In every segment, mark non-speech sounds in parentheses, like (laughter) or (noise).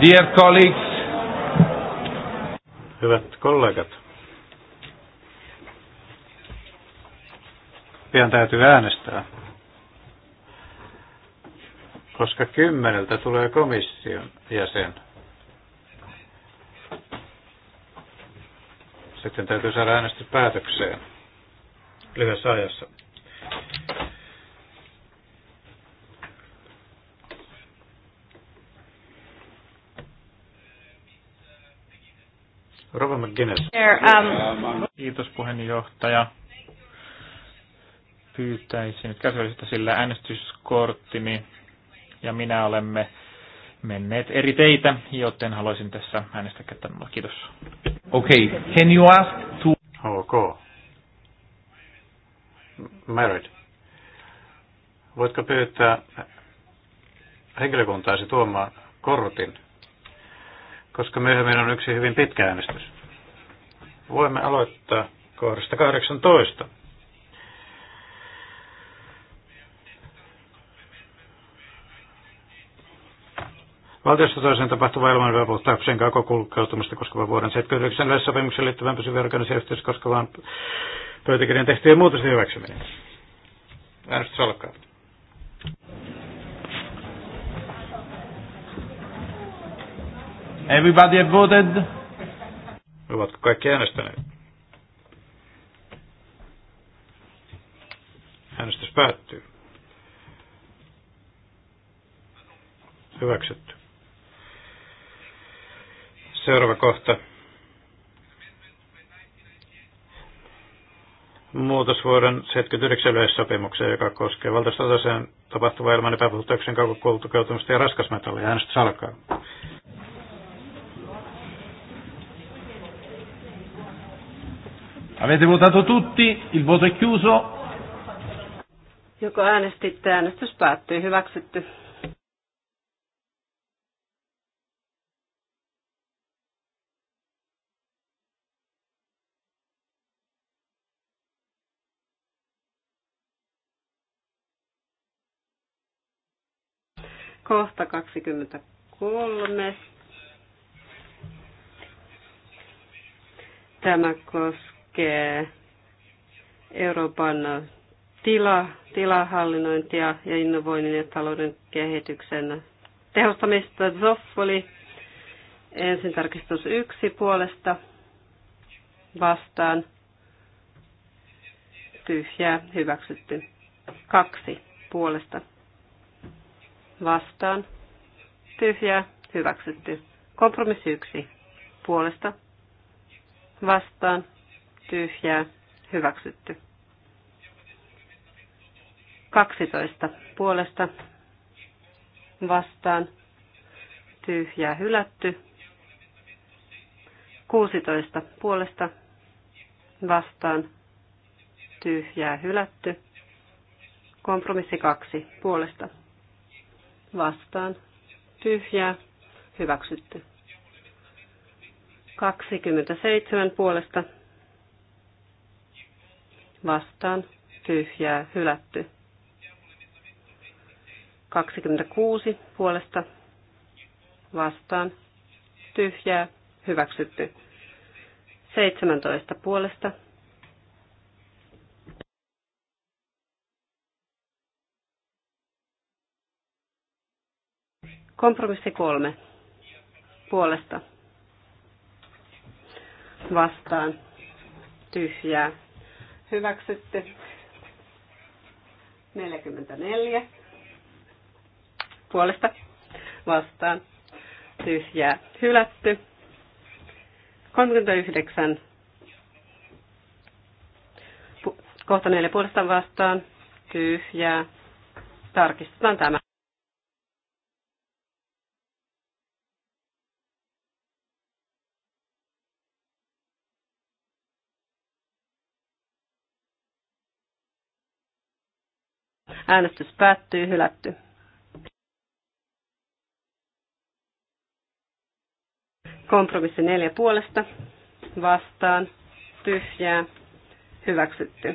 Dear colleagues. Hyvät kollegat. Pian täytyy äänestää. Koska kymmeneltä tulee komission jäsen. Sitten täytyy saada äänestys päätökseen lyhyessä ajassa. Rova McGinnis. Um... Kiitos puheenjohtaja. Pyytäisin nyt kärsivällisyyttä, sillä äänestyskorttini ja minä olemme menneet eri teitä, joten haluaisin tässä äänestää kättä Kiitos. Okei, okay. can you ask to... Ok. Married. Voitko pyytää henkilökuntaasi tuomaan kortin koska myöhemmin on yksi hyvin pitkä äänestys. Voimme aloittaa kohdasta 18. Valtiosta toiseen tapahtuva ilman koko kulkeutumista koskeva vuoden 79 yleissopimuksen liittyvän pysyvän organisaation yhteydessä koskevaan pöytäkirjan tehtyjen muutosten hyväksyminen. Äänestys alkaa. Everybody have voted? Ovatko kaikki äänestäneet? Äänestys päättyy. Hyväksytty. Seuraava kohta. Muutos vuoden 79 yleissopimukseen, joka koskee valtaista tapahtuvaa ilman epäpuhtauksen kaukokultukeutumista ja raskasmetalleja Äänestys alkaa. Avete votato tutti? Il voto è chiuso. Joko äänestitte, äänestys päättyi, Hyväksytty. kohta 23. Tämä koskee koskee Euroopan tila, tilahallinnointia ja innovoinnin ja talouden kehityksen tehostamista. Zoff oli ensin tarkistus yksi puolesta vastaan tyhjää hyväksytty. Kaksi puolesta vastaan tyhjää hyväksytty. Kompromissi yksi puolesta vastaan tyhjää, hyväksytty. 12 puolesta vastaan, tyhjää, hylätty. 16 puolesta vastaan, tyhjää, hylätty. Kompromissi 2 puolesta vastaan, tyhjää, hyväksytty. 27 puolesta vastaan tyhjää hylätty. 26 puolesta vastaan tyhjää hyväksytty. 17 puolesta Kompromissi kolme. Puolesta. Vastaan. Tyhjää hyväksytty. 44 puolesta vastaan tyhjää hylätty. 39 kohta 4 puolesta vastaan tyhjää. Tarkistetaan tämä. Äänestys päättyy, hylätty. Kompromissi neljä puolesta, vastaan, tyhjää, hyväksytty.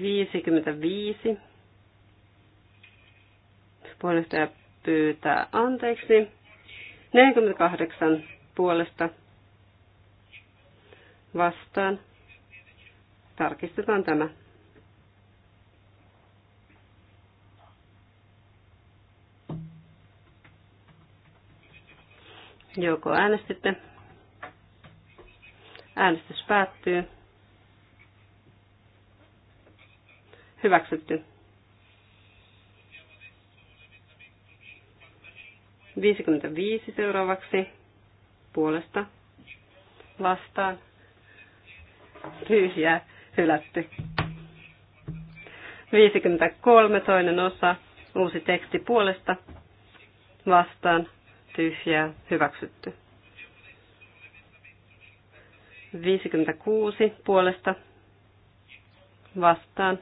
55. Puheenjohtaja pyytää anteeksi. 48 puolesta vastaan. Tarkistetaan tämä. Joko äänestitte? Äänestys päättyy. Hyväksytty. 55 seuraavaksi puolesta vastaan. Tyhjää, hylätty. 53 toinen osa, uusi teksti puolesta vastaan, tyhjää, hyväksytty. 56 puolesta vastaan,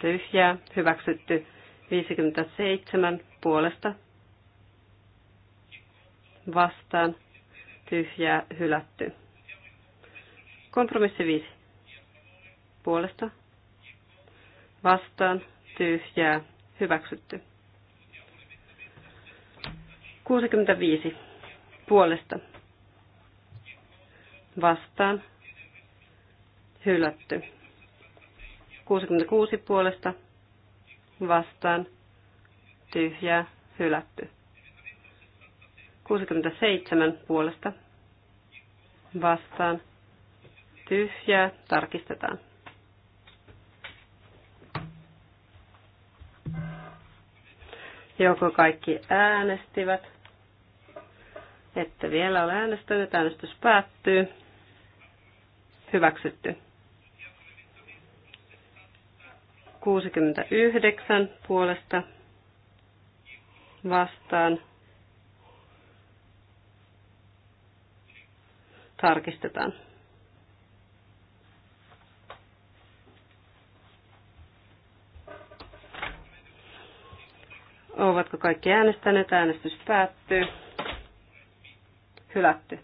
tyhjää, hyväksytty. 57 puolesta vastaan, tyhjää, hylätty. Kompromissi 5 puolesta vastaan, tyhjää, hyväksytty. 65 puolesta vastaan hylätty. 66 puolesta vastaan tyhjää hylätty. 67 puolesta vastaan tyhjää tarkistetaan. Joko kaikki äänestivät? että vielä ole äänestänyt. Äänestys päättyy. Hyväksytty. 69 puolesta vastaan. Tarkistetaan. Ovatko kaikki äänestäneet? Äänestys päättyy hylätty.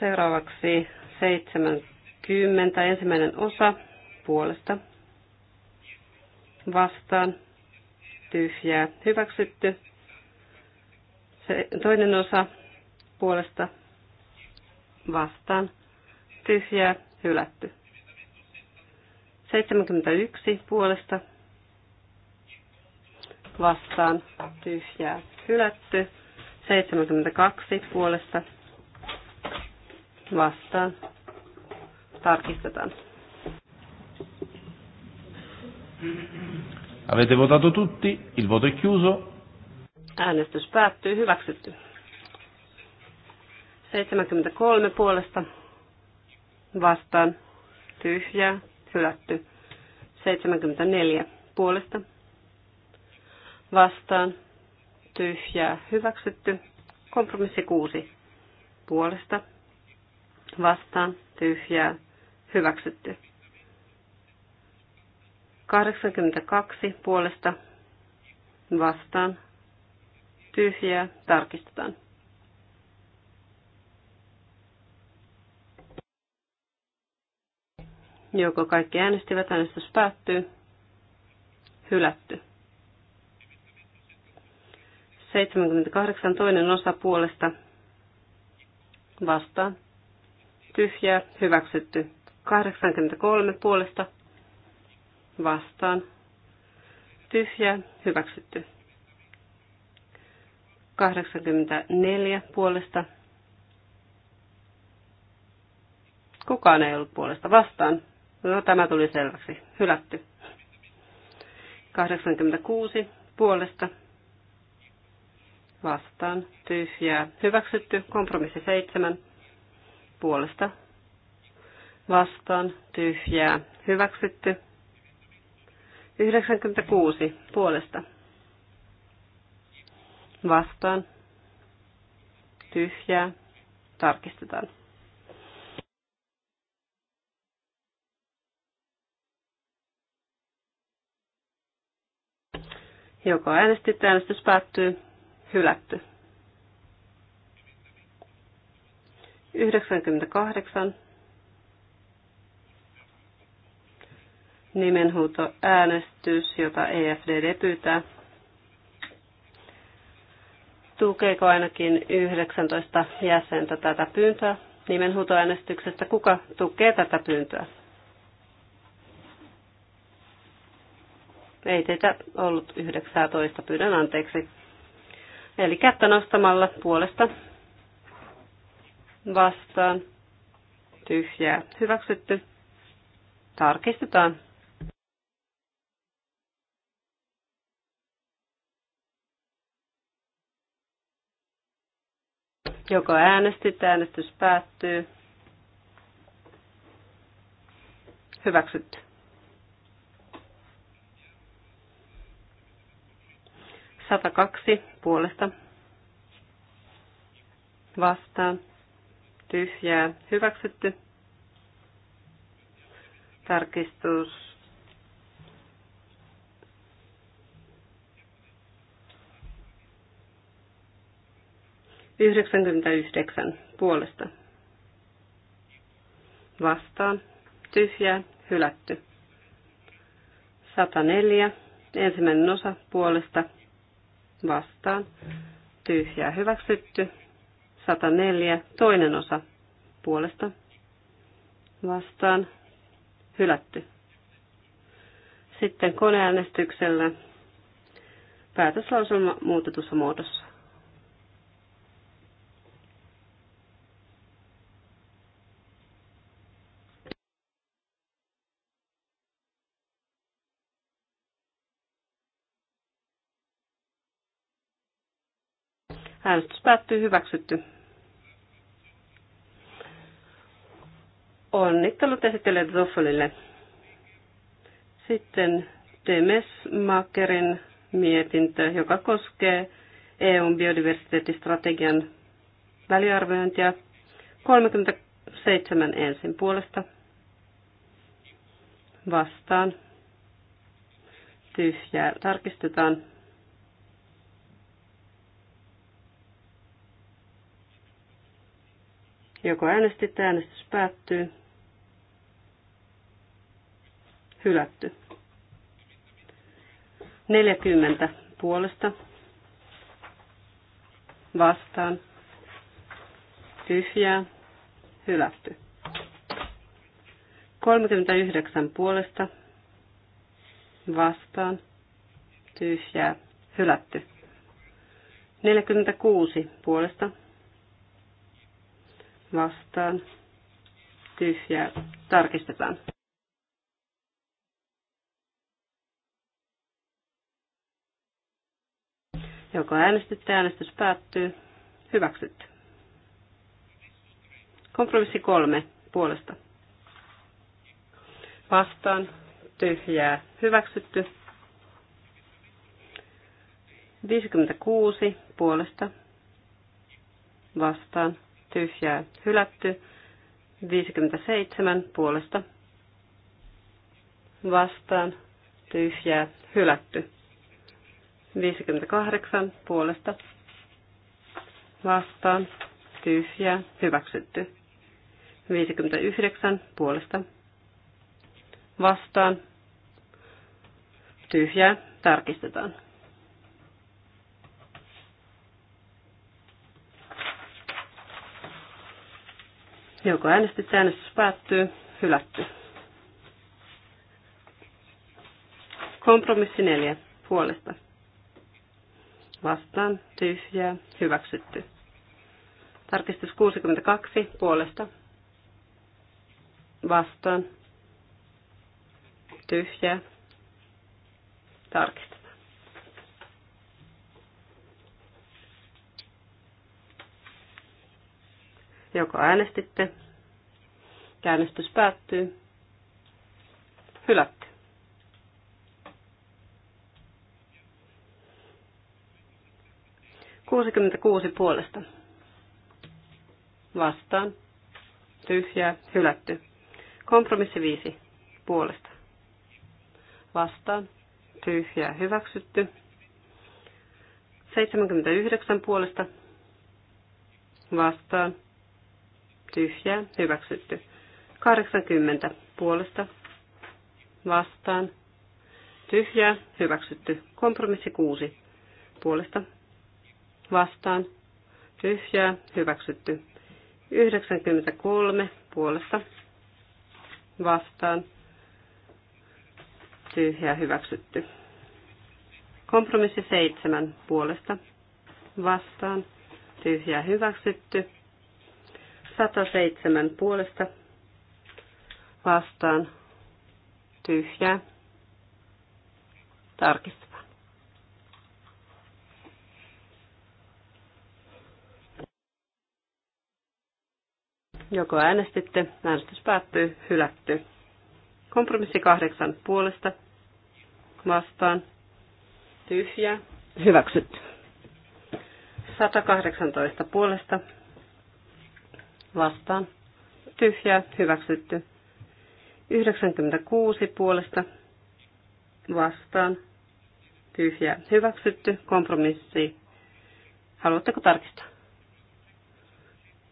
Seuraavaksi 70. Ensimmäinen osa puolesta. Vastaan. Tyhjää. Hyväksytty. Se, toinen osa puolesta. Vastaan. Tyhjää. Hylätty. 71 puolesta vastaan tyhjää hylätty. 72 puolesta vastaan tarkistetaan. Avete votato tutti, il voto è chiuso. Äänestys päättyy, hyväksytty. 73 puolesta vastaan tyhjää, hylätty. 74 puolesta vastaan, tyhjää, hyväksytty. Kompromissi 6 puolesta, vastaan, tyhjää, hyväksytty. 82 puolesta, vastaan, tyhjää, tarkistetaan. Joko kaikki äänestivät, äänestys päättyy. Hylätty. 78 toinen osa puolesta vastaan. Tyhjää hyväksytty. 83 puolesta vastaan. Tyhjää hyväksytty. 84 puolesta. Kukaan ei ollut puolesta vastaan. No, tämä tuli selväksi. Hylätty. 86 puolesta vastaan tyhjää. Hyväksytty kompromissi seitsemän puolesta vastaan tyhjää. Hyväksytty 96 puolesta vastaan tyhjää. Tarkistetaan. Joko äänestit, äänestys päättyy hylätty. 98 nimenhuuto äänestys, jota EFDD pyytää. Tukeeko ainakin 19 jäsentä tätä pyyntöä? Nimenhuutoäänestyksestä kuka tukee tätä pyyntöä? Ei teitä ollut 19, pyydän anteeksi. Eli kättä nostamalla puolesta vastaan tyhjää. Hyväksytty. Tarkistetaan. Joko äänestit, äänestys päättyy. Hyväksytty. 102 puolesta vastaan tyhjää hyväksytty. Tarkistus 99 puolesta. Vastaan. Tyhjää. Hylätty. 104. Ensimmäinen osa puolesta vastaan, tyhjää hyväksytty. 104, toinen osa puolesta vastaan, hylätty. Sitten koneäänestyksellä päätöslauselma muutetussa muodossa. Äänestys päättyy hyväksytty. Onnittelut esittelijät Zoffelille. Sitten Demesmakerin mietintö, joka koskee EUn biodiversiteettistrategian väliarviointia. 37 ensin puolesta vastaan. Tyhjää tarkistetaan. Joko äänestit, äänestys päättyy. Hylätty. 40 puolesta. Vastaan. Tyhjää. Hylätty. 39 puolesta. Vastaan. Tyhjää. Hylätty. 46 puolesta vastaan tyhjää tarkistetaan. Joko äänestytte, äänestys päättyy. Hyväksytty. Kompromissi kolme puolesta. Vastaan tyhjää hyväksytty. 56 puolesta vastaan tyhjää hylätty. 57 puolesta vastaan tyhjää hylätty. 58 puolesta vastaan tyhjää hyväksytty. 59 puolesta vastaan tyhjää tarkistetaan. Joko äänestit, äänestys päättyy, hylätty. Kompromissi neljä puolesta. Vastaan, tyhjää, hyväksytty. Tarkistus 62 puolesta. Vastaan, tyhjää, tarkistus. joko äänestitte. Äänestys päättyy. Hylätty. Kuusikymmentäkuusi puolesta. Vastaan. Tyhjää. Hylätty. Kompromissi viisi puolesta. Vastaan. Tyhjää. Hyväksytty. yhdeksän puolesta vastaan tyhjää, hyväksytty. 80 puolesta, vastaan, tyhjää, hyväksytty. Kompromissi 6 puolesta, vastaan, tyhjää, hyväksytty. 93 puolesta, vastaan, tyhjää, hyväksytty. Kompromissi 7 puolesta, vastaan, tyhjää, hyväksytty. 107 puolesta vastaan tyhjä tarkistus Joko äänestitte, äänestys päättyy, hylätty. Kompromissi kahdeksan puolesta vastaan tyhjä hyväksytty. 118 puolesta vastaan tyhjää hyväksytty. 96 puolesta vastaan tyhjä hyväksytty. Kompromissi. Haluatteko tarkistaa?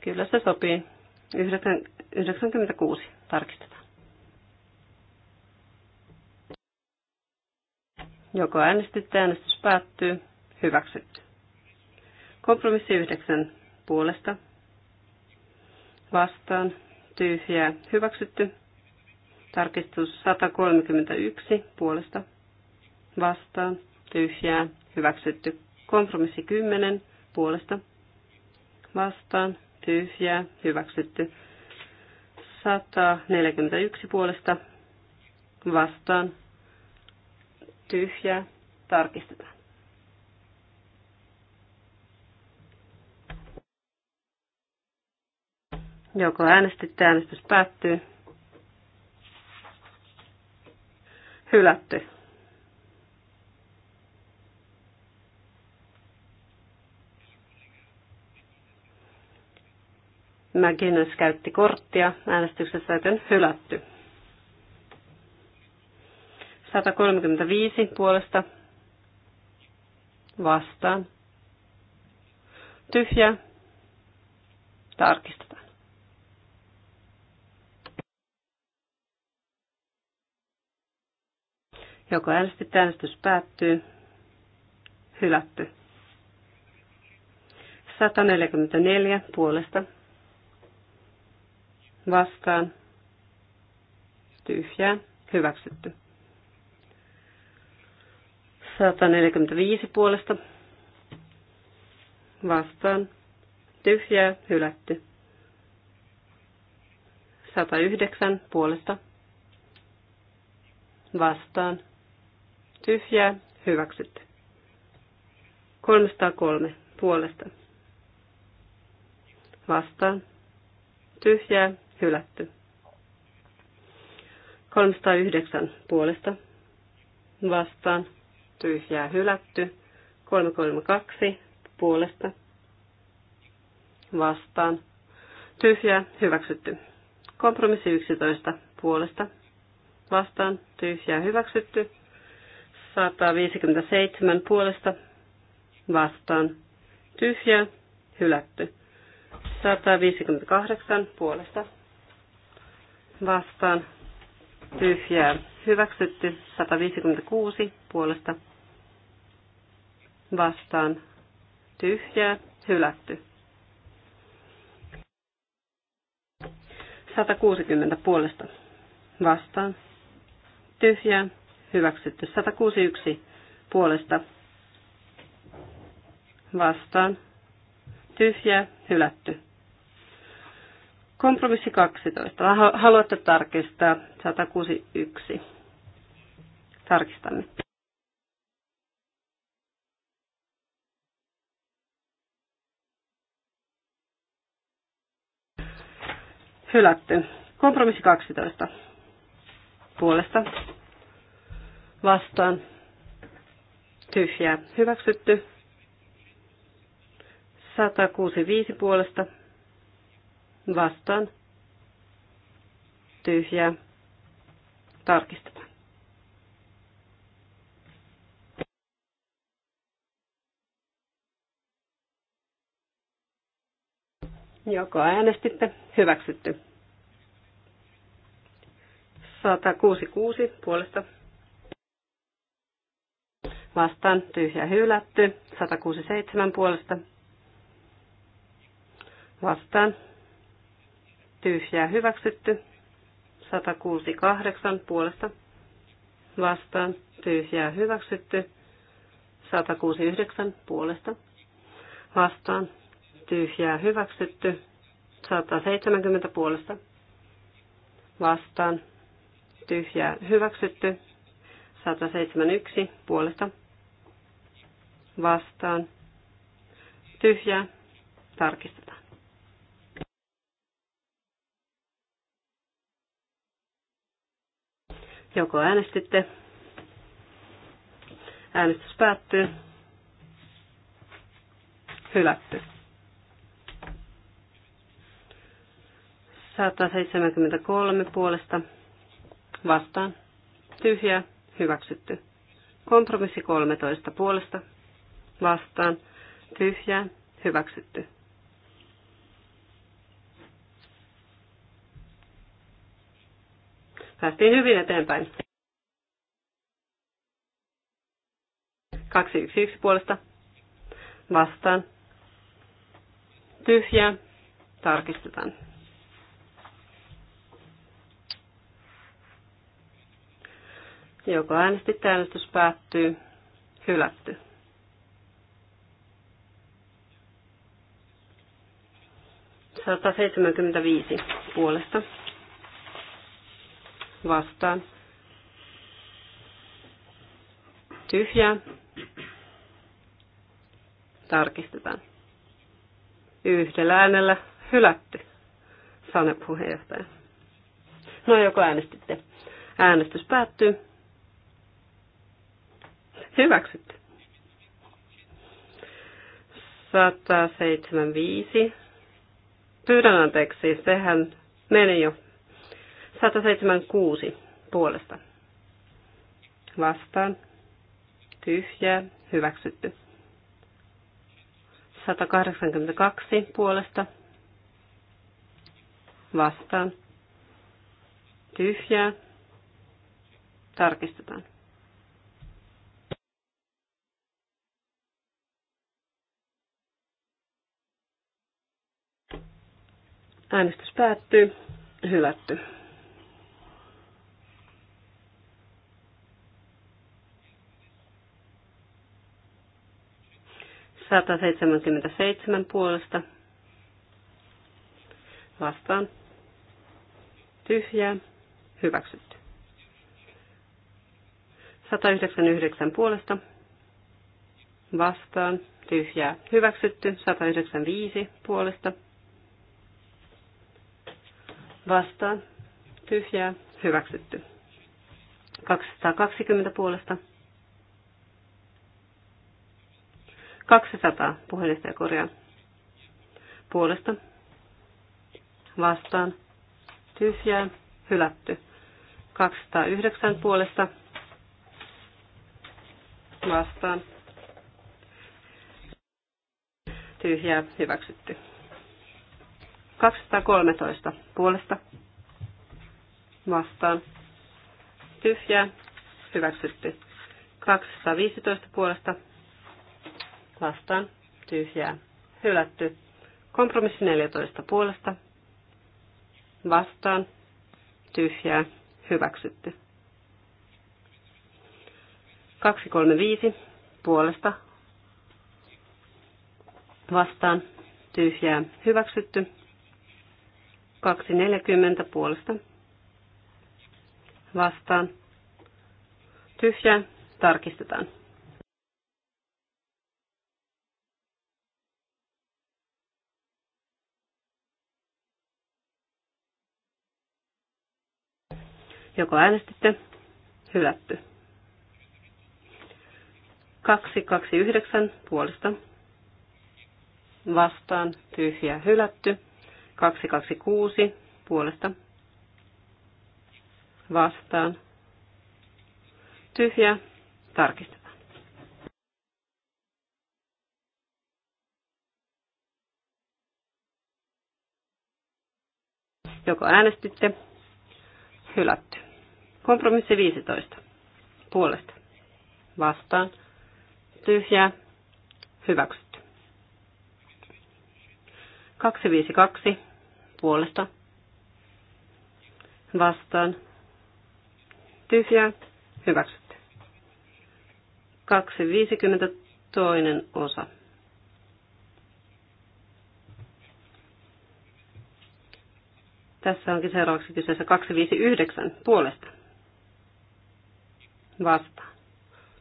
Kyllä se sopii. 96 tarkistetaan. Joko äänestytte, äänestys päättyy, hyväksytty. Kompromissi 9 puolesta vastaan tyhjää hyväksytty. Tarkistus 131 puolesta vastaan tyhjää hyväksytty. Kompromissi 10 puolesta vastaan tyhjää hyväksytty. 141 puolesta vastaan tyhjää tarkistetaan. Joko äänestitte, äänestys päättyy. Hylätty. McGinnis käytti korttia äänestyksessä, joten hylätty. 135 puolesta vastaan. Tyhjä. Tarkistetaan. Joko äänestit, äänestys päättyy. Hylätty. 144 puolesta. Vastaan. Tyhjää. Hyväksytty. 145 puolesta. Vastaan. Tyhjää. Hylätty. 109 puolesta. Vastaan tyhjää, hyväksytty. 303 puolesta vastaan, tyhjää, hylätty. 309 puolesta vastaan, tyhjää, hylätty. 332 puolesta vastaan, tyhjää, hyväksytty. Kompromissi 11 puolesta vastaan, tyhjää, hyväksytty. 157 puolesta vastaan tyhjä, hylätty. 158 puolesta vastaan tyhjää, hyväksytty. 156 puolesta vastaan tyhjää, hylätty. 160 puolesta vastaan tyhjää, hyväksytty. 161 puolesta vastaan tyhjä hylätty. Kompromissi 12. Haluatte tarkistaa 161. Tarkistamme. Hylätty. Kompromissi 12. Puolesta vastaan tyhjää hyväksytty. 165 puolesta vastaan tyhjää tarkistetaan. Joko äänestitte, hyväksytty. 166 puolesta vastaan tyhjä hylätty, 167 puolesta vastaan tyhjää hyväksytty, 168 puolesta vastaan tyhjää hyväksytty, 169 puolesta vastaan tyhjää hyväksytty, 170 puolesta vastaan tyhjää hyväksytty, 171 puolesta vastaan, tyhjä tarkistetaan. Joko äänestitte? Äänestys päättyy. Hylätty. 173 puolesta vastaan. Tyhjä, hyväksytty. Kompromissi 13 puolesta vastaan tyhjää hyväksytty. Päästiin hyvin eteenpäin. 211 puolesta vastaan tyhjää tarkistetaan. Joko äänestitte, äänestys päättyy, hylätty. 175 puolesta vastaan. Tyhjää. Tarkistetaan. Yhdellä äänellä hylätty, sanoi puheenjohtaja. No joko äänestitte. Äänestys päättyy. Hyväksytty. 175 Pyydän anteeksi, sehän meni jo. 176 puolesta. Vastaan. Tyhjää. Hyväksytty. 182 puolesta. Vastaan. Tyhjää. Tarkistetaan. Äänestys päättyy. Hylätty. Sata seitsemänkymmentä seitsemän puolesta. Vastaan. Tyhjää. Hyväksytty. Sata yhdeksän yhdeksän puolesta. Vastaan. Tyhjää. Hyväksytty. Sata yhdeksän viisi puolesta vastaan tyhjää hyväksytty. 220 puolesta 200 puheenjohtaja korjaa puolesta vastaan tyhjää hylätty. 209 puolesta vastaan tyhjää hyväksytty. 213 puolesta vastaan tyhjää hyväksytty. 215 puolesta vastaan tyhjää hylätty. Kompromissi 14 puolesta vastaan tyhjää hyväksytty. 235 puolesta vastaan tyhjää hyväksytty. 240 puolesta vastaan. tyhjä tarkistetaan. Joko äänestitte? Hylätty. 229 puolesta. Vastaan tyhjä hylätty. 226 puolesta vastaan. Tyhjä. Tarkistetaan. Joko äänestitte? Hylätty. Kompromissi 15. Puolesta. Vastaan. Tyhjää. Hyväksy. 252 puolesta vastaan tyhjää hyväksytty. 250 toinen osa. Tässä onkin seuraavaksi kyseessä 259 puolesta. Vastaan.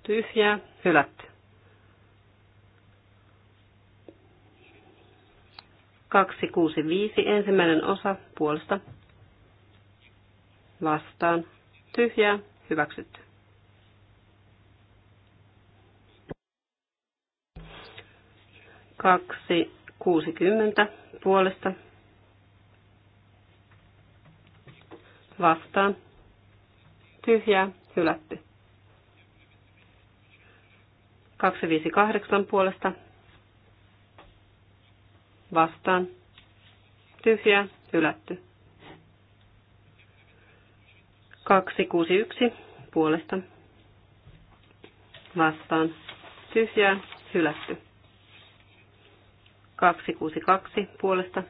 Tyhjää, hylätty. 265 ensimmäinen osa puolesta vastaan tyhjää hyväksytty. Kaksi kuusikymmentä puolesta vastaan tyhjää hylätty. kahdeksan puolesta vastaan, Tyhjä, hylätty. 261 puolesta vastaan, Tyhjä, hylätty. 262 puolesta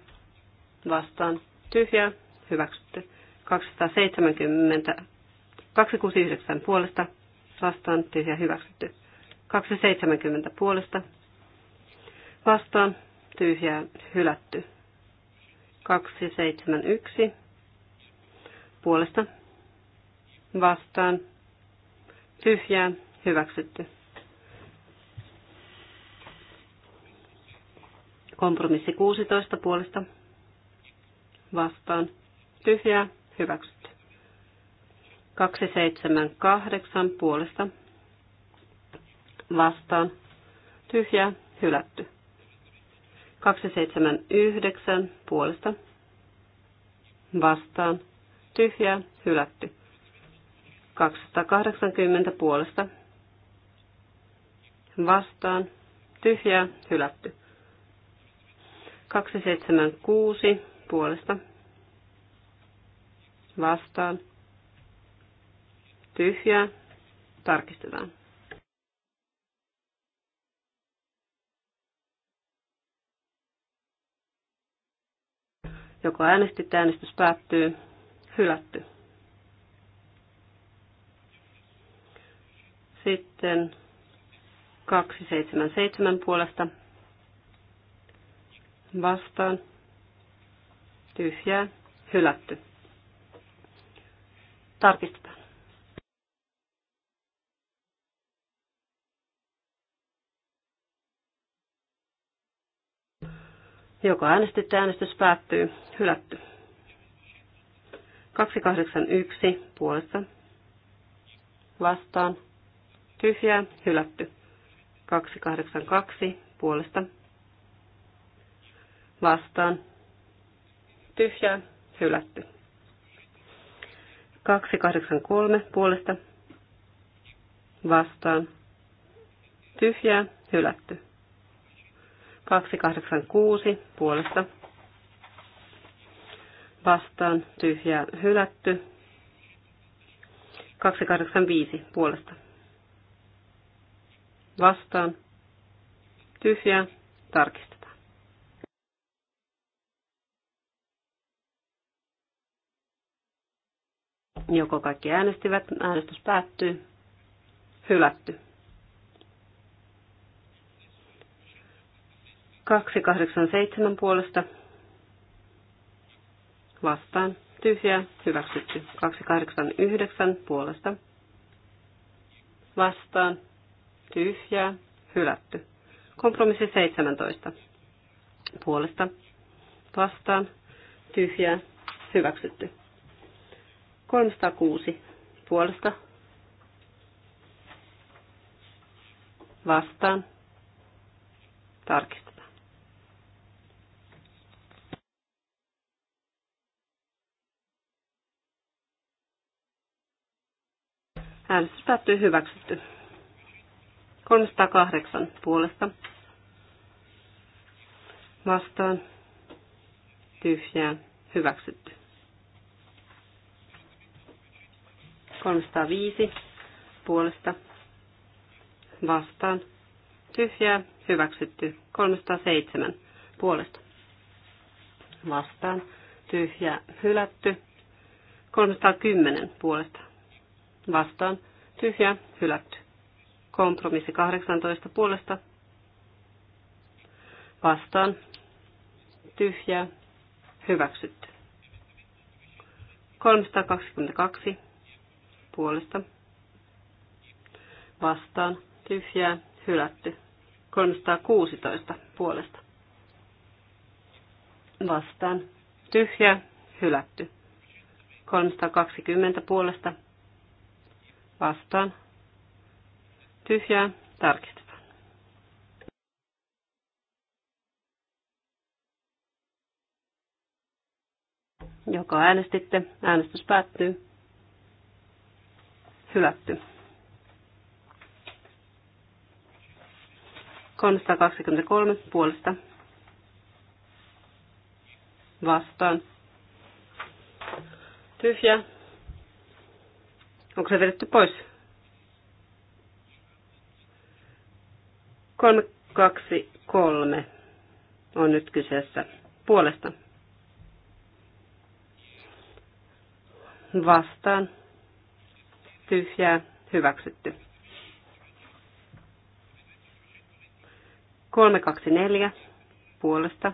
vastaan, Tyhjä, hyväksytty. 270, 269 puolesta vastaan, tyhjä, hyväksytty. 270 puolesta vastaan, tyhjää hylätty. 271 puolesta vastaan tyhjää hyväksytty. Kompromissi 16 puolesta vastaan tyhjää hyväksytty. 278 puolesta vastaan tyhjää hylätty. 279 puolesta vastaan tyhjää hylätty. 280 puolesta vastaan tyhjää hylätty. 276 puolesta vastaan tyhjää tarkistetaan. Joko äänestit, äänestys päättyy, hylätty. Sitten 277 puolesta vastaan, tyhjää, hylätty. Tarkistetaan. Joka äänestitte, äänestys päättyy, hylätty. 281 puolesta. Vastaan. Tyhjää, hylätty. 282 puolesta. Vastaan. Tyhjää, hylätty. 283 puolesta. Vastaan. Tyhjää, hylätty. 286 puolesta vastaan tyhjää hylätty. 285 puolesta vastaan tyhjää tarkistetaan. Joko kaikki äänestivät, äänestys päättyy, hylätty. 287 puolesta vastaan tyhjää hyväksytty. 289 puolesta vastaan tyhjää hylätty. Kompromissi 17 puolesta vastaan tyhjää hyväksytty. 306 puolesta vastaan tarkistus. Äänestys päättyy hyväksytty. 308 puolesta. Vastaan. Tyhjää. Hyväksytty. 305 puolesta. Vastaan. Tyhjää. Hyväksytty. 307 puolesta. Vastaan. Tyhjää. Hylätty. 310 puolesta vastaan tyhjä hylätty. Kompromissi 18 puolesta vastaan Tyhjä. hyväksytty. 322 puolesta vastaan Tyhjä. hylätty. 316 puolesta vastaan Tyhjä. hylätty. 320 puolesta vastaan. Tyhjää tarkistetaan. Joko äänestitte, äänestys päättyy. Hylätty. 323 puolesta vastaan. Tyhjä Onko se vedetty pois? Kolme kaksi kolme on nyt kyseessä puolesta. Vastaan. Tyhjää. Hyväksytty. 324 puolesta.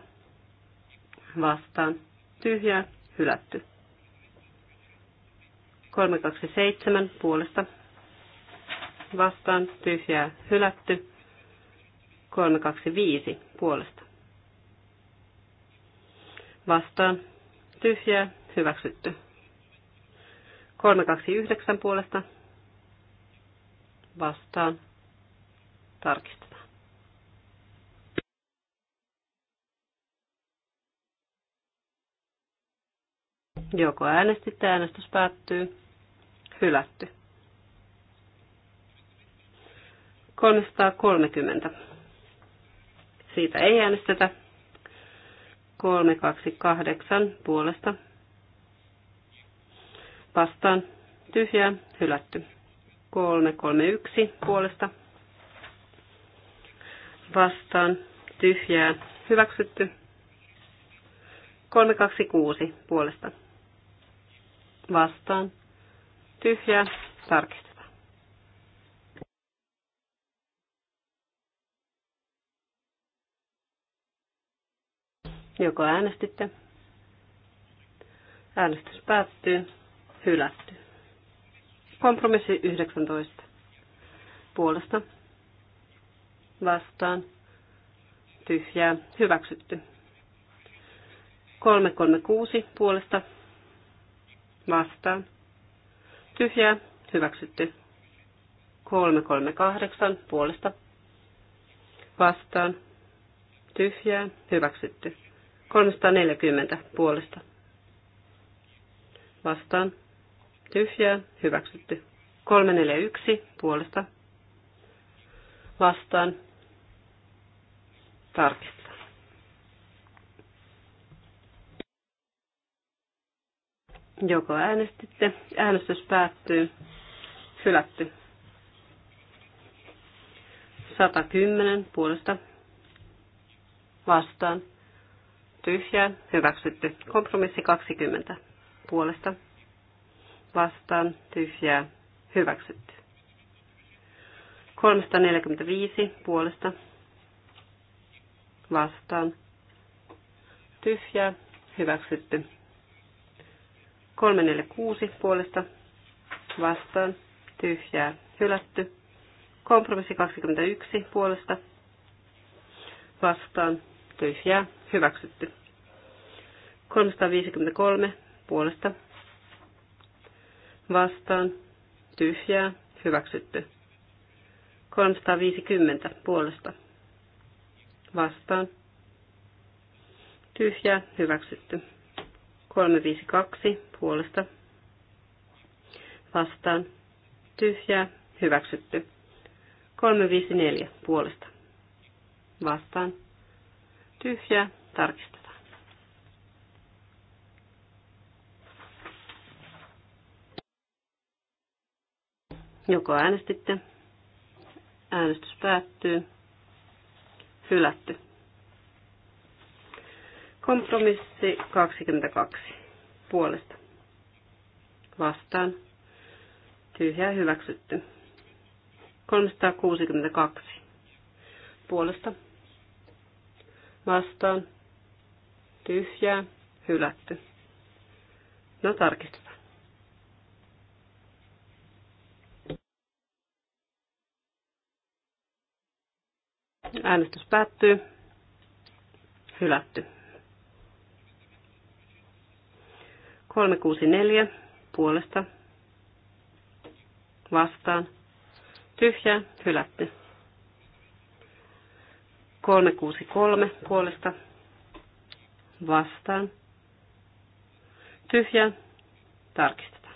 Vastaan. Tyhjää. Hylätty. 327 puolesta vastaan tyhjää hylätty. 325 puolesta vastaan tyhjää hyväksytty. 329 puolesta vastaan tarkistetaan. Joko äänestitte, äänestys päättyy hylätty. 330. Siitä ei äänestetä. 328 puolesta. Vastaan tyhjää, hylätty. 331 puolesta. Vastaan tyhjää, hyväksytty. 326 puolesta. Vastaan tyhjää, tarkistetaan. Joko äänestitte? Äänestys päättyy, hylätty. Kompromissi 19. Puolesta vastaan tyhjää hyväksytty. 336 puolesta vastaan tyhjää, hyväksytty. 338 puolesta vastaan, tyhjää, hyväksytty. 340 puolesta vastaan, tyhjää, hyväksytty. 341 puolesta vastaan, tarkistus. Joko äänestitte? Äänestys päättyy. Hylätty. 110 puolesta vastaan. Tyhjää. Hyväksytty. Kompromissi 20 puolesta vastaan. Tyhjää. Hyväksytty. 345 puolesta vastaan. Tyhjää. Hyväksytty. 346 puolesta vastaan tyhjää hylätty. Kompromissi 21 puolesta vastaan tyhjää hyväksytty. 353 puolesta vastaan tyhjää hyväksytty. 350 puolesta vastaan tyhjää hyväksytty. 352 puolesta vastaan tyhjää hyväksytty. 354 puolesta vastaan tyhjää tarkistetaan. Joko äänestitte? Äänestys päättyy. Hylätty. Kompromissi 22 puolesta. Vastaan. Tyhjä hyväksytty. 362 puolesta. Vastaan. Tyhjää hylätty. No tarkistetaan. Äänestys päättyy. Hylätty. 364 puolesta vastaan Tyhjä, hylätty. 363 puolesta vastaan tyhjä tarkistetaan.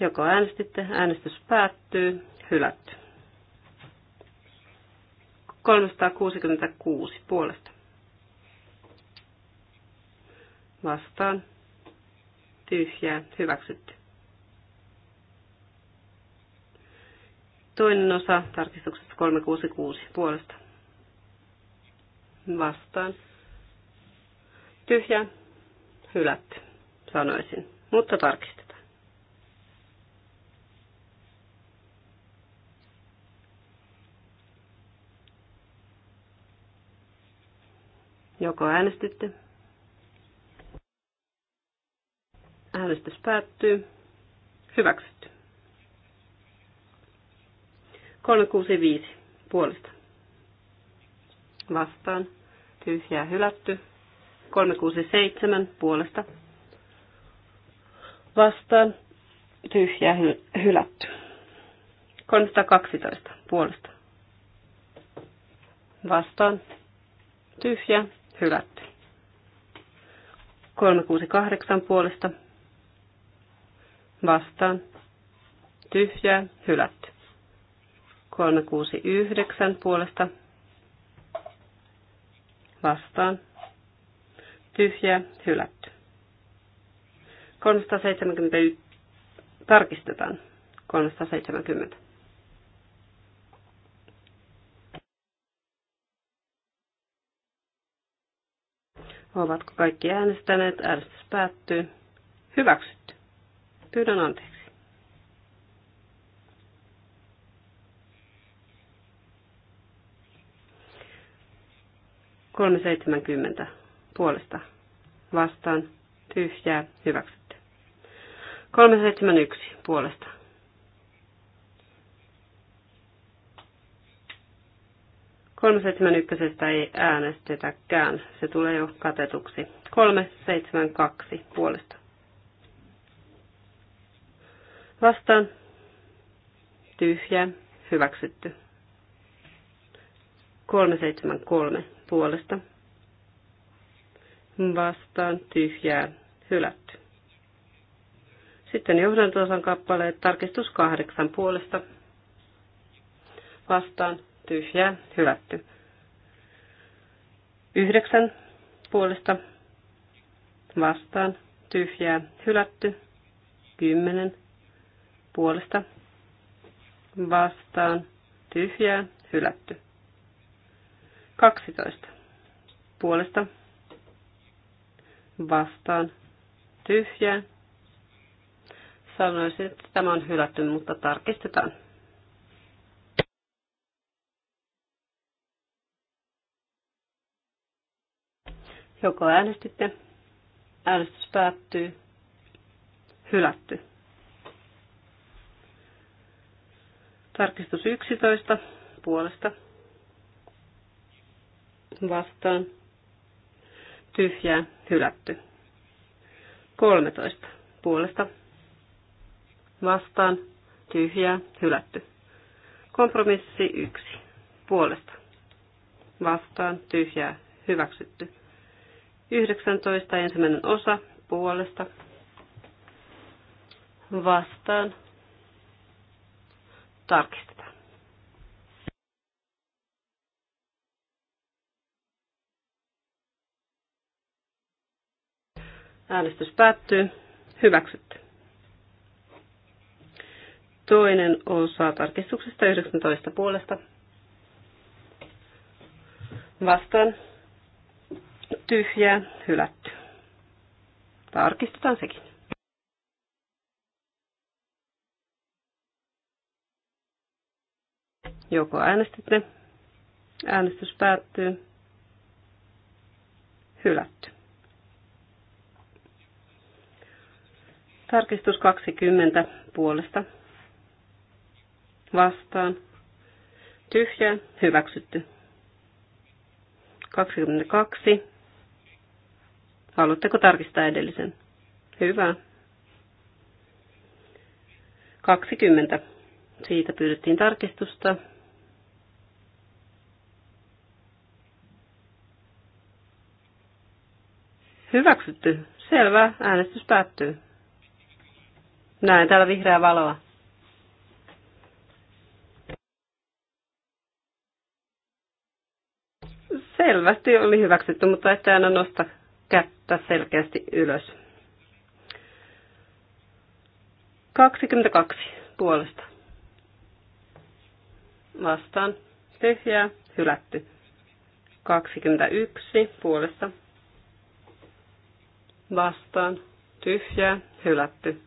Joko äänestitte, äänestys päättyy, hylätty. 366 puolesta. Vastaan. Tyhjää. Hyväksytty. Toinen osa tarkistuksesta 366 puolesta. Vastaan. tyhjä Hylätty, sanoisin. Mutta tarkistin. Joko äänestitte? Äänestys päättyy. Hyväksytty. 365 puolesta. Vastaan. Tyhjää hylätty. 367 puolesta. Vastaan. Tyhjää hy- hylätty. 312 puolesta. Vastaan. Tyhjä hylätty. 368 puolesta vastaan tyhjää hylätty. 369 puolesta vastaan tyhjää hylätty. 371 tarkistetaan 370. Ovatko kaikki äänestäneet? Äänestys päättyy. Hyväksytty. Pyydän anteeksi. Kolme seitsemänkymmentä puolesta vastaan tyhjää hyväksytty. Kolme seitsemän yksi puolesta 371 ei äänestetäkään. Se tulee jo katetuksi. 372 puolesta. Vastaan. Tyhjä. Hyväksytty. 373 puolesta. Vastaan. Tyhjää. Hylätty. Sitten johdantosan kappaleet. Tarkistus kahdeksan puolesta. Vastaan tyhjää, hylätty. Yhdeksän puolesta vastaan, tyhjää, hylätty. Kymmenen puolesta vastaan, tyhjää, hylätty. Kaksitoista puolesta vastaan, tyhjää. Sanoisin, että tämä on hylätty, mutta tarkistetaan. Joko äänestitte? Äänestys päättyy. Hylätty. Tarkistus 11 puolesta. Vastaan. Tyhjää. Hylätty. 13 puolesta. Vastaan. Tyhjää. Hylätty. Kompromissi 1 puolesta. Vastaan. Tyhjää. Hyväksytty. 19 ensimmäinen osa puolesta vastaan tarkistetaan. Äänestys päättyy. Hyväksytty. Toinen osa tarkistuksesta 19 puolesta. Vastaan tyhjää, hylätty. Tarkistetaan sekin. Joko äänestitte? Äänestys päättyy. Hylätty. Tarkistus 20 puolesta. Vastaan. Tyhjää. Hyväksytty. 22 Haluatteko tarkistaa edellisen? Hyvä. 20. Siitä pyydettiin tarkistusta. Hyväksytty. Selvä. Äänestys päättyy. Näen täällä vihreää valoa. Selvästi oli hyväksytty, mutta ette aina nosta kättä selkeästi ylös. 22 puolesta. Vastaan. Tyhjää. Hylätty. 21 puolesta. Vastaan. Tyhjää. Hylätty.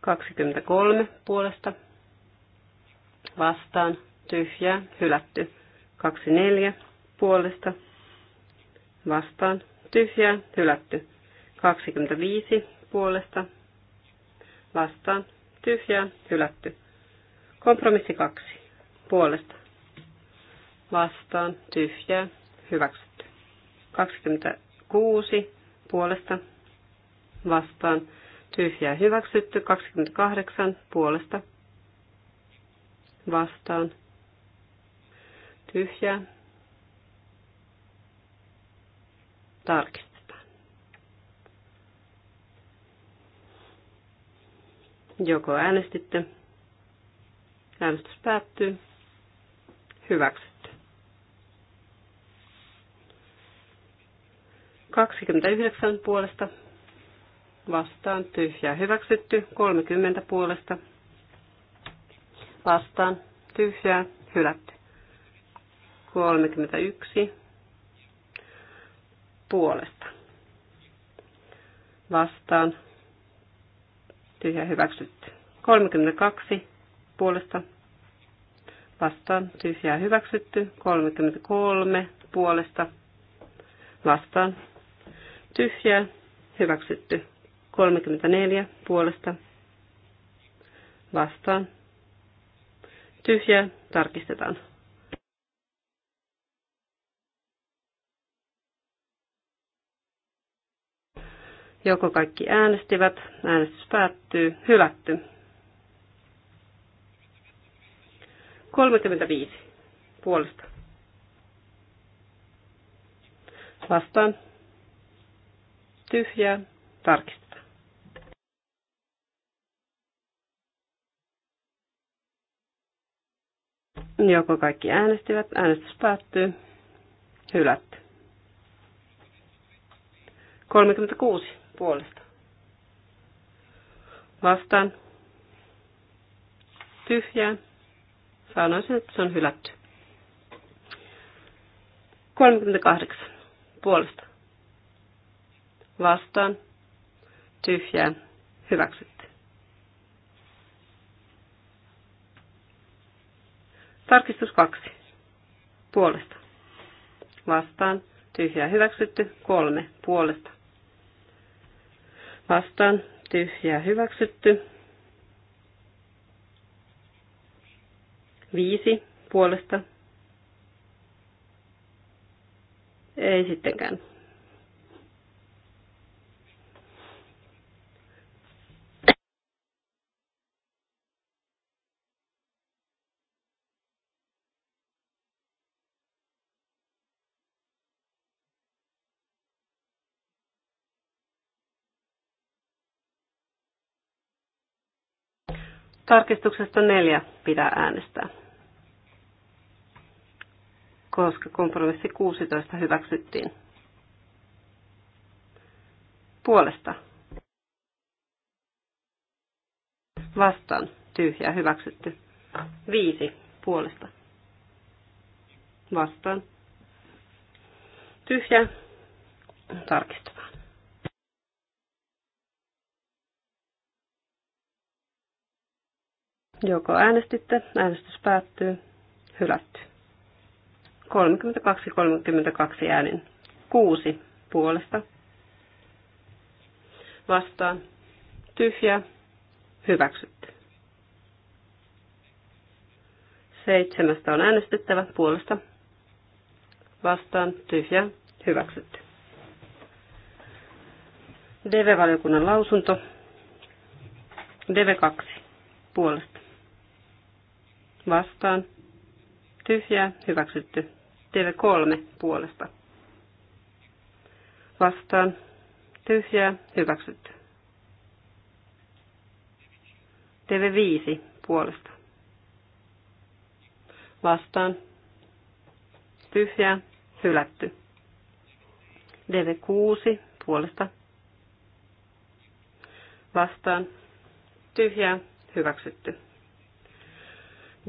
23 puolesta. Vastaan. Tyhjää. Hylätty. 24 puolesta vastaan tyhjää hylätty. 25 puolesta vastaan tyhjää hylätty. Kompromissi 2 puolesta vastaan tyhjää hyväksytty. 26 puolesta vastaan tyhjää hyväksytty. 28 puolesta vastaan tyhjää tarkistetaan. Joko äänestitte? Äänestys päättyy. Hyväksytty. 29 puolesta vastaan tyhjää hyväksytty. 30 puolesta vastaan tyhjää hylätty. 31 puolesta. Vastaan. Tyhjä hyväksytty. 32 puolesta. Vastaan. Tyhjää hyväksytty. 33 puolesta. Vastaan. Tyhjää hyväksytty. 34 puolesta. Vastaan. Tyhjää tarkistetaan. Joko kaikki äänestivät, äänestys päättyy, hylätty. 35 puolesta. Vastaan. Tyhjää. tarkistetaan. Joko kaikki äänestivät, äänestys päättyy, hylätty. 36 puolesta. Vastaan. Tyhjää. Sanoisin, että se on hylätty. 38 puolesta. Vastaan. Tyhjää. Hyväksytty. Tarkistus 2. Puolesta. Vastaan. Tyhjää. Hyväksytty. 3. Puolesta vastaan tyhjää hyväksytty. Viisi puolesta. Ei sittenkään. Tarkistuksesta neljä pitää äänestää, koska kompromissi 16 hyväksyttiin. Puolesta. Vastaan. Tyhjä. Hyväksytty. Viisi. Puolesta. Vastaan. Tyhjä. Tarkistetaan. Joko äänestitte, äänestys päättyy, hylätty. 32-32 äänin. 6 puolesta. Vastaan. Tyhjä. Hyväksytty. Seitsemästä on äänestettävä puolesta. Vastaan. Tyhjä. Hyväksytty. DV-valiokunnan lausunto. DV2 puolesta vastaan, tyhjää, hyväksytty. TV3 puolesta vastaan, tyhjää, hyväksytty. TV5 puolesta vastaan, tyhjää, hylätty. tv 6 puolesta vastaan, tyhjää, hyväksytty.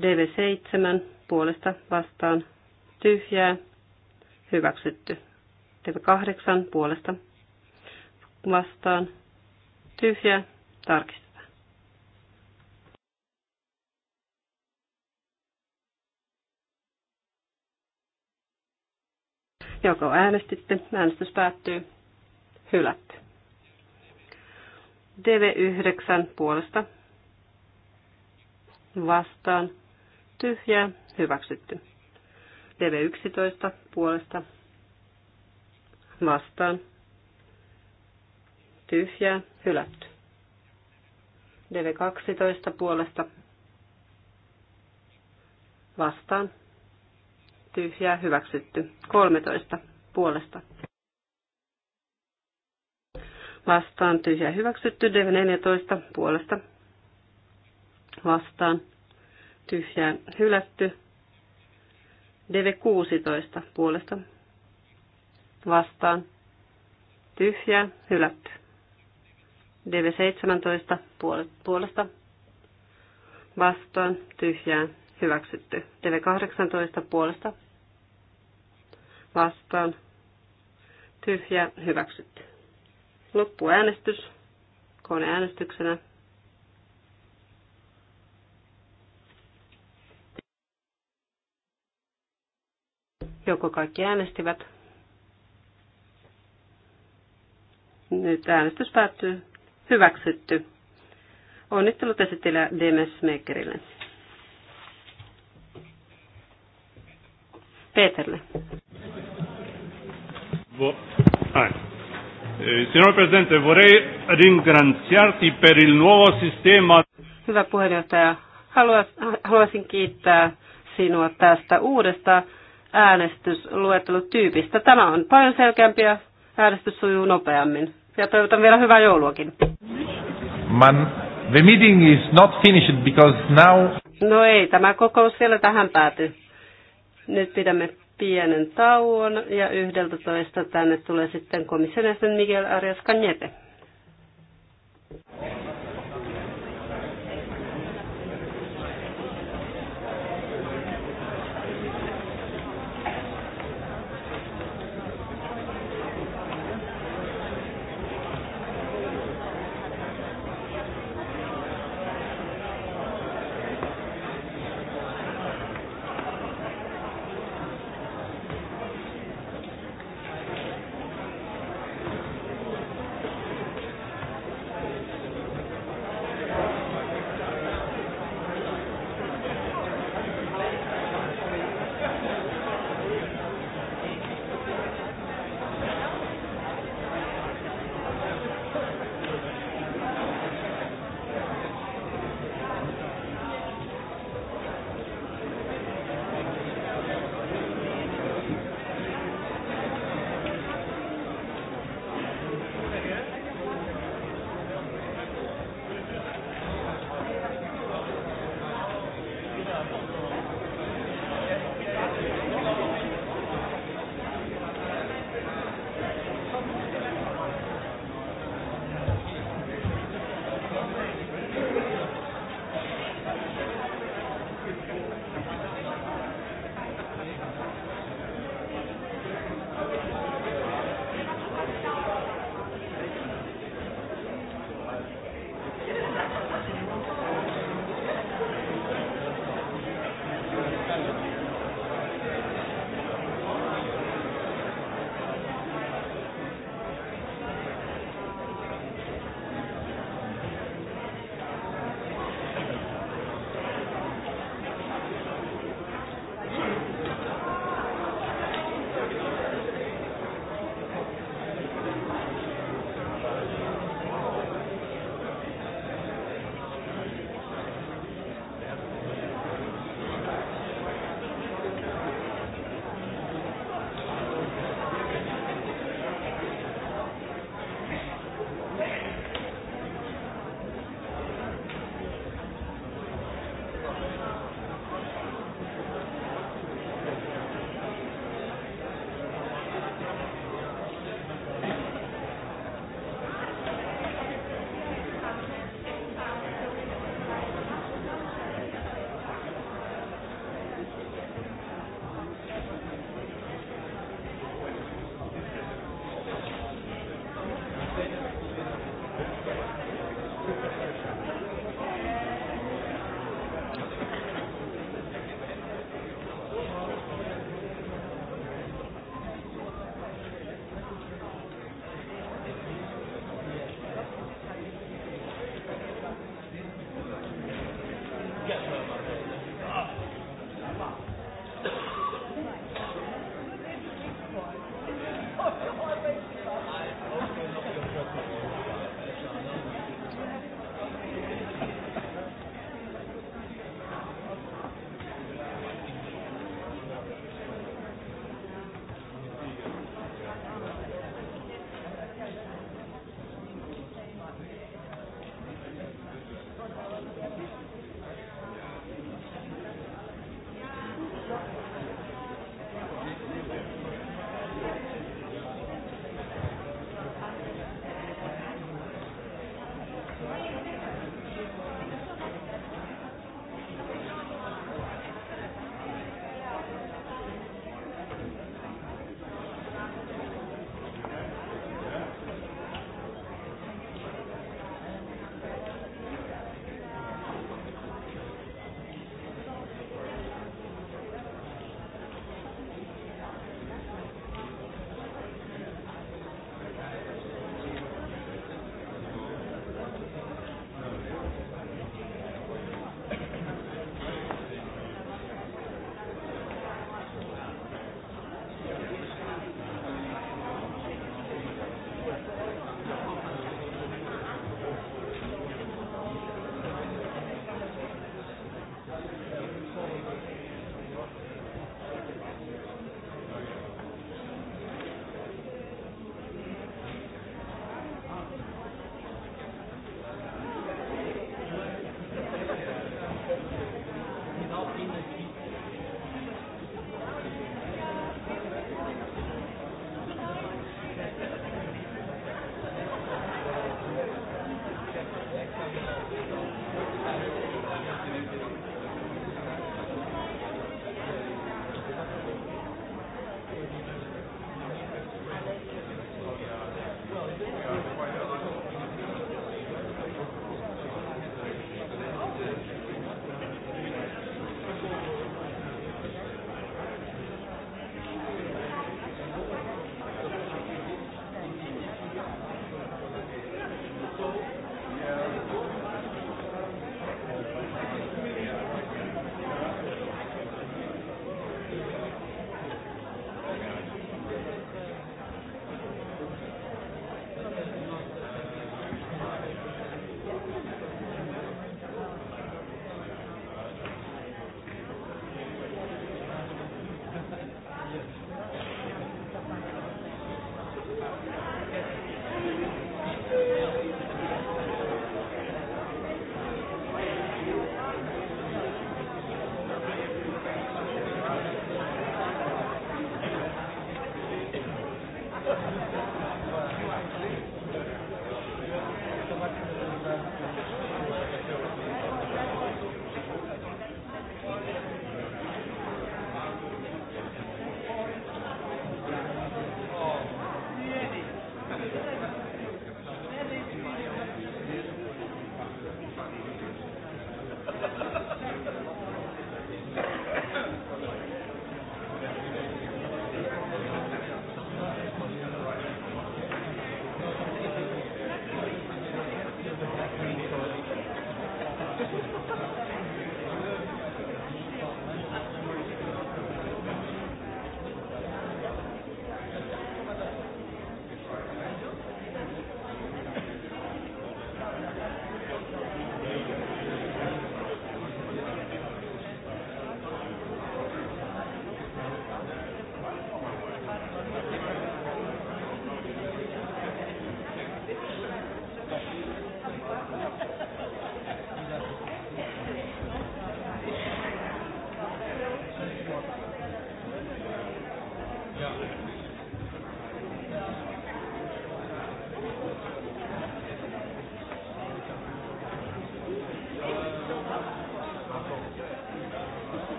DV7 puolesta vastaan tyhjää hyväksytty. DV8 puolesta vastaan tyhjää tarkistetaan. Joko äänestitte, äänestys päättyy, hylätty. DV9 puolesta vastaan tyhjää, hyväksytty. Leve 11 puolesta vastaan, tyhjää, hylätty. Leve 12 puolesta vastaan, tyhjää, hyväksytty. 13 puolesta vastaan, tyhjää, hyväksytty. Leve 14 puolesta vastaan, tyhjään hylätty. DV16 puolesta vastaan tyhjää hylätty. DV17 puolesta vastaan tyhjää hyväksytty. DV18 puolesta vastaan tyhjää hyväksytty. Loppuäänestys koneäänestyksenä Joko kaikki äänestivät? Nyt äänestys päättyy. Hyväksytty. Onnittelut esittelijä DMS Makerille. Peterle. Eh, signor Presidente, vorrei ringraziarti per il nuovo sistema. Hyvä puheenjohtaja, haluaisin kiittää sinua tästä uudesta äänestysluettelutyypistä. Tämä on paljon selkeämpi ja äänestys sujuu nopeammin. Ja toivotan vielä hyvää jouluakin. Man, the meeting is not finished because now... No ei, tämä kokous vielä tähän päätyy. Nyt pidämme pienen tauon ja yhdeltä toista tänne tulee sitten komission jäsen Miguel Arias Cañete.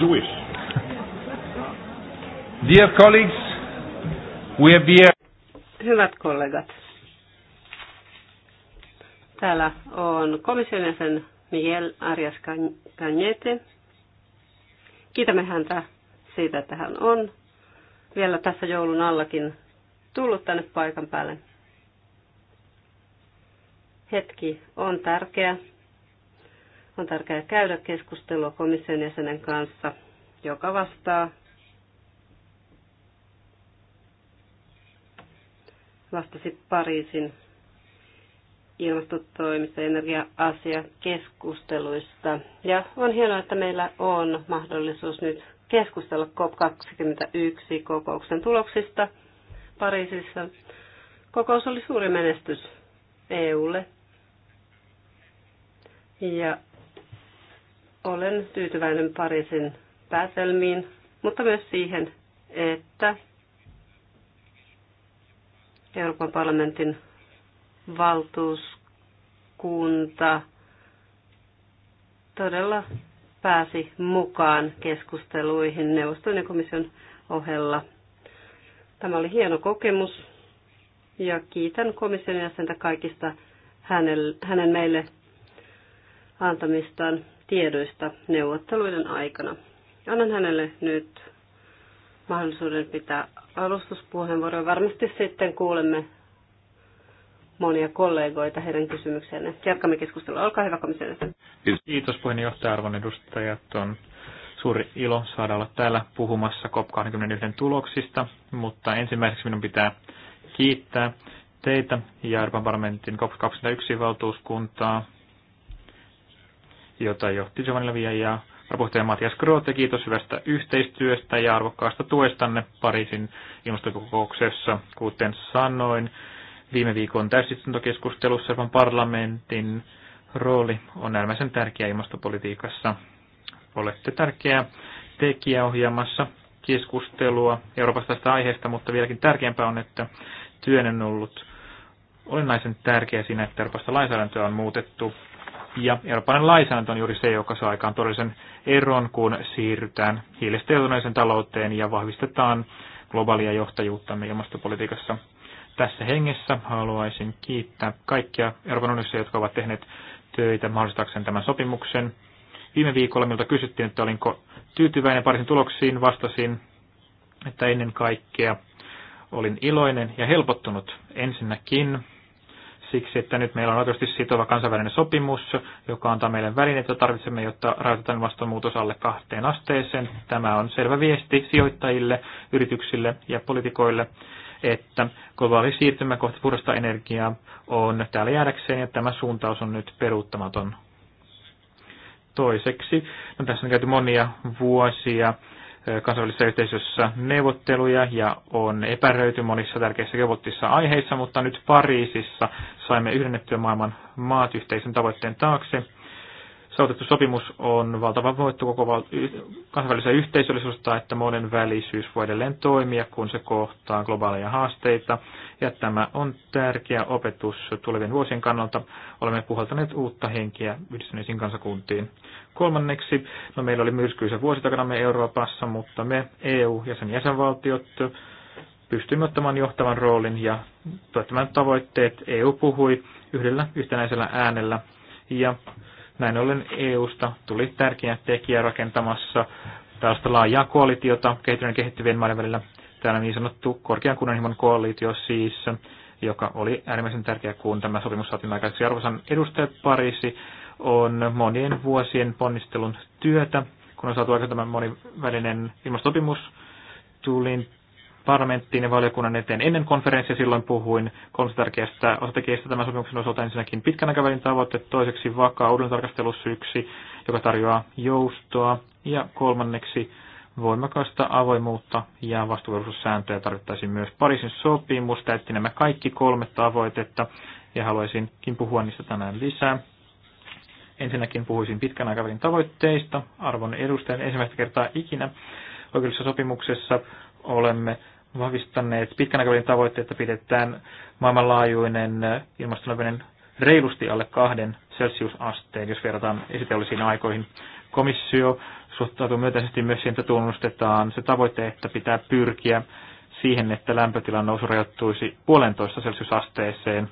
not Jewish. Dear colleagues, we have here... Hyvät kollegat, täällä on komission jäsen Miguel Arias Cañete. Kiitämme häntä siitä, että hän on vielä tässä joulun allakin tullut tänne paikan päälle. Hetki on tärkeä on tärkeää käydä keskustelua komission jäsenen kanssa, joka vastaa vastasi Pariisin ilmastotoimista, energia keskusteluista. Ja on hienoa, että meillä on mahdollisuus nyt keskustella COP21 kokouksen tuloksista Pariisissa. Kokous oli suuri menestys EUlle. Ja olen tyytyväinen Pariisin päätelmiin, mutta myös siihen, että Euroopan parlamentin valtuuskunta todella pääsi mukaan keskusteluihin neuvoston ja komission ohella. Tämä oli hieno kokemus ja kiitän komission jäsentä kaikista hänen, hänen meille antamistaan tiedoista neuvotteluiden aikana. Annan hänelle nyt mahdollisuuden pitää alustuspuheenvuoroja. Varmasti sitten kuulemme monia kollegoita heidän kysymykseenne. Jatkamme keskustelua. Olkaa hyvä komission Kiitos puheenjohtaja arvon edustajat. On suuri ilo saada olla täällä puhumassa COP21 tuloksista, mutta ensimmäiseksi minun pitää kiittää teitä ja Euroopan parlamentin COP21 valtuuskuntaa jota johti Giovanni Levia ja raportoija Matias Grote. Kiitos hyvästä yhteistyöstä ja arvokkaasta tuestanne Pariisin ilmastokokouksessa. Kuten sanoin, viime viikon täysistuntokeskustelussa Euroopan parlamentin rooli on äärimmäisen tärkeä ilmastopolitiikassa. Olette tärkeä tekijä ohjaamassa keskustelua Euroopasta tästä aiheesta, mutta vieläkin tärkeämpää on, että työn on ollut olennaisen tärkeä siinä, että Euroopasta lainsäädäntöä on muutettu ja eurooppalainen lainsäädäntö on juuri se, joka saa aikaan todellisen eron, kun siirrytään hiilesteutuneeseen talouteen ja vahvistetaan globaalia johtajuuttamme ilmastopolitiikassa. Tässä hengessä haluaisin kiittää kaikkia Euroopan unionissa, jotka ovat tehneet töitä mahdollistaakseen tämän sopimuksen. Viime viikolla minulta kysyttiin, että olinko tyytyväinen parisin tuloksiin, vastasin, että ennen kaikkea olin iloinen ja helpottunut ensinnäkin siksi, että nyt meillä on oikeasti sitova kansainvälinen sopimus, joka antaa meille välineet, joita tarvitsemme, jotta rajoitetaan ilmastonmuutos alle kahteen asteeseen. Tämä on selvä viesti sijoittajille, yrityksille ja politikoille, että globaali siirtymä kohti puhdasta energiaa on täällä jäädäkseen ja tämä suuntaus on nyt peruuttamaton. Toiseksi, no tässä on käyty monia vuosia kansainvälisessä yhteisössä neuvotteluja ja on epäröity monissa tärkeissä geopoliittisissa aiheissa, mutta nyt Pariisissa saimme yhdennettyä maailman maat yhteisen tavoitteen taakse saavutettu sopimus on valtava voitto koko val- y- kansainvälisen yhteisöllisyydestä, että monen välisyys voi edelleen toimia, kun se kohtaa globaaleja haasteita. Ja tämä on tärkeä opetus tulevien vuosien kannalta. Olemme puhaltaneet uutta henkiä yhdistyneisiin kansakuntiin. Kolmanneksi, no meillä oli myrskyisen vuosi me Euroopassa, mutta me EU ja sen jäsenvaltiot pystyimme ottamaan johtavan roolin ja tuottamaan tavoitteet. EU puhui yhdellä yhtenäisellä äänellä ja näin ollen EUsta tuli tärkeä tekijä rakentamassa tällaista laajaa koalitiota kehittyneen kehittyvien maiden välillä. Täällä niin sanottu korkean kunnanhimon koalitio siis, joka oli äärimmäisen tärkeä, kun tämä sopimus saatiin aikaiseksi. Arvosan edustajat Pariisi on monien vuosien ponnistelun työtä, kun on saatu aikaan tämä monivälinen ilmastopimus. Tulin parlamenttiin ja valiokunnan eteen ennen konferenssia. Silloin puhuin kolmesta tärkeästä osatekijästä tämän sopimuksen osalta. Ensinnäkin pitkän aikavälin tavoite, toiseksi vakaa uudelleentarkastelussyksi, joka tarjoaa joustoa, ja kolmanneksi voimakasta avoimuutta ja vastuullisuussääntöjä tarvittaisiin myös Pariisin sopimus. Täytti nämä kaikki kolme tavoitetta ja haluaisinkin puhua niistä tänään lisää. Ensinnäkin puhuisin pitkän aikavälin tavoitteista. Arvon edustajan ensimmäistä kertaa ikinä oikeudellisessa sopimuksessa olemme vahvistaneet pitkän aikavälin tavoitteet, että pidetään maailmanlaajuinen ilmastonlämpeneminen reilusti alle kahden celsiusasteen, jos verrataan esiteollisiin aikoihin. Komissio suhtautuu myönteisesti myös siihen, että tunnustetaan se tavoite, että pitää pyrkiä siihen, että lämpötilan nousu rajoittuisi puolentoista celsiusasteeseen.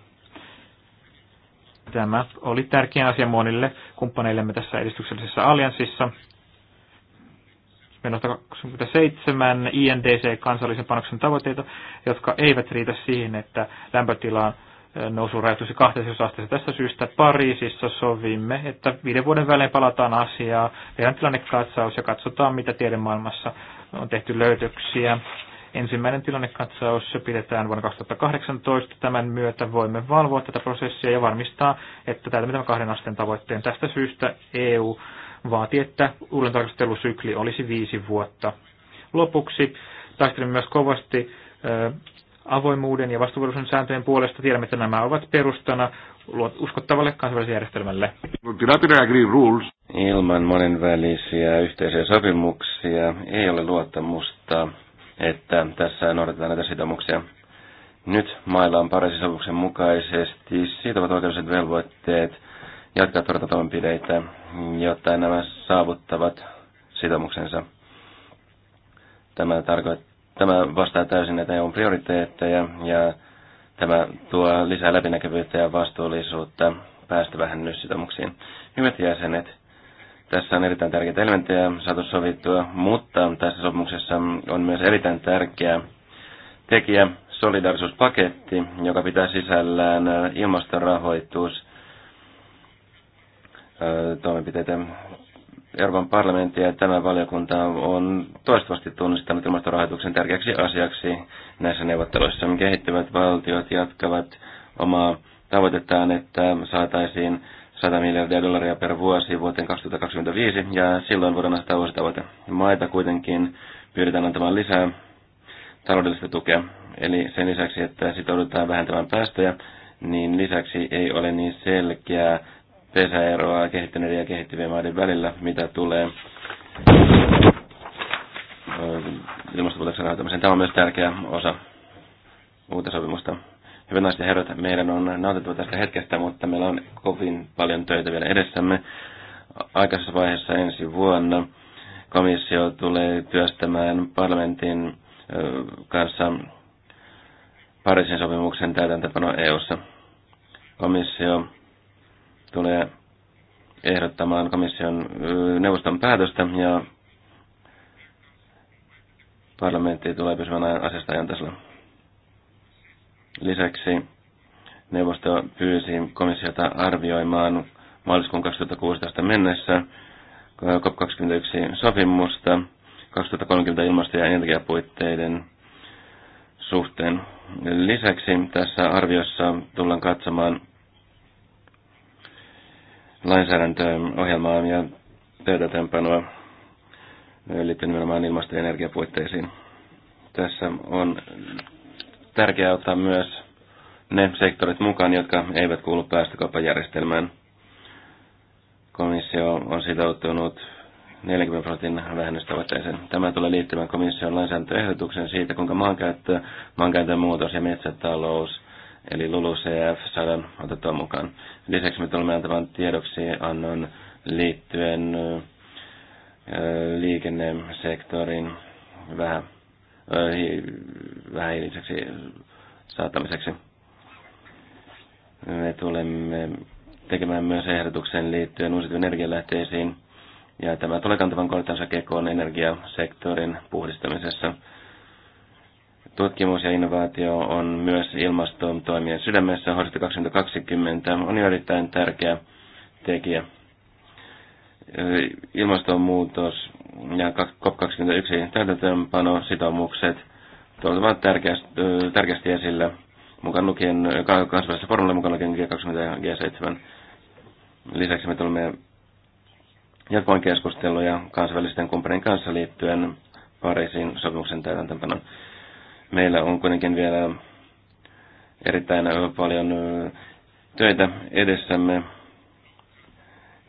Tämä oli tärkeä asia monille kumppaneillemme tässä edistyksellisessä allianssissa menosta 27 INDC-kansallisen panoksen tavoitteita, jotka eivät riitä siihen, että lämpötilaan nousu rajoittuisi 12 Tästä syystä Pariisissa sovimme, että viiden vuoden välein palataan asiaa, tehdään tilannekatsaus ja katsotaan, mitä tiedemaailmassa on tehty löytöksiä. Ensimmäinen tilannekatsaus pidetään vuonna 2018. Tämän myötä voimme valvoa tätä prosessia ja varmistaa, että täytämme tämän kahden asteen tavoitteen. Tästä syystä EU vaati, että uuden tarkastelusykli olisi viisi vuotta. Lopuksi taistelimme myös kovasti avoimuuden ja vastuullisuuden sääntöjen puolesta. Tiedämme, että nämä ovat perustana uskottavalle kansainväliselle järjestelmälle. Ilman monenvälisiä yhteisiä sopimuksia ei ole luottamusta, että tässä noudatetaan näitä sitoumuksia. Nyt mailla on Pariisin sopimuksen mukaisesti sitovat oikeudelliset velvoitteet jatkaa tuota toimenpideitä jotta nämä saavuttavat sitomuksensa. Tämä, tarkoit, tämä vastaa täysin näitä EUn prioriteetteja ja tämä tuo lisää läpinäkyvyyttä ja vastuullisuutta päästövähennyssitoumuksiin. Hyvät jäsenet, tässä on erittäin tärkeitä elementtejä saatu sovittua, mutta tässä sopimuksessa on myös erittäin tärkeä tekijä, solidarisuuspaketti, joka pitää sisällään ilmastorahoitus, toimenpiteitä. Euroopan parlamentti ja tämä valiokunta on toistuvasti tunnistanut ilmastorahoituksen tärkeäksi asiaksi näissä neuvotteluissa. Kehittyvät valtiot jatkavat omaa tavoitettaan, että saataisiin 100 miljardia dollaria per vuosi vuoteen 2025, ja silloin voidaan asettaa uusi tavoite. Maita kuitenkin pyydetään antamaan lisää taloudellista tukea. Eli sen lisäksi, että sitoudutaan vähentämään päästöjä, niin lisäksi ei ole niin selkeää tehdä eroa kehittyneiden ja kehittyvien maiden välillä, mitä tulee äh, ilmastonmuutoksen rahoittamiseen. Tämä on myös tärkeä osa uutta sopimusta. Hyvät naiset ja herrat, meidän on nautittava tästä hetkestä, mutta meillä on kovin paljon töitä vielä edessämme. Aikaisessa vaiheessa ensi vuonna komissio tulee työstämään parlamentin äh, kanssa Pariisin sopimuksen täytäntöpano EU-ssa. Komissio tulee ehdottamaan komission neuvoston päätöstä ja parlamentti tulee pysymään asiasta ajan tasolla. Lisäksi neuvosto pyysi komissiota arvioimaan maaliskuun 2016 mennessä COP21 sopimusta 2030 ilmasto- ja energiapuitteiden suhteen. Lisäksi tässä arviossa tullaan katsomaan lainsäädäntöohjelmaa ja täytäntöönpanoa liittyen nimenomaan ilmasto- ja energiapuitteisiin. Tässä on tärkeää ottaa myös ne sektorit mukaan, jotka eivät kuulu päästökauppajärjestelmään. Komissio on sitoutunut 40 prosentin vähennystavoitteeseen. Tämä tulee liittymään komission lainsäädäntöehdotukseen siitä, kuinka maankäyttö, maankäytön muutos ja metsätalous – eli LULUCF saadaan otettua mukaan. Lisäksi me tulemme antamaan tiedoksi annon liittyen liikennesektorin vähän, hiiliseksi saattamiseksi. Me tulemme tekemään myös ehdotuksen liittyen uusiutuviin energialähteisiin, ja tämä tulee kantavan kortensa kekoon energiasektorin puhdistamisessa – Tutkimus ja innovaatio on myös ilmastotoimien sydämessä. Horisontti 2020 on erittäin tärkeä tekijä. Ilmastonmuutos ja COP21 täytäntöönpano sitoumukset ovat tärkeästi, tärkeästi esillä mukaan lukien kansainvälisessä foorumilla mukaan lukien G20 ja G7. Lisäksi me tulemme jatkoon keskusteluja kansainvälisten kumppanien kanssa liittyen Pariisin sopimuksen täytäntöönpanoon. Meillä on kuitenkin vielä erittäin paljon töitä edessämme.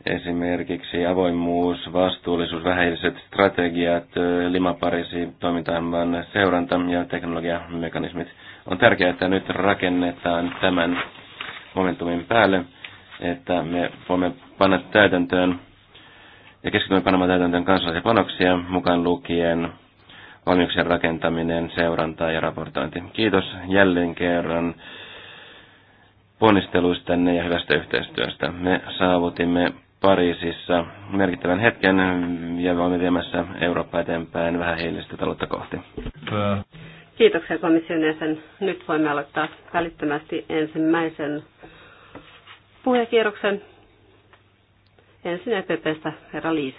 Esimerkiksi avoimuus, vastuullisuus, vähäiset strategiat, limaparisi, toimintaan seuranta ja teknologiamekanismit. On tärkeää, että nyt rakennetaan tämän momentumin päälle, että me voimme panna täytäntöön ja keskitymme panemaan täytäntöön kansallisia panoksia, mukaan lukien valmiuksien rakentaminen, seuranta ja raportointi. Kiitos jälleen kerran ponnisteluistanne ja hyvästä yhteistyöstä. Me saavutimme Pariisissa merkittävän hetken ja olemme viemässä Eurooppa eteenpäin vähän hiilistä taloutta kohti. Kiitoksia komission jäsen. Nyt voimme aloittaa välittömästi ensimmäisen puhekierroksen. Ensin EPPstä herra Liis.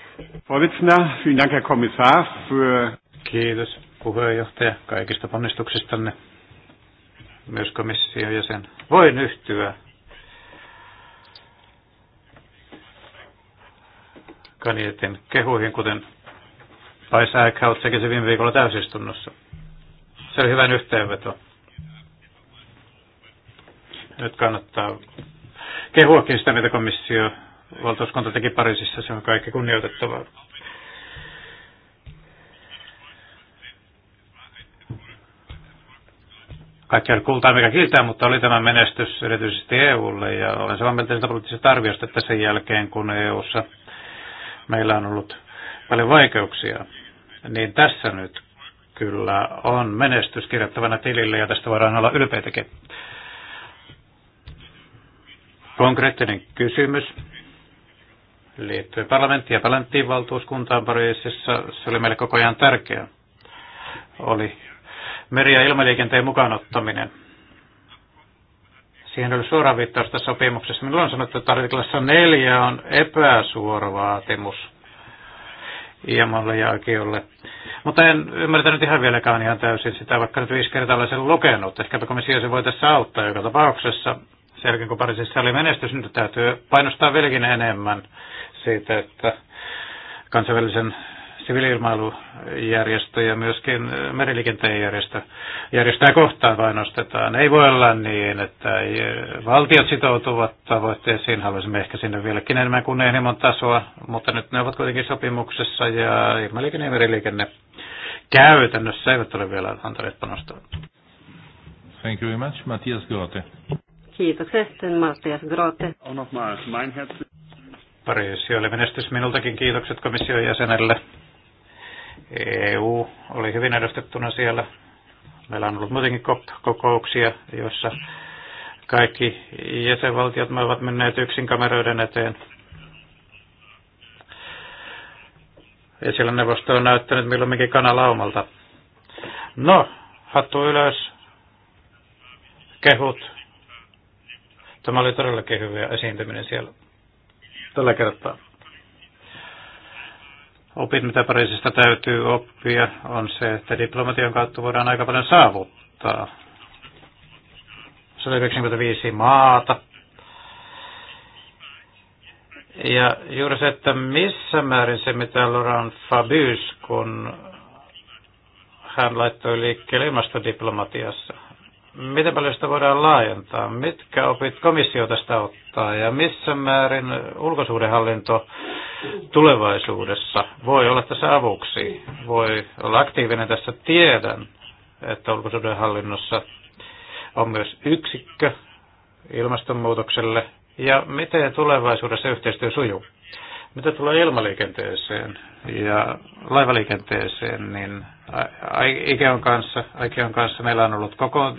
Vorsitzender, vielen Dank Herr Kommissar für Kiitos puheenjohtaja kaikista ponnistuksistanne. Myös komission jäsen. Voin yhtyä Kanietin kehuihin, kuten Pais Aikhaut sekin se viime viikolla täysistunnossa. Se oli hyvä yhteenveto. Nyt kannattaa kehuakin sitä, mitä komissio valtuuskunta teki Pariisissa. Se on kaikki kunnioitettavaa. on kultaa mikä kiltää, mutta oli tämä menestys erityisesti EUlle ja olen samaa mieltä sitä poliittisesta arviosta, että sen jälkeen kun EUssa meillä on ollut paljon vaikeuksia, niin tässä nyt kyllä on menestys kirjattavana tilille ja tästä voidaan olla ylpeitäkin. Konkreettinen kysymys liittyy parlamenttiin ja parlamenttiin valtuuskuntaan Pariisissa. Se oli meille koko ajan tärkeä. Oli meri- ja ilmaliikenteen mukaanottaminen. Siihen oli suora viittaus tässä sopimuksessa. Minulla on sanottu, että artiklassa neljä on epäsuora vaatimus IMOlle ja AKIOlle. Mutta en ymmärtänyt ihan vieläkään ihan täysin sitä, vaikka nyt viisi kertaa olen sen lukenut. Ehkäpä komissio se voi tässä auttaa joka tapauksessa. Sen jälkeen kun Pariisissa oli menestys, nyt täytyy painostaa vieläkin enemmän siitä, että kansainvälisen siviiliilmailujärjestö ja myöskin meriliikenteen järjestö, järjestää kohtaan nostetaan. Ei voi olla niin, että valtiot sitoutuvat tavoitteisiin, haluaisimme ehkä sinne vieläkin enemmän kuin enemmän tasoa, mutta nyt ne ovat kuitenkin sopimuksessa ja ilmaliikenne ja meriliikenne käytännössä eivät ole vielä antaneet panosta. Thank you very much, Matthias Grote. Kiitoksia sitten Matthias Grote. Pariisi oli menestys minultakin. Kiitokset komission jäsenelle EU oli hyvin edustettuna siellä. Meillä on ollut muutenkin kokouksia, joissa kaikki jäsenvaltiot ovat menneet yksin kameroiden eteen. Ja siellä neuvosto on näyttänyt milloinkin kanalaumalta. No, hattu ylös, kehut. Tämä oli todellakin hyvä esiintyminen siellä tällä kertaa opit, mitä Pariisista täytyy oppia, on se, että diplomatian kautta voidaan aika paljon saavuttaa. 195 maata. Ja juuri se, että missä määrin se, mitä Laurent Fabius, kun hän laittoi liikkeelle ilmastodiplomatiassa, miten paljon sitä voidaan laajentaa, mitkä opit komissio tästä ottaa ja missä määrin ulkosuhdehallinto tulevaisuudessa. Voi olla tässä avuksi, voi olla aktiivinen tässä tiedän, että ulkosuudenhallinnossa on myös yksikkö ilmastonmuutokselle ja miten tulevaisuudessa yhteistyö sujuu. Mitä tulee ilmaliikenteeseen ja laivaliikenteeseen, niin Ikeon kanssa, Ikeon kanssa meillä on ollut koko,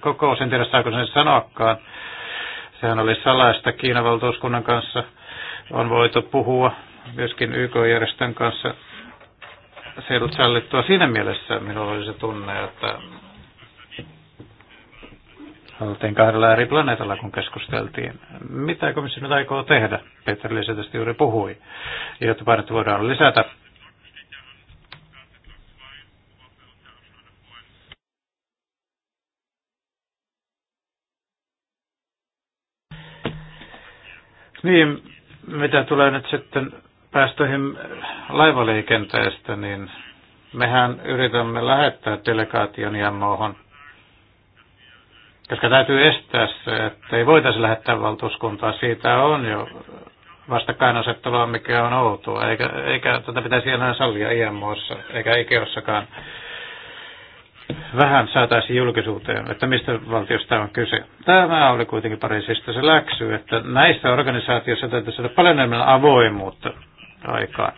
kokous, en tiedä saako sen sanoakaan. Sehän oli salaista Kiinan valtuuskunnan kanssa – on voitu puhua myöskin YK-järjestön kanssa. Se ei ollut sallittua siinä mielessä, minulla oli se tunne, että oltiin kahdella eri planeetalla, kun keskusteltiin. Mitä komissio nyt aikoo tehdä? Petri Liese tästä juuri puhui, jotta painetta voidaan lisätä. Niin, mitä tulee nyt sitten päästöihin laivaliikenteestä, niin mehän yritämme lähettää delegaation jämmoohon, koska täytyy estää se, että ei voitaisi lähettää valtuuskuntaa. Siitä on jo vastakkainasettelua, mikä on outoa, eikä, eikä tätä pitäisi enää sallia IMOssa, eikä Ikeossakaan vähän saataisiin julkisuuteen, että mistä valtiosta on kyse. Tämä oli kuitenkin Pariisista se läksy, että näissä organisaatioissa täytyy saada paljon enemmän avoimuutta aikaan,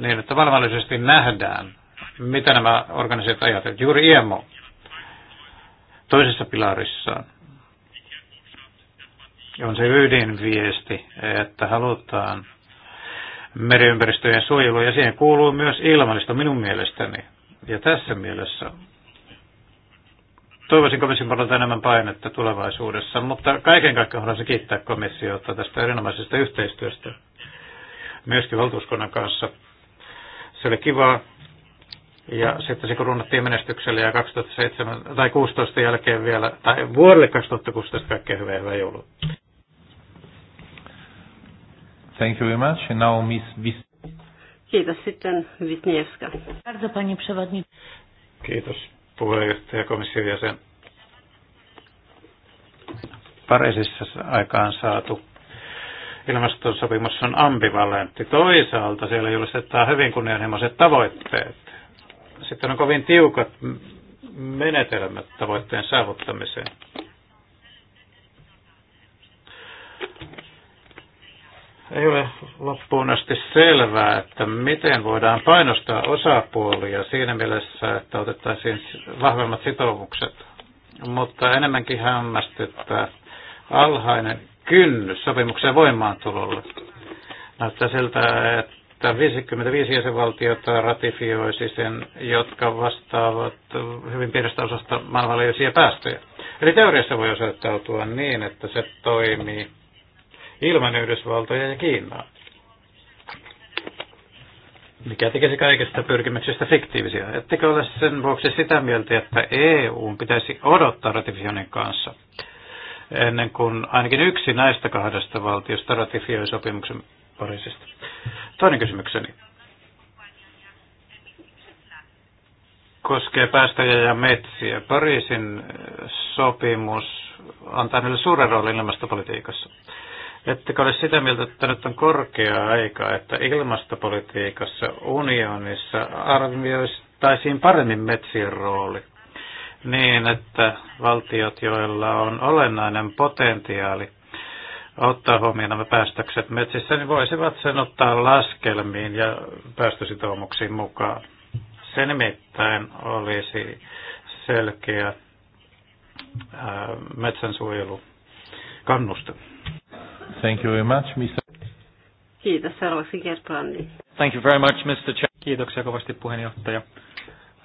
niin että valvallisesti nähdään, mitä nämä organisaatiot ajattelevat. Juuri IMO toisessa pilarissaan on se ydinviesti, että halutaan meriympäristöjen suojelua, ja siihen kuuluu myös ilmallista minun mielestäni. Ja tässä mielessä Toivoisin komission puolelta enemmän painetta tulevaisuudessa, mutta kaiken kaikkiaan haluaisin kiittää komissiota tästä erinomaisesta yhteistyöstä myöskin valtuuskunnan kanssa. Se oli kivaa. Ja sitten se runnattiin menestykselle ja 2007 tai 2016 jälkeen vielä, tai vuodelle 2016 kaikkea hyvää hyvää joulua. Thank you very much. And now Miss Vis- Kiitos sitten Wisniewska. Kiitos puheenjohtaja komission jäsen. Pariisissa aikaan saatu ilmastosopimus on ambivalentti. Toisaalta siellä julistetaan hyvin kunnianhimoiset tavoitteet. Sitten on kovin tiukat menetelmät tavoitteen saavuttamiseen. ei ole loppuun asti selvää, että miten voidaan painostaa osapuolia siinä mielessä, että otettaisiin vahvemmat sitoumukset. Mutta enemmänkin hämmästyttää alhainen kynnys sopimuksen voimaantulolle. Näyttää siltä, että 55 jäsenvaltiota ratifioisi sen, jotka vastaavat hyvin pienestä osasta maailmanlaajuisia päästöjä. Eli teoriassa voi osoittautua niin, että se toimii ilman Yhdysvaltoja ja Kiinaa. Mikä tekisi kaikesta pyrkimyksestä fiktiivisia, Ettekö ole sen vuoksi sitä mieltä, että EU pitäisi odottaa ratifioinnin kanssa ennen kuin ainakin yksi näistä kahdesta valtiosta ratifioi sopimuksen Pariisista? Toinen kysymykseni. koskee päästöjä ja metsiä. Pariisin sopimus antaa niille suuren roolin ilmastopolitiikassa. Ettekö ole sitä mieltä, että nyt on korkea aika, että ilmastopolitiikassa unionissa arvioistaisiin paremmin metsien rooli? Niin, että valtiot, joilla on olennainen potentiaali ottaa huomioon nämä päästökset metsissä, niin voisivat sen ottaa laskelmiin ja päästösitoumuksiin mukaan. Se nimittäin olisi selkeä metsänsuojelu kannuste. Thank you very much, Mr. Kiitos. Seuraavaksi Gerbrandi. Thank you very much, Mr. Chair. Kiitoksia kovasti puheenjohtaja.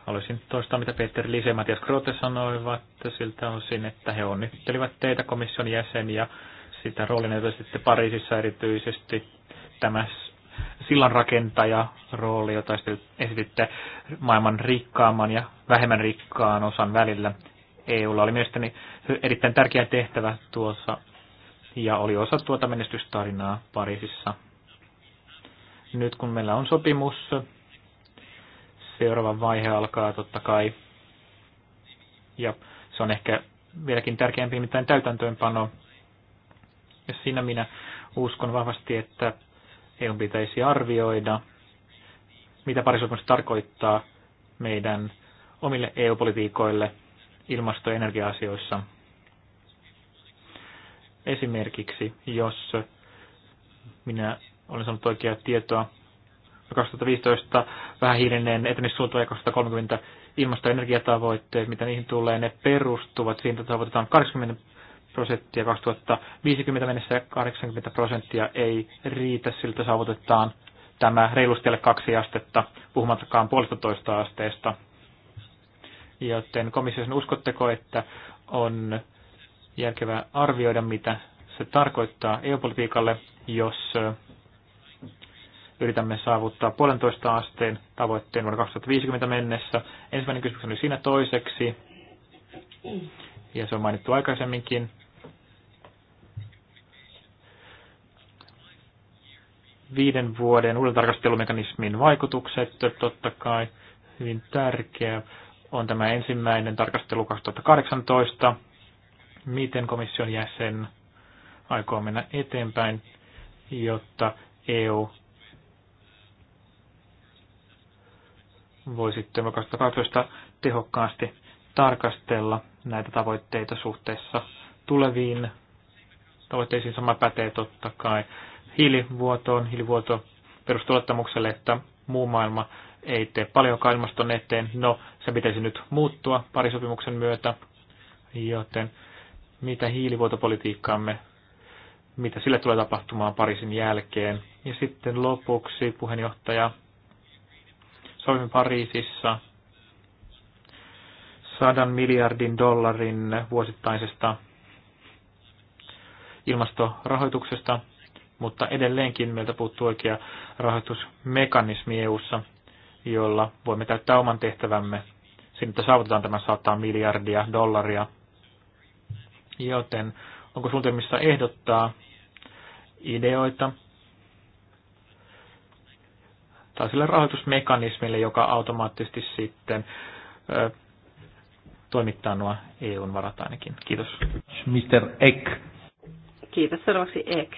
Haluaisin toistaa, mitä Peter Lise ja Matias Grote sanoivat siltä osin, että he onnittelivat teitä komission jäseniä sitä roolin, sitten Pariisissa erityisesti tämä sillanrakentaja rooli, jota esititte maailman rikkaamman ja vähemmän rikkaan osan välillä. EUlla oli mielestäni erittäin tärkeä tehtävä tuossa ja oli osa tuota menestystarinaa Pariisissa. Nyt kun meillä on sopimus, seuraava vaihe alkaa totta kai. Ja se on ehkä vieläkin tärkeämpi, mitä täytäntöönpano. Ja siinä minä uskon vahvasti, että EU pitäisi arvioida, mitä parisopimus tarkoittaa meidän omille EU-politiikoille ilmasto- ja energia-asioissa – Esimerkiksi jos minä olen saanut oikea tietoa 2015 vähän hiilinen etenemissuunta ja 2030 ilmasto- ja energiatavoitteet, mitä niihin tulee, ne perustuvat siitä, että tavoitetaan 80 prosenttia 2050 mennessä ja 80 prosenttia ei riitä, siltä saavutetaan tämä reilusti alle kaksi astetta, puhumattakaan puolestatoista asteesta. Joten komissiossa uskotteko, että on järkevää arvioida, mitä se tarkoittaa EU-politiikalle, jos yritämme saavuttaa puolentoista asteen tavoitteen vuonna 2050 mennessä. Ensimmäinen kysymys oli siinä toiseksi, ja se on mainittu aikaisemminkin. Viiden vuoden uudelleentarkastelumekanismin vaikutukset, totta kai hyvin tärkeä, on tämä ensimmäinen tarkastelu 2018 miten komission jäsen aikoo mennä eteenpäin, jotta EU voi sitten 2012 tehokkaasti tarkastella näitä tavoitteita suhteessa tuleviin tavoitteisiin. Sama pätee totta kai hiilivuotoon, hiilivuoto perustulottamukselle, että muu maailma ei tee paljon ilmaston eteen. No, se pitäisi nyt muuttua parisopimuksen myötä, joten mitä hiilivuotopolitiikkaamme, mitä sille tulee tapahtumaan Pariisin jälkeen. Ja sitten lopuksi puheenjohtaja, sovimme Pariisissa sadan miljardin dollarin vuosittaisesta ilmastorahoituksesta, mutta edelleenkin meiltä puuttuu oikea rahoitusmekanismi EU:ssa, jolla voimme täyttää oman tehtävämme. Siinä, että saavutetaan tämä 100 miljardia dollaria Joten onko suunnitelmissa ehdottaa ideoita tai sille rahoitusmekanismille, joka automaattisesti sitten ö, toimittaa nuo EUn varat ainakin. Kiitos. Mr. Eck. Kiitos seuraavaksi Eck.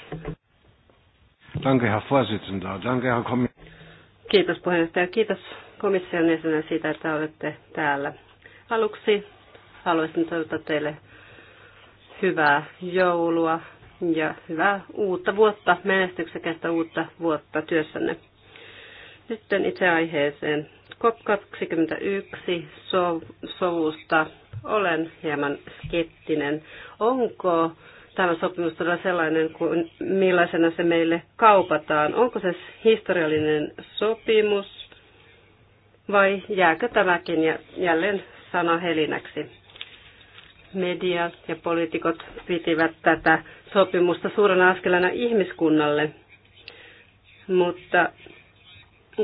Danke, Herr Vorsitzender. Danke, Herr Kiitos puheenjohtaja. Kiitos komission jäsenen siitä, että olette täällä. Aluksi haluaisin toivottaa teille hyvää joulua ja hyvää uutta vuotta, menestyksekästä uutta vuotta työssänne. Nyt itse aiheeseen. COP21 sovusta olen hieman skeptinen. Onko tämä sopimus todella sellainen kuin millaisena se meille kaupataan? Onko se historiallinen sopimus vai jääkö tämäkin jälleen sana helinäksi? media ja poliitikot pitivät tätä sopimusta suurena askelena ihmiskunnalle. Mutta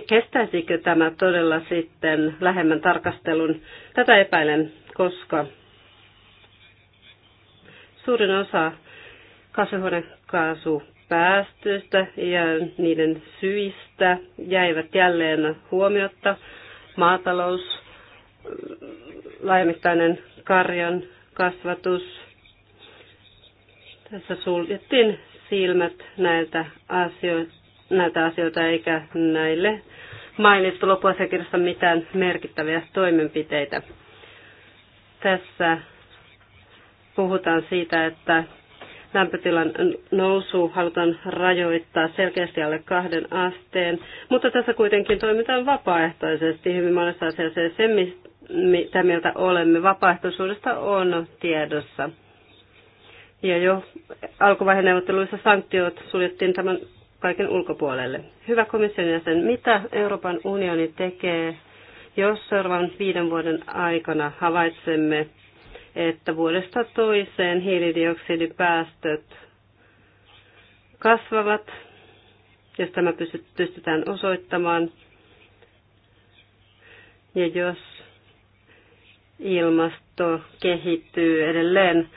kestäisikö tämä todella sitten lähemmän tarkastelun? Tätä epäilen, koska suurin osa kasvihuonekaasupäästöistä ja niiden syistä jäivät jälleen huomiotta. Maatalous, laajamittainen karjan kasvatus. Tässä suljettiin silmät näiltä asioita, näitä asioita eikä näille mainittu loppuasiakirjassa mitään merkittäviä toimenpiteitä. Tässä puhutaan siitä, että lämpötilan nousu halutaan rajoittaa selkeästi alle kahden asteen, mutta tässä kuitenkin toimitaan vapaaehtoisesti hyvin monessa asiassa. Ja se, mitä mieltä olemme. Vapaaehtoisuudesta on tiedossa. Ja jo alkuvaiheen neuvotteluissa sanktiot suljettiin tämän kaiken ulkopuolelle. Hyvä komission jäsen, mitä Euroopan unioni tekee, jos seuraavan viiden vuoden aikana havaitsemme, että vuodesta toiseen hiilidioksidipäästöt kasvavat, jos tämä pystytään osoittamaan, ja jos ilmasto kehittyy edelleen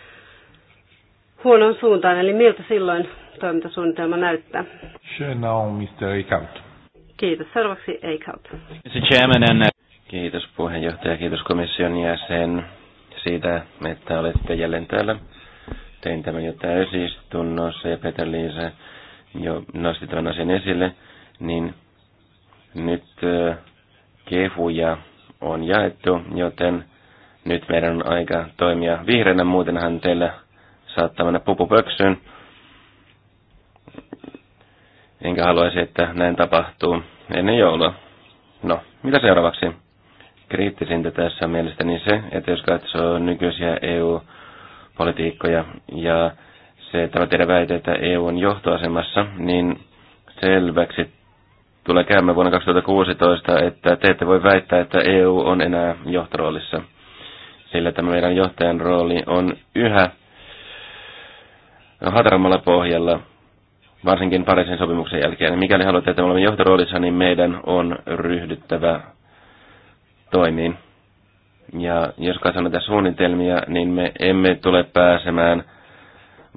huonon suuntaan, eli miltä silloin toimintasuunnitelma näyttää? Now, Mr. Eichhout. Kiitos. Seuraavaksi Eichhout. Mr. Chairman and... Uh, kiitos puheenjohtaja, kiitos komission jäsen siitä, että olette jälleen täällä. Tein tämän jo täysistunnossa ja Peter Liisa jo nosti tämän asian esille, niin nyt uh, kehuja on jaettu, joten nyt meidän on aika toimia vihreänä, muutenhan teillä saattaa mennä pupupöksyyn. Enkä haluaisi, että näin tapahtuu ennen joulua. No, mitä seuraavaksi? Kriittisintä tässä on mielestäni se, että jos katsoo nykyisiä EU-politiikkoja ja se tämä teidän väite, että EU on johtoasemassa, niin selväksi tulee käymään vuonna 2016, että te ette voi väittää, että EU on enää johtoroolissa – sillä tämä meidän johtajan rooli on yhä hatarammalla pohjalla, varsinkin parisen sopimuksen jälkeen. Mikäli haluatte, että me olemme johtoroolissa, niin meidän on ryhdyttävä toimiin. Ja jos katsotaan näitä suunnitelmia, niin me emme tule pääsemään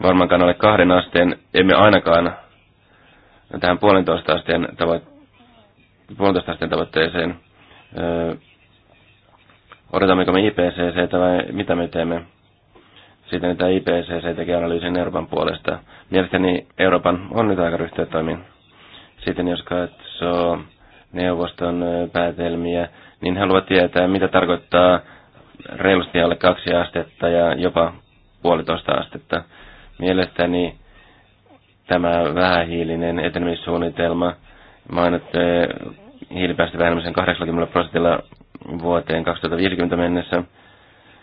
varmaankaan alle kahden asteen, emme ainakaan tähän puolentoista asteen, tavoit- puolentoista asteen tavoitteeseen. Öö, Odotammeko me IPCC vai mitä me teemme? Siitä mitä IPCC teki analyysin Euroopan puolesta. Mielestäni Euroopan on nyt aika ryhtyä toimiin. Sitten jos katsoo neuvoston päätelmiä, niin haluaa tietää, mitä tarkoittaa reilusti alle kaksi astetta ja jopa puolitoista astetta. Mielestäni tämä vähähiilinen etenemissuunnitelma mainittu hiilipäästövähennyksen 80 prosentilla vuoteen 2050 mennessä.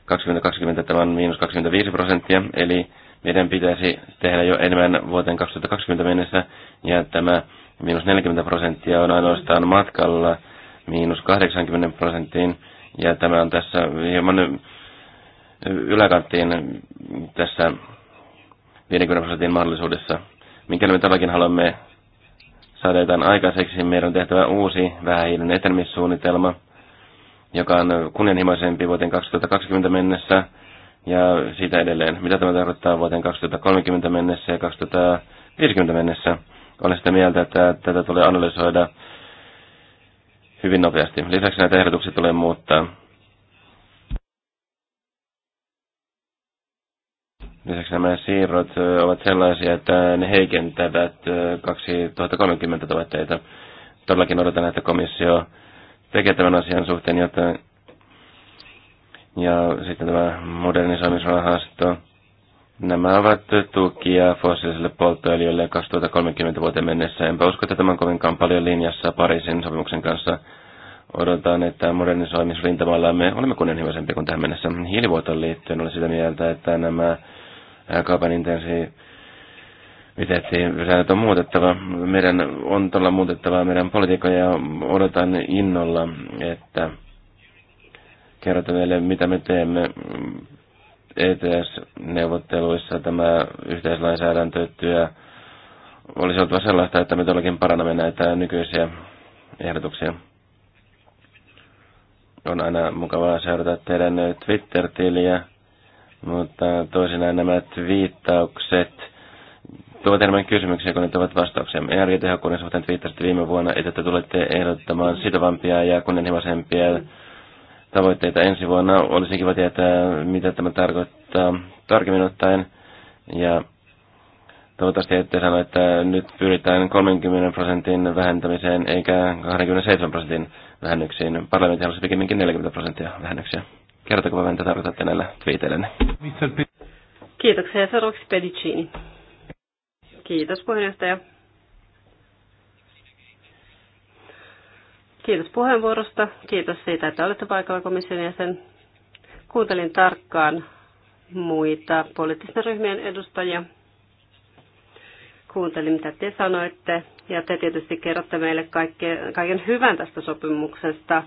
2020 tämä on miinus 25 prosenttia, eli meidän pitäisi tehdä jo enemmän vuoteen 2020 mennessä, ja tämä miinus 40 prosenttia on ainoastaan matkalla miinus 80 prosenttiin, ja tämä on tässä hieman yläkanttiin tässä 50 prosentin mahdollisuudessa. Mikäli me tälläkin haluamme saada jotain aikaiseksi, meidän on tehtävä uusi vähähiilen etenemissuunnitelma – joka on kunnianhimoisempi vuoteen 2020 mennessä ja siitä edelleen. Mitä tämä tarkoittaa vuoteen 2030 mennessä ja 2050 mennessä? Olen sitä mieltä, että tätä tulee analysoida hyvin nopeasti. Lisäksi näitä ehdotuksia tulee muuttaa. Lisäksi nämä siirrot ovat sellaisia, että ne heikentävät 2030 tavoitteita. Todellakin odotan, että komissio tekee tämän asian suhteen jotain. Ja sitten tämä modernisoimisrahasto. Nämä ovat tukia fossiiliselle polttoöljylle 2030 vuoteen mennessä. Enpä usko, että tämän kovinkaan paljon linjassa Pariisin sopimuksen kanssa. Odotan, että modernisoimisrintamalla me olemme kunnianhimoisempia kuin tähän mennessä. Hiilivuotoon liittyen olen sitä mieltä, että nämä kaupan intensi lisäksi säännöt on muutettava. Meidän on todella muutettava meidän politiikkoja ja odotan innolla, että kerrota meille, mitä me teemme ETS-neuvotteluissa tämä yhteislainsäädäntötyö olisi oltava sellaista, että me todellakin parannamme näitä nykyisiä ehdotuksia. On aina mukavaa seurata teidän Twitter-tiliä, mutta toisinaan nämä viittaukset tuovat enemmän kysymyksiä kuin ne tuovat vastauksia. Energiatehokkuuden suhteen twiittasitte viime vuonna, että te tulette ehdottamaan sitovampia ja kunnianhimoisempia tavoitteita ensi vuonna. Olisi kiva tietää, mitä tämä tarkoittaa tarkemmin ottaen. Ja toivottavasti ette sano, että nyt pyritään 30 prosentin vähentämiseen eikä 27 prosentin vähennyksiin. Parlamentti halusi pikemminkin 40 prosenttia vähennyksiä. Kertokaa vähän, mitä tarkoitatte näillä twiiteillä. Kiitoksia. Seuraavaksi Pedicini. Kiitos puheenjohtaja. Kiitos puheenvuorosta. Kiitos siitä, että olette paikalla komission jäsen. Kuuntelin tarkkaan muita poliittisten ryhmien edustajia. Kuuntelin, mitä te sanoitte. Ja te tietysti kerrotte meille kaiken hyvän tästä sopimuksesta.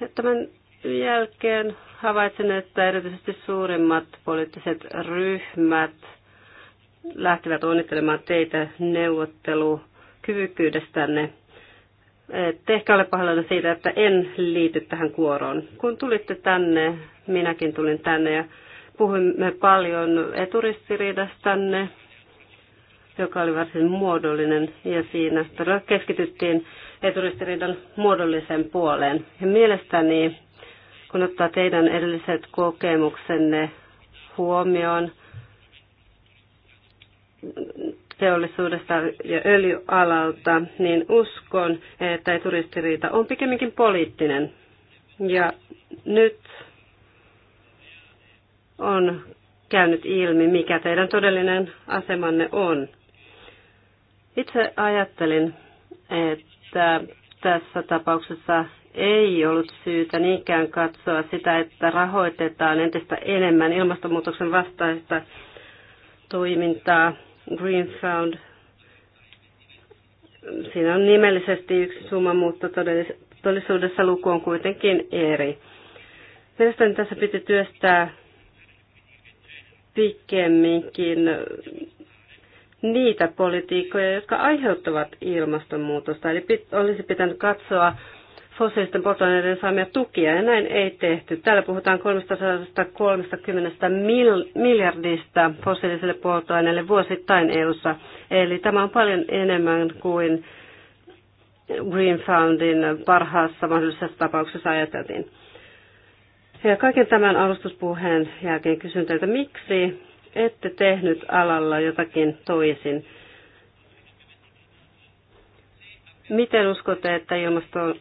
Ja tämän jälkeen havaitsin, että erityisesti suurimmat poliittiset ryhmät – lähtivät onnittelemaan teitä neuvottelukyvykkyydestänne. Eh, Tehkää ole pahoillani siitä, että en liity tähän kuoroon. Kun tulitte tänne, minäkin tulin tänne ja puhuimme paljon eturistiriidastanne, joka oli varsin muodollinen ja siinä todella keskityttiin eturistiriidan muodolliseen puoleen. Ja mielestäni, kun ottaa teidän edelliset kokemuksenne huomioon, teollisuudesta ja öljyalalta, niin uskon, että ei turistiriita on pikemminkin poliittinen. Ja nyt on käynyt ilmi, mikä teidän todellinen asemanne on. Itse ajattelin, että tässä tapauksessa ei ollut syytä niinkään katsoa sitä, että rahoitetaan entistä enemmän ilmastonmuutoksen vastaista toimintaa Green found Siinä on nimellisesti yksi summa, mutta todellisuudessa luku on kuitenkin eri. Mielestäni tässä piti työstää pikemminkin niitä politiikkoja, jotka aiheuttavat ilmastonmuutosta. Eli olisi pitänyt katsoa fossiilisten polttoaineiden saamia tukia, ja näin ei tehty. Täällä puhutaan 330 miljardista fossiiliselle polttoaineelle vuosittain EU:ssa, eli tämä on paljon enemmän kuin Green Foundin parhaassa mahdollisessa tapauksessa ajateltiin. Ja kaiken tämän alustuspuheen jälkeen kysyn teiltä, miksi ette tehnyt alalla jotakin toisin? Miten uskotte, että ilmasto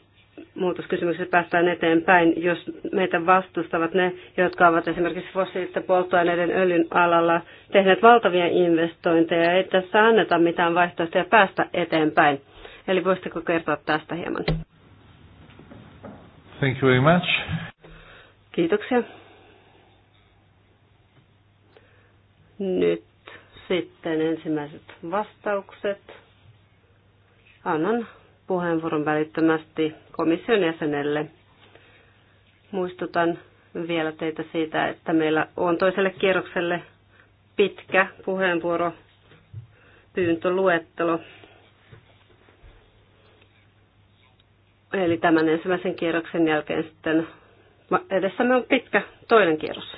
muutoskysymyksessä päästään eteenpäin, jos meitä vastustavat ne, jotka ovat esimerkiksi fossiilisten polttoaineiden öljyn alalla tehneet valtavia investointeja, ei tässä anneta mitään vaihtoehtoja päästä eteenpäin. Eli voisitteko kertoa tästä hieman? Thank you very much. Kiitoksia. Nyt sitten ensimmäiset vastaukset. Annan puheenvuoron välittömästi komission jäsenelle. Muistutan vielä teitä siitä, että meillä on toiselle kierrokselle pitkä puheenvuoro pyyntöluettelo. Eli tämän ensimmäisen kierroksen jälkeen sitten edessämme on pitkä toinen kierros.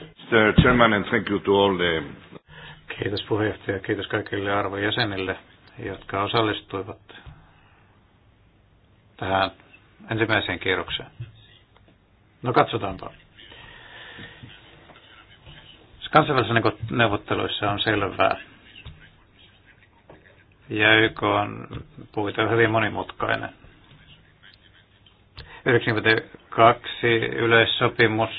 Kiitos puheenjohtaja, kiitos kaikille arvojäsenille, jotka osallistuivat tähän ensimmäiseen kierrokseen? No katsotaanpa. Kansainvälisissä neuvotteluissa on selvää. Ja YK on puhuta hyvin monimutkainen. 92 yleissopimus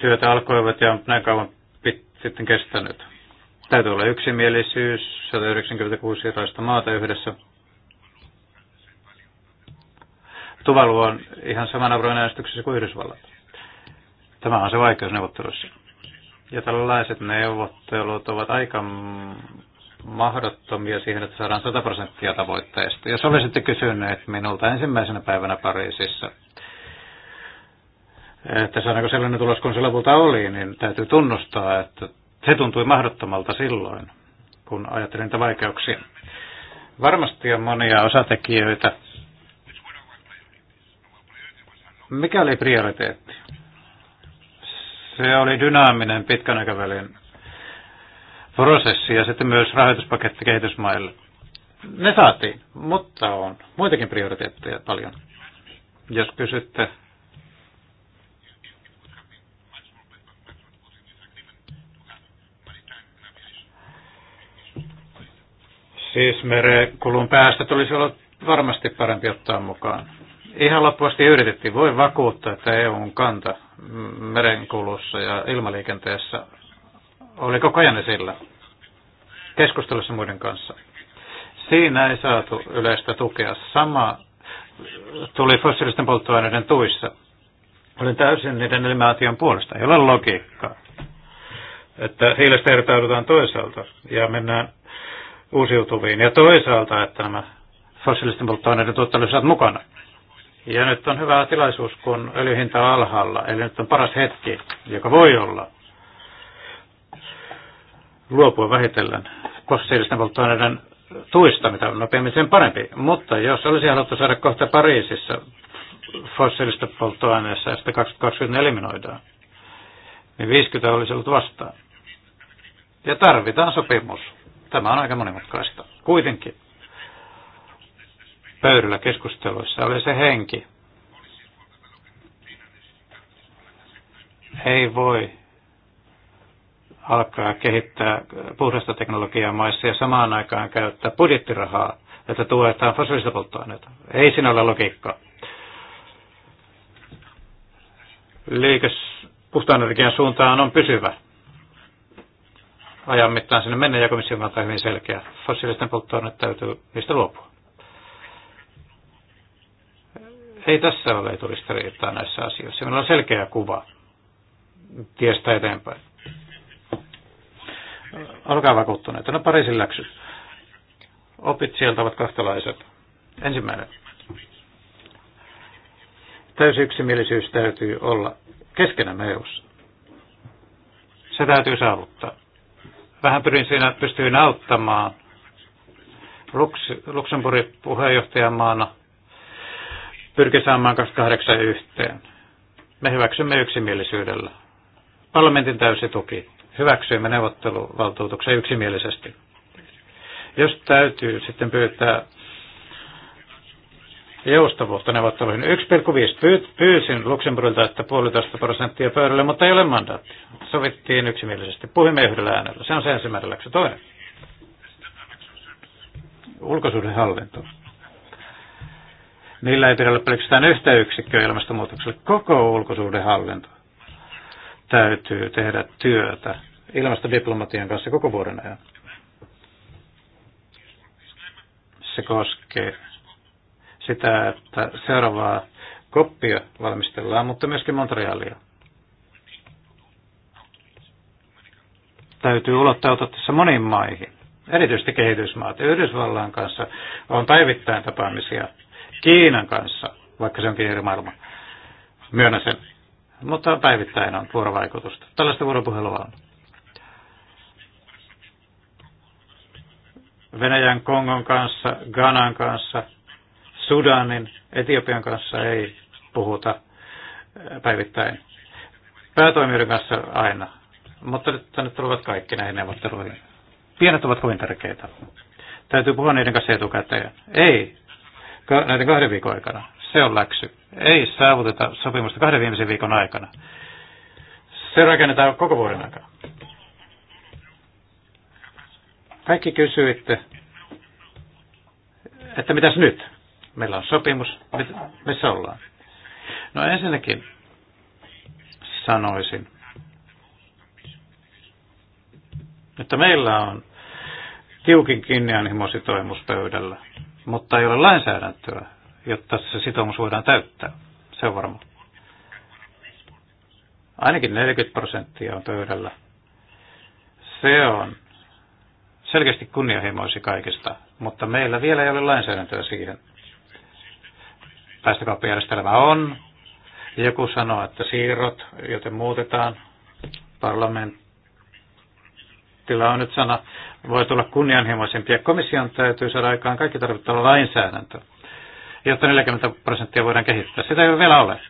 työtä alkoivat ja on näin kauan pit- sitten kestänyt. Täytyy olla yksimielisyys, 196 erilaista maata yhdessä Tuvalu on ihan saman avoimen äänestyksessä kuin Yhdysvallat. Tämä on se vaikeus neuvotteluissa. Ja tällaiset neuvottelut ovat aika mahdottomia siihen, että saadaan 100 prosenttia tavoitteesta. Jos olisitte kysyneet minulta ensimmäisenä päivänä Pariisissa, että saadaanko sellainen tulos kuin se lopulta oli, niin täytyy tunnustaa, että se tuntui mahdottomalta silloin, kun ajattelin niitä vaikeuksia. Varmasti on monia osatekijöitä, mikä oli prioriteetti? Se oli dynaaminen pitkän aikavälin prosessi ja sitten myös rahoituspaketti kehitysmaille. Ne saatiin, mutta on muitakin prioriteetteja paljon. Jos kysytte, Siis merekulun päästä tulisi olla varmasti parempi ottaa mukaan. Ihan loppuasti yritettiin. Voi vakuuttaa, että EUn kanta merenkulussa ja ilmaliikenteessä oli koko ajan esillä keskustelussa muiden kanssa. Siinä ei saatu yleistä tukea. Sama tuli fossiilisten polttoaineiden tuissa. olin täysin niiden eliminaation puolesta. Ei ole logiikkaa. Että hiilestä irtaudutaan toisaalta ja mennään uusiutuviin. Ja toisaalta, että nämä fossiilisten polttoaineiden tuottajat ovat mukana. Ja nyt on hyvä tilaisuus, kun öljyhinta on alhaalla, eli nyt on paras hetki, joka voi olla luopua vähitellen fossiilisten polttoaineiden tuista, mitä nopeammin sen parempi. Mutta jos olisi haluttu saada kohta Pariisissa fossiilista polttoaineessa ja sitä 2020 eliminoidaan, niin 50 olisi ollut vastaan. Ja tarvitaan sopimus. Tämä on aika monimutkaista. Kuitenkin pöydällä keskusteluissa oli se henki. Ei voi alkaa kehittää puhdasta teknologiaa maissa ja samaan aikaan käyttää budjettirahaa, että tuetaan fossiilista polttoaineita. Ei siinä ole logiikkaa. Liikes puhtaan energian suuntaan on pysyvä. Ajan mittaan sinne mennä ja komission kanta hyvin selkeä. Fossiilisten polttoaineet täytyy niistä luopua. Ei tässä ole eturistiriitaa näissä asioissa. Meillä on selkeä kuva tiestä eteenpäin. Olkaa vakuuttuneita. No Pariisin läksy. Opit sieltä ovat kahtalaiset. Ensimmäinen. Täysi yksimielisyys täytyy olla keskenämme EUssa. Se täytyy saavuttaa. Vähän pyrin siinä, pystyyn auttamaan Luxemburgin puheenjohtajamaana – pyrki saamaan 28 yhteen. Me hyväksymme yksimielisyydellä. Parlamentin täysi tuki. Hyväksyimme neuvotteluvaltuutuksen yksimielisesti. Jos täytyy sitten pyytää joustavuutta neuvotteluihin. 1,5 pyysin Luxemburgilta, että puolitoista prosenttia pöydälle, mutta ei ole mandaatti. Sovittiin yksimielisesti. Puhimme yhdellä äänellä. Se on se ensimmäinen läksy. Toinen. Ulkosuhdehallinto. hallinto Niillä ei pidä olla pelkästään yhtä yksikköä ilmastonmuutokselle. Koko ulkosuhdehallinto täytyy tehdä työtä ilmastodiplomatian kanssa koko vuoden ajan. Se koskee sitä, että seuraavaa koppia valmistellaan, mutta myöskin Montrealia. Täytyy ulottautua tässä moniin maihin, erityisesti kehitysmaat. Yhdysvallan kanssa on päivittäin tapaamisia Kiinan kanssa, vaikka se onkin eri maailma. Myönnä sen. Mutta päivittäin on vuorovaikutusta. Tällaista vuoropuhelua on. Venäjän Kongon kanssa, Ganan kanssa, Sudanin, Etiopian kanssa ei puhuta eh, päivittäin. Päätoimijoiden kanssa aina. Mutta nyt tänne tulevat kaikki näihin neuvotteluihin. Pienet ovat kovin tärkeitä. Täytyy puhua niiden kanssa etukäteen. Ei näiden kahden viikon aikana. Se on läksy. Ei saavuteta sopimusta kahden viimeisen viikon aikana. Se rakennetaan koko vuoden aikana. Kaikki kysyitte, että mitäs nyt? Meillä on sopimus, missä ollaan? No ensinnäkin sanoisin, että meillä on tiukin kunnianhimoisitoimus pöydällä mutta ei ole lainsäädäntöä, jotta se sitoumus voidaan täyttää. Se on varma. Ainakin 40 prosenttia on pöydällä. Se on selkeästi kunnianhimoisi kaikista, mutta meillä vielä ei ole lainsäädäntöä siihen. Päästökauppajärjestelmä on. Joku sanoo, että siirrot, joten muutetaan. Parlament, Brexitillä on nyt sana, voi tulla kunnianhimoisempia. Komission täytyy saada aikaan kaikki tarvittava lainsäädäntö, jotta 40 prosenttia voidaan kehittää. Sitä ei vielä ole.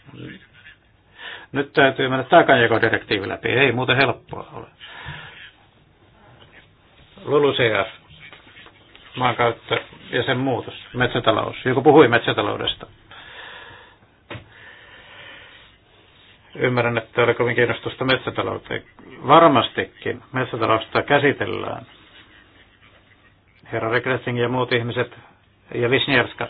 Nyt täytyy mennä taakanjakodirektiivi läpi. Ei muuten helppoa ole. LULUCF, maankäyttö ja sen muutos, metsätalous. Joku puhui metsätaloudesta. Ymmärrän, että oli kovin kiinnostusta metsätalouteen. Varmastikin metsätaloutta käsitellään. Herra Regressing ja muut ihmiset ja Visnierska.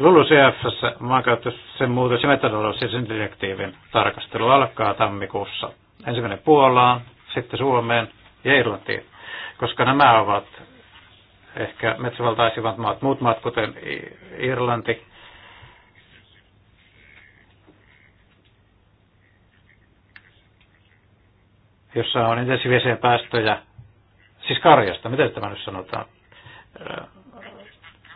CFS, maankäyttö, sen muutos ja metsätalous ja sen direktiivin tarkastelu alkaa tammikuussa. Ensimmäinen Puolaan, sitten Suomeen ja Irlantiin, koska nämä ovat ehkä metsävaltaisivat maat. Muut maat, kuten Irlanti, jossa on intensiivisiä päästöjä, siis karjasta, miten tämä nyt sanotaan?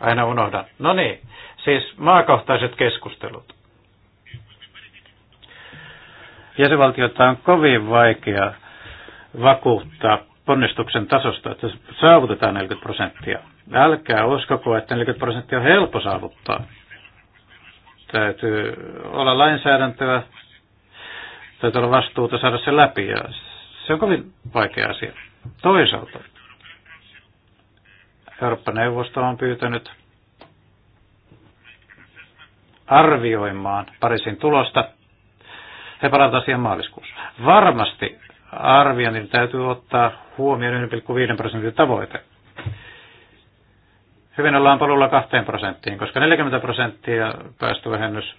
Aina unohdan. No niin, siis maakohtaiset keskustelut. Jäsenvaltiota on kovin vaikea vakuuttaa ponnistuksen tasosta, että saavutetaan 40 prosenttia. Älkää uskoko, että 40 prosenttia on helppo saavuttaa. Täytyy olla lainsäädäntöä, täytyy olla vastuuta saada se läpi ja se on kovin vaikea asia. Toisaalta Eurooppa-neuvosto on pyytänyt arvioimaan Pariisin tulosta. He palaavat asiaan maaliskuussa. Varmasti arvioinnin täytyy ottaa huomioon 1,5 prosentin tavoite. Hyvin ollaan palulla 2 prosenttiin, koska 40 prosenttia päästövähennys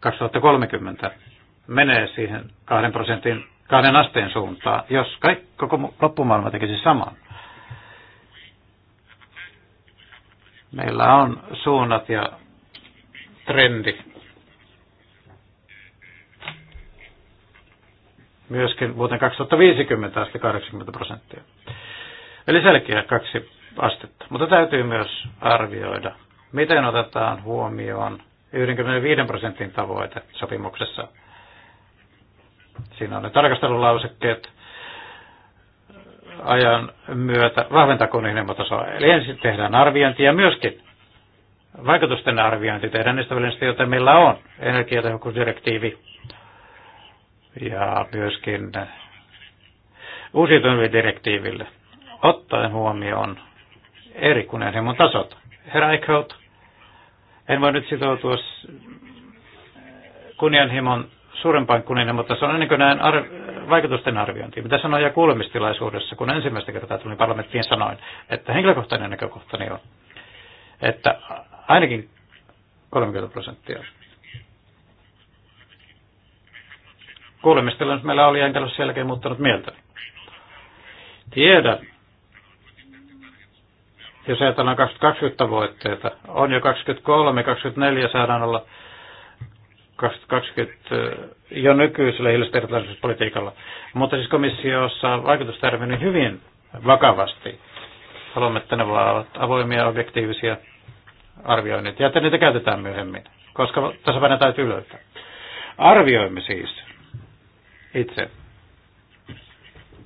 2030 menee siihen kahden prosentin, kahden asteen suuntaan, jos kaikki, koko loppumaailma tekisi saman. Meillä on suunnat ja trendi. Myöskin vuoteen 2050 asti 80 prosenttia. Eli selkeä kaksi astetta. Mutta täytyy myös arvioida, miten otetaan huomioon 95 prosentin tavoite sopimuksessa Siinä on ne tarkastelulausekkeet ajan myötä vahventako niiden himotasoa. Eli ensin tehdään arviointi ja myöskin vaikutusten arviointi tehdään niistä välineistä, joita meillä on. Energiatehokkuusdirektiivi ja myöskin uusiutuville direktiiville ottaen huomioon eri kunnianhimon tasot. Herra Eichhout, en voi nyt sitoutua kunnianhimon suurempaan mutta se on ennen kuin näin ar- vaikutusten arviointi. Mitä sanoin ja kuulemistilaisuudessa, kun ensimmäistä kertaa tulin parlamenttiin, sanoin, että henkilökohtainen näkökohtani on, että ainakin 30 prosenttia. Kuulemistilaisuus meillä oli, enkä selkeä muuttanut mieltä. Tiedän, jos ajatellaan 20 tavoitteita, on jo 23, 24 saadaan olla 2020 jo nykyisellä hiilesterveellisyyspolitiikalla. Mutta siis komissiossa on niin hyvin vakavasti. Haluamme, että ne ovat avoimia, objektiivisia arvioinnit ja että niitä käytetään myöhemmin, koska tasapaino täytyy löytää. Arvioimme siis itse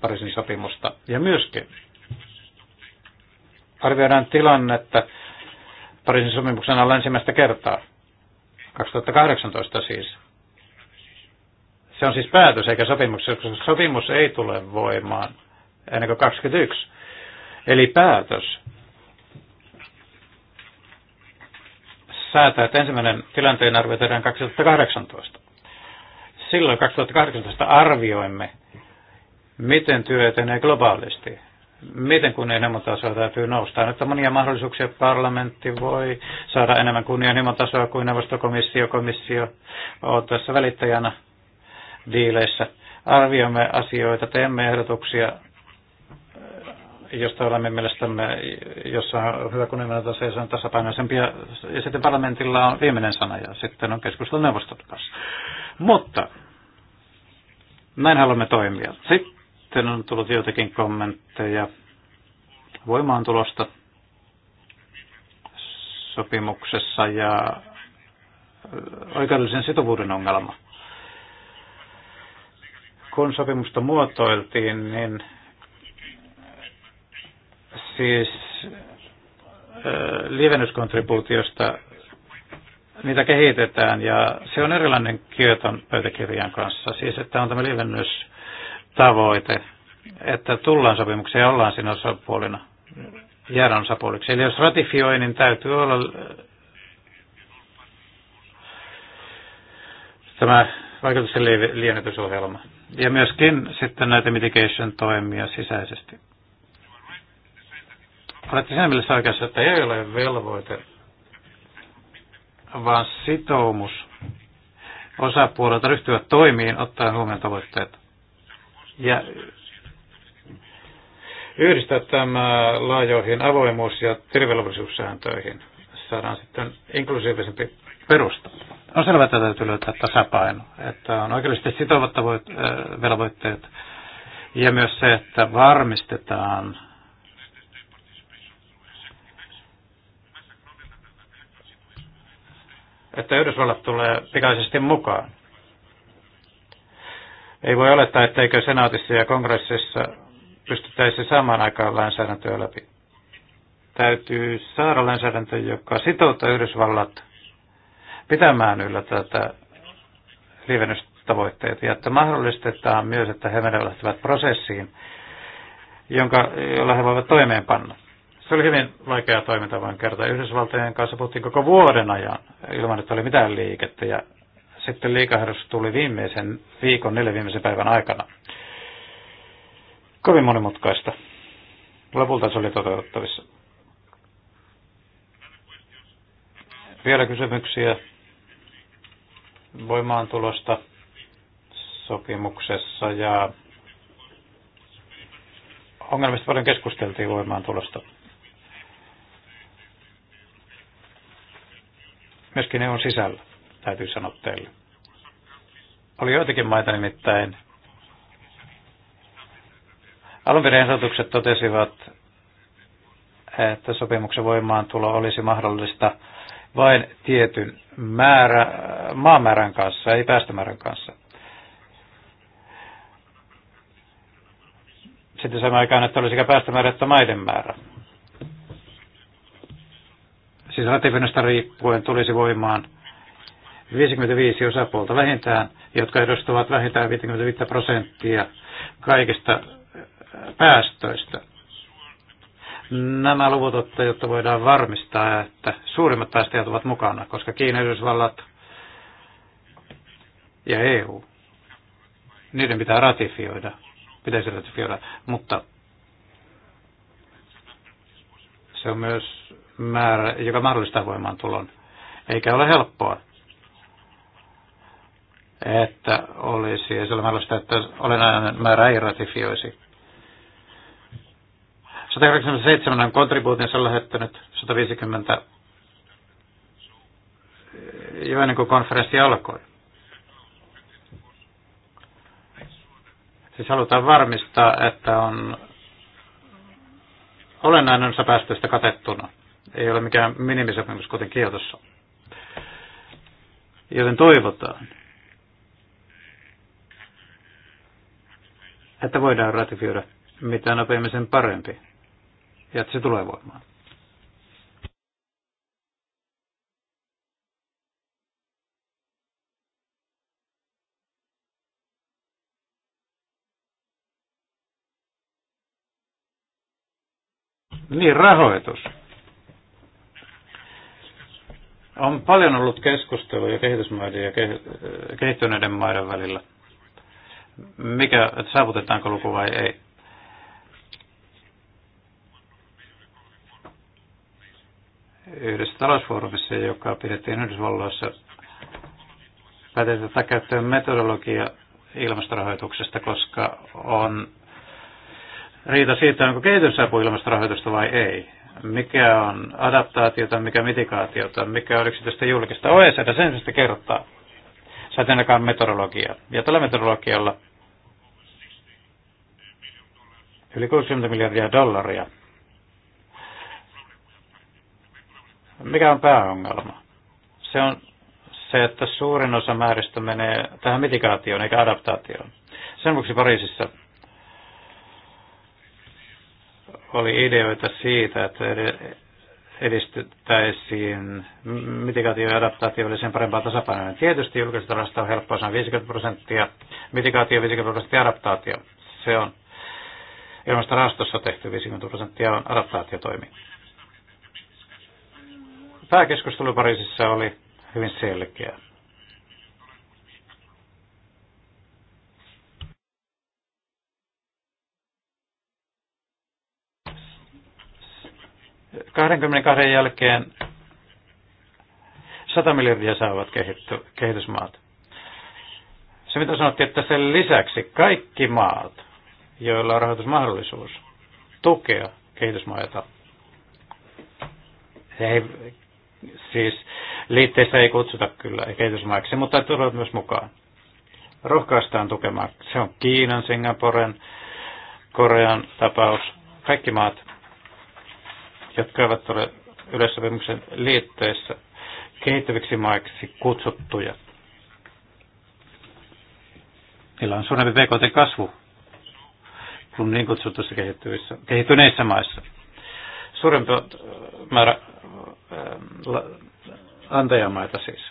Pariisin sopimusta ja myöskin arvioidaan tilannetta Pariisin sopimuksen alla ensimmäistä kertaa 2018 siis. Se on siis päätös eikä sopimus, koska sopimus ei tule voimaan ennen kuin 21. Eli päätös säätää, että ensimmäinen tilanteen arvio tehdään 2018. Silloin 2018 arvioimme, miten työ etenee globaalisti miten kunnianhimon tasoa täytyy nousta. Nyt on monia mahdollisuuksia, parlamentti voi saada enemmän kunnianhimon tasoa kuin neuvostokomissio. Komissio on tässä välittäjänä diileissä. Arvioimme asioita, teemme ehdotuksia, josta olemme mielestämme, jossa on hyvä kunnianhimon taso ja se on tasapainoisempi. Ja sitten parlamentilla on viimeinen sana ja sitten on keskustelu neuvostot kanssa. Mutta näin haluamme toimia. Sitten sitten on tullut joitakin kommentteja voimaantulosta sopimuksessa ja oikeudellisen sitovuuden ongelma. Kun sopimusta muotoiltiin, niin siis lievennyskontribuutiosta niitä kehitetään ja se on erilainen Kioton pöytäkirjan kanssa. Siis että on tämä lievennys tavoite, että tullaan sopimukseen ja ollaan siinä osapuolina, jäädään osapuoliksi. Eli jos ratifioi, niin täytyy olla tämä vaikutusten liennytysohjelma. Ja myöskin sitten näitä mitigation-toimia sisäisesti. Olette siinä mielessä oikeassa, että ei ole velvoite, vaan sitoumus osapuolelta ryhtyä toimiin ottaen huomioon tavoitteet ja yhdistää tämä laajoihin avoimuus- ja tilivelvollisuussääntöihin. Saadaan sitten inklusiivisempi perusta. On selvää, että täytyy löytää tasapaino, että on oikeudellisesti sitovat tavoit- velvoitteet ja myös se, että varmistetaan että Yhdysvallat tulee pikaisesti mukaan. Ei voi olettaa, etteikö senaatissa ja kongressissa pystyttäisi saamaan aikaan lainsäädäntöä läpi. Täytyy saada lainsäädäntö, joka sitouttaa Yhdysvallat pitämään yllä tätä lievennystavoitteita, ja että mahdollistetaan myös, että he menevät prosessiin, jonka, jolla he voivat toimeenpanna. Se oli hyvin vaikea toiminta, voin kertoa. Yhdysvaltojen kanssa puhuttiin koko vuoden ajan ilman, että oli mitään liikettä, ja sitten liikahdus tuli viimeisen viikon, neljän viimeisen päivän aikana. Kovin monimutkaista. Lopulta se oli toteutettavissa. Vielä kysymyksiä voimaantulosta sopimuksessa ja ongelmista paljon keskusteltiin voimaantulosta. Myöskin on sisällä täytyy sanoa teille. Oli joitakin maita nimittäin. Alunperin ehdotukset totesivat, että sopimuksen voimaantulo olisi mahdollista vain tietyn määrä, maamäärän kanssa, ei päästömäärän kanssa. Sitten samaan aikaan, että olisi sekä päästömäärä että maiden määrä. Siis ratifinnasta riippuen tulisi voimaan 55 osapuolta vähintään, jotka edustavat vähintään 55 prosenttia kaikista äh, päästöistä. Nämä luvut ottaa, jotta voidaan varmistaa, että suurimmat päästäjät ovat mukana, koska Kiina, Yhdysvallat ja EU, niiden pitää ratifioida, pitäisi ratifioida, mutta se on myös määrä, joka mahdollistaa voimaantulon. Eikä ole helppoa että olisi, ja sillä mahdollista, että olennainen määrä ei ratifioisi. 187 on kontribuutinsa lähettänyt 150 jo ennen kuin konferenssi alkoi. Siis halutaan varmistaa, että on olennainen osa päästöistä katettuna. Ei ole mikään minimisopimus, kuten Kiotossa. Joten toivotaan, että voidaan ratifioida mitä nopeammin sen parempi ja että se tulee voimaan. Niin, rahoitus. On paljon ollut keskustelua kehitysmaiden ja kehittyneiden maiden välillä mikä, että saavutetaanko luku vai ei. Yhdessä talousfoorumissa, joka pidettiin Yhdysvalloissa, päätetään käyttöön metodologia ilmastorahoituksesta, koska on riita siitä, onko kehitysapu ilmastorahoitusta vai ei. Mikä on adaptaatiota, mikä mitikaatiota, mikä on yksityistä julkista. OECD sen sitten kertaa. Sä et ainakaan metodologiaa. Ja tällä metodologialla yli 60 miljardia dollaria. Mikä on pääongelma? Se on se, että suurin osa määristä menee tähän mitikaatioon eikä adaptaatioon. Sen vuoksi Pariisissa oli ideoita siitä, että edistettäisiin mitikaatio- ja adaptaatiovälisen parempaa tasapainoa. Tietysti julkisesta rahasta on helppo, se on 50 prosenttia, mitikaatio 50 prosenttia adaptaatio. Se on ilmastorahastossa tehty 50 prosenttia on adaptaatiotoimi. Pääkeskustelu Pariisissa oli hyvin selkeä. kahden jälkeen 100 miljardia saavat kehitty, kehitysmaat. Se mitä sanottiin, että sen lisäksi kaikki maat joilla on rahoitusmahdollisuus tukea kehitysmaita. ei siis liitteistä ei kutsuta kyllä kehitysmaiksi, mutta tulevat myös mukaan. Rohkaistaan tukemaan. Se on Kiinan, Singaporen, Korean tapaus. Kaikki maat, jotka eivät ole yleissopimuksen liitteissä kehittyviksi maiksi kutsuttuja. Niillä on suurempi BKT-kasvu kuin niin kutsutussa kehittyneissä maissa. Suurempi äh, määrä äh, antajamaita siis.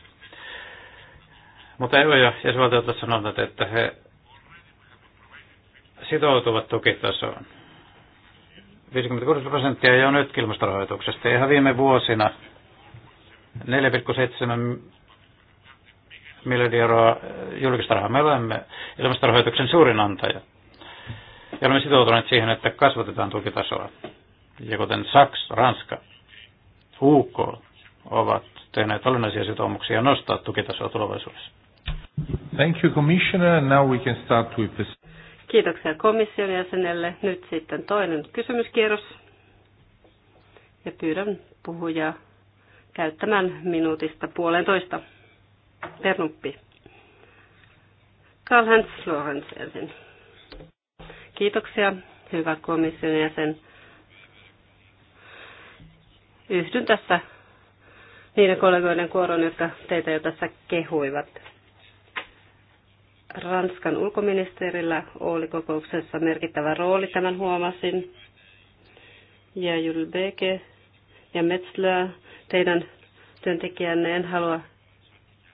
Mutta EU ja jäsenvaltiot sanoneet, että he sitoutuvat tukitasoon. 56 prosenttia jo nyt ilmastorahoituksesta. ihan viime vuosina 4,7 miljardia euroa julkista rahaa. Me olemme ilmastorahoituksen suurin antaja. Ja olemme sitoutuneet siihen, että kasvatetaan tukitasoa. Ja kuten Saks, Ranska, UK ovat tehneet olennaisia sitoumuksia nostaa tukitasoa tulevaisuudessa. Thank you, Commissioner. Now we can start with this. Kiitoksia komission jäsenelle. Nyt sitten toinen kysymyskierros. Ja pyydän puhujaa käyttämään minuutista puolentoista per nuppi. Karl-Heinz Lorenz ensin. Kiitoksia, hyvä komission jäsen. Yhdyn tässä niiden kollegoiden kuoron, jotka teitä jo tässä kehuivat. Ranskan ulkoministerillä oli kokouksessa merkittävä rooli, tämän huomasin. Ja Julbeke ja Metslö, teidän työntekijänne, en halua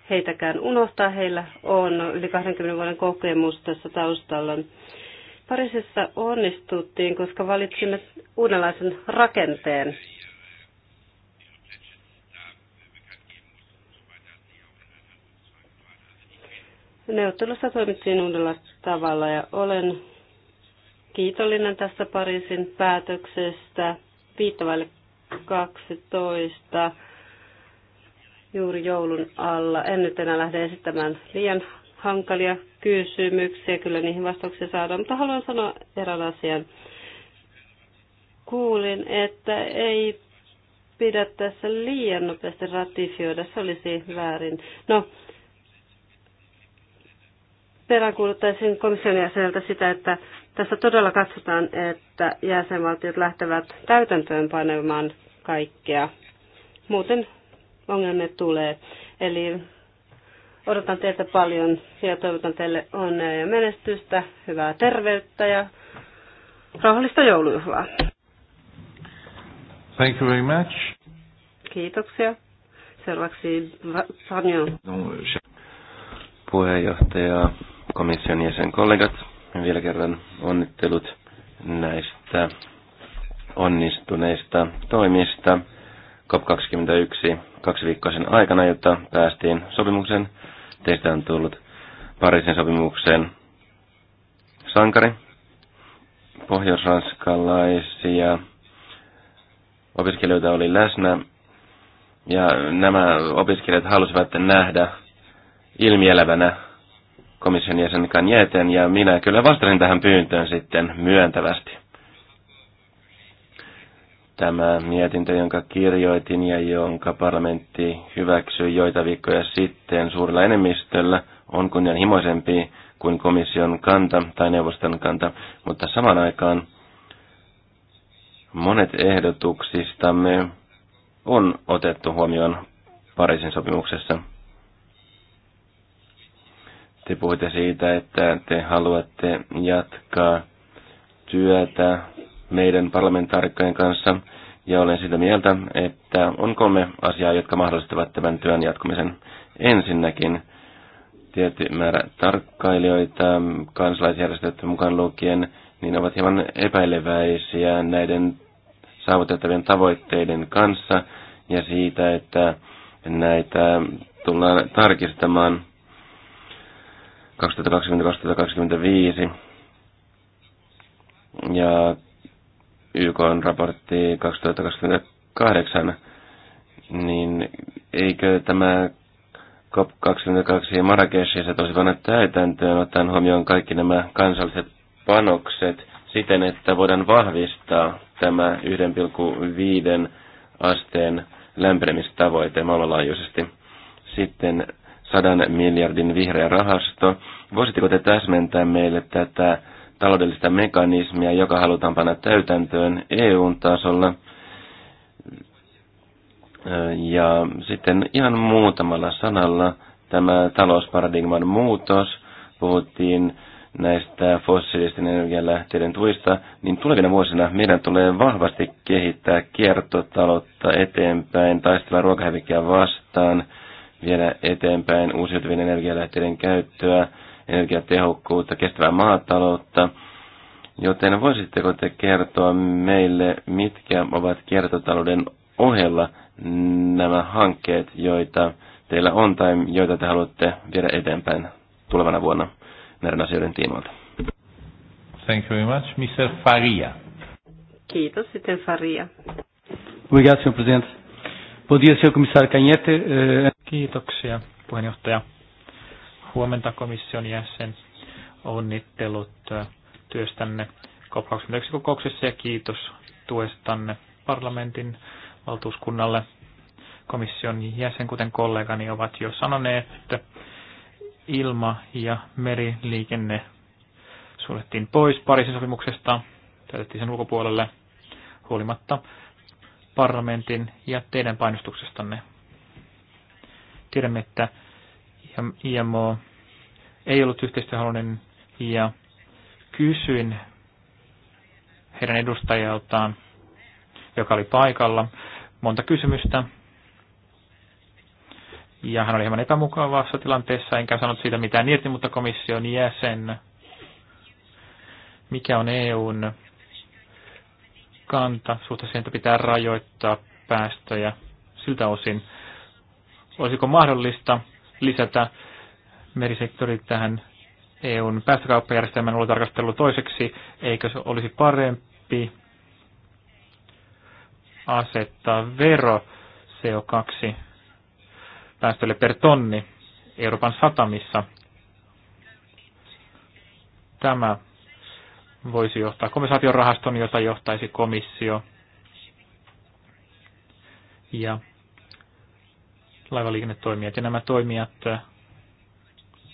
heitäkään unohtaa. Heillä on yli 20 vuoden kokemus tässä taustalla. Pariisissa onnistuttiin, koska valitsimme uudenlaisen rakenteen. Neuvottelussa toimittiin uudella tavalla ja olen kiitollinen tästä Pariisin päätöksestä. Viittavalle 12 juuri joulun alla. En nyt enää lähde esittämään liian hankalia kysymyksiä, kyllä niihin vastauksia saadaan, mutta haluan sanoa erään asian. Kuulin, että ei pidä tässä liian nopeasti ratifioida, se olisi väärin. No, peräänkuuluttaisin komission jäseneltä sitä, että tässä todella katsotaan, että jäsenvaltiot lähtevät täytäntöön panemaan kaikkea. Muuten ongelmia tulee. Eli Odotan teiltä paljon ja toivotan teille onnea ja menestystä, hyvää terveyttä ja rauhallista joulujuhlaa. Thank you very much. Kiitoksia. Seuraavaksi Sanjo. Puheenjohtaja, komission jäsen kollegat, vielä kerran onnittelut näistä onnistuneista toimista COP21 kaksiviikkoisen aikana, jotta päästiin sopimuksen Teistä on tullut Pariisin sopimukseen sankari, pohjoisranskalaisia opiskelijoita oli läsnä, ja nämä opiskelijat halusivat nähdä ilmielävänä komission jäsen Kanjeten, ja minä kyllä vastasin tähän pyyntöön sitten myöntävästi. Tämä mietintö, jonka kirjoitin ja jonka parlamentti hyväksyi joita viikkoja sitten suurella enemmistöllä, on kunnianhimoisempi kuin komission kanta tai neuvoston kanta, mutta samaan aikaan monet ehdotuksistamme on otettu huomioon Pariisin sopimuksessa. Te puhuitte siitä, että te haluatte jatkaa työtä meidän parlamentaarikkojen kanssa, ja olen sitä mieltä, että on kolme asiaa, jotka mahdollistavat tämän työn jatkumisen. Ensinnäkin tietty määrä tarkkailijoita, kansalaisjärjestöt mukaan lukien, niin ovat hieman epäileväisiä näiden saavutettavien tavoitteiden kanssa ja siitä, että näitä tullaan tarkistamaan 2020-2025. Ja YK on raportti 2028, niin eikö tämä COP22 Marrakeshissa tosi vanha täytäntöön, ottaen huomioon kaikki nämä kansalliset panokset siten, että voidaan vahvistaa tämä 1,5 asteen lämpenemistavoite maailmanlaajuisesti. Sitten sadan miljardin vihreä rahasto. Voisitteko te täsmentää meille tätä taloudellista mekanismia, joka halutaan panna täytäntöön EU-tasolla. Ja sitten ihan muutamalla sanalla tämä talousparadigman muutos, puhuttiin näistä fossiilisten energialähteiden tuista, niin tulevina vuosina meidän tulee vahvasti kehittää kiertotaloutta eteenpäin, taistella ruokahävikkiä vastaan, viedä eteenpäin uusiutuvien energialähteiden käyttöä, energiatehokkuutta, kestävää maataloutta. Joten voisitteko te kertoa meille, mitkä ovat kiertotalouden ohella nämä hankkeet, joita teillä on tai joita te haluatte viedä eteenpäin tulevana vuonna näiden asioiden tiimoilta? Thank you very much. Mr. Faria. Kiitos. Sitten Faria. Obrigado, senhor presidente. Bom dia, senhor comissário Canhete. Eh, Kiitoksia, puheenjohtaja. Huomenta komission jäsen. Onnittelut työstänne COP21-kokouksessa ja kiitos tuestanne parlamentin valtuuskunnalle. Komission jäsen, kuten kollegani, ovat jo sanoneet, että ilma- ja meriliikenne suljettiin pois Pariisin sopimuksesta, täytettiin sen ulkopuolelle huolimatta parlamentin ja teidän painostuksestanne. Tiedämme, että ja IMO ei ollut yhteistyöhaluinen ja kysyin heidän edustajaltaan, joka oli paikalla, monta kysymystä. Ja hän oli hieman epämukavassa tilanteessa, enkä sanonut siitä mitään irti, mutta komission jäsen, mikä on EUn kanta suhteessa että pitää rajoittaa päästöjä siltä osin. Olisiko mahdollista lisätä merisektori tähän EUn päästökauppajärjestelmän oli tarkastelu toiseksi, eikö se olisi parempi asettaa vero CO2 päästölle per tonni Euroopan satamissa. Tämä voisi johtaa kompensaation rahaston, jota johtaisi komissio. Ja laivaliikennetoimijat ja nämä toimijat,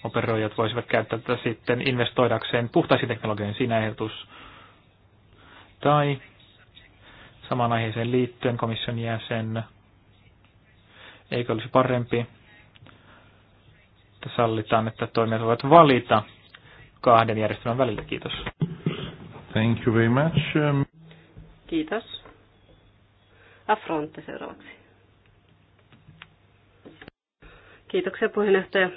operoijat voisivat käyttää tätä sitten investoidakseen puhtaisiin teknologioihin, siinä ehdotus. Tai samaan aiheeseen liittyen komission jäsen, eikö olisi parempi, että sallitaan, että toimijat voivat valita kahden järjestelmän välillä. Kiitos. Thank you very much. Kiitos. Affronte seuraavaksi. Kiitoksia puheenjohtaja.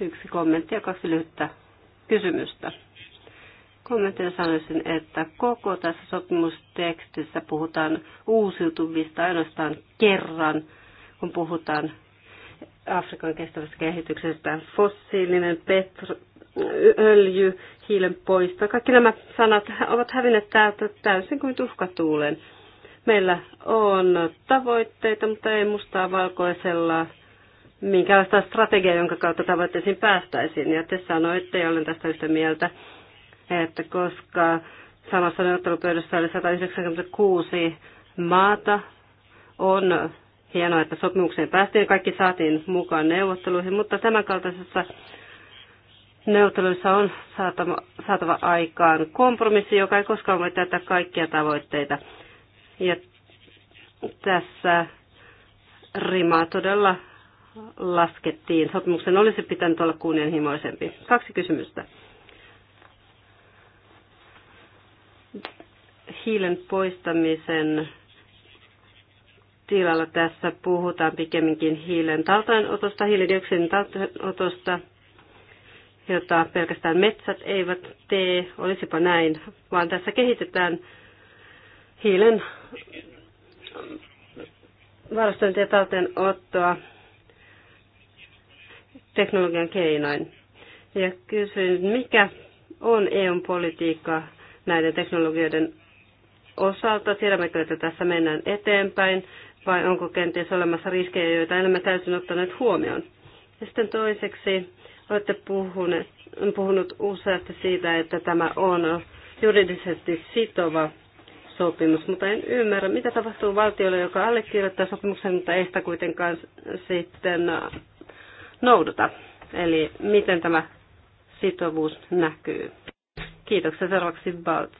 Yksi kommentti ja kaksi lyhyttä kysymystä. Kommenttina sanoisin, että koko tässä sopimustekstissä puhutaan uusiutuvista ainoastaan kerran, kun puhutaan Afrikan kestävästä kehityksestä, fossiilinen petro, öljy, hiilen poisto. Kaikki nämä sanat ovat hävinneet täältä täysin kuin tuhkatuulen. Meillä on tavoitteita, mutta ei mustaa valkoisella minkälaista strategiaa, jonka kautta tavoitteisiin päästäisiin. Ja te sanoitte, ja olen tästä yhtä mieltä, että koska samassa neuvottelupöydässä oli 196 maata, on hienoa, että sopimukseen päästiin. Kaikki saatiin mukaan neuvotteluihin, mutta tämän kaltaisessa neuvotteluissa on saatava, saatava aikaan kompromissi, joka ei koskaan voi täyttää kaikkia tavoitteita. Ja tässä rimaa todella laskettiin. Sopimuksen olisi pitänyt olla kunnianhimoisempi. Kaksi kysymystä. Hiilen poistamisen tilalla tässä puhutaan pikemminkin hiilen taltainotosta, hiilidioksidin taltainotosta, jota pelkästään metsät eivät tee, olisipa näin, vaan tässä kehitetään hiilen varastointia ottoa teknologian keinoin. Ja kysyin, mikä on EUn politiikka näiden teknologioiden osalta? Tiedämmekö, että tässä mennään eteenpäin vai onko kenties olemassa riskejä, joita emme täysin ottaneet huomioon? Ja sitten toiseksi olette puhuneet, puhunut useasti siitä, että tämä on juridisesti sitova sopimus, mutta en ymmärrä, mitä tapahtuu valtiolle, joka allekirjoittaa sopimuksen, mutta ei sitä kuitenkaan sitten äh, noudata. Eli miten tämä sitovuus näkyy. Kiitoksia seuraavaksi Baltz.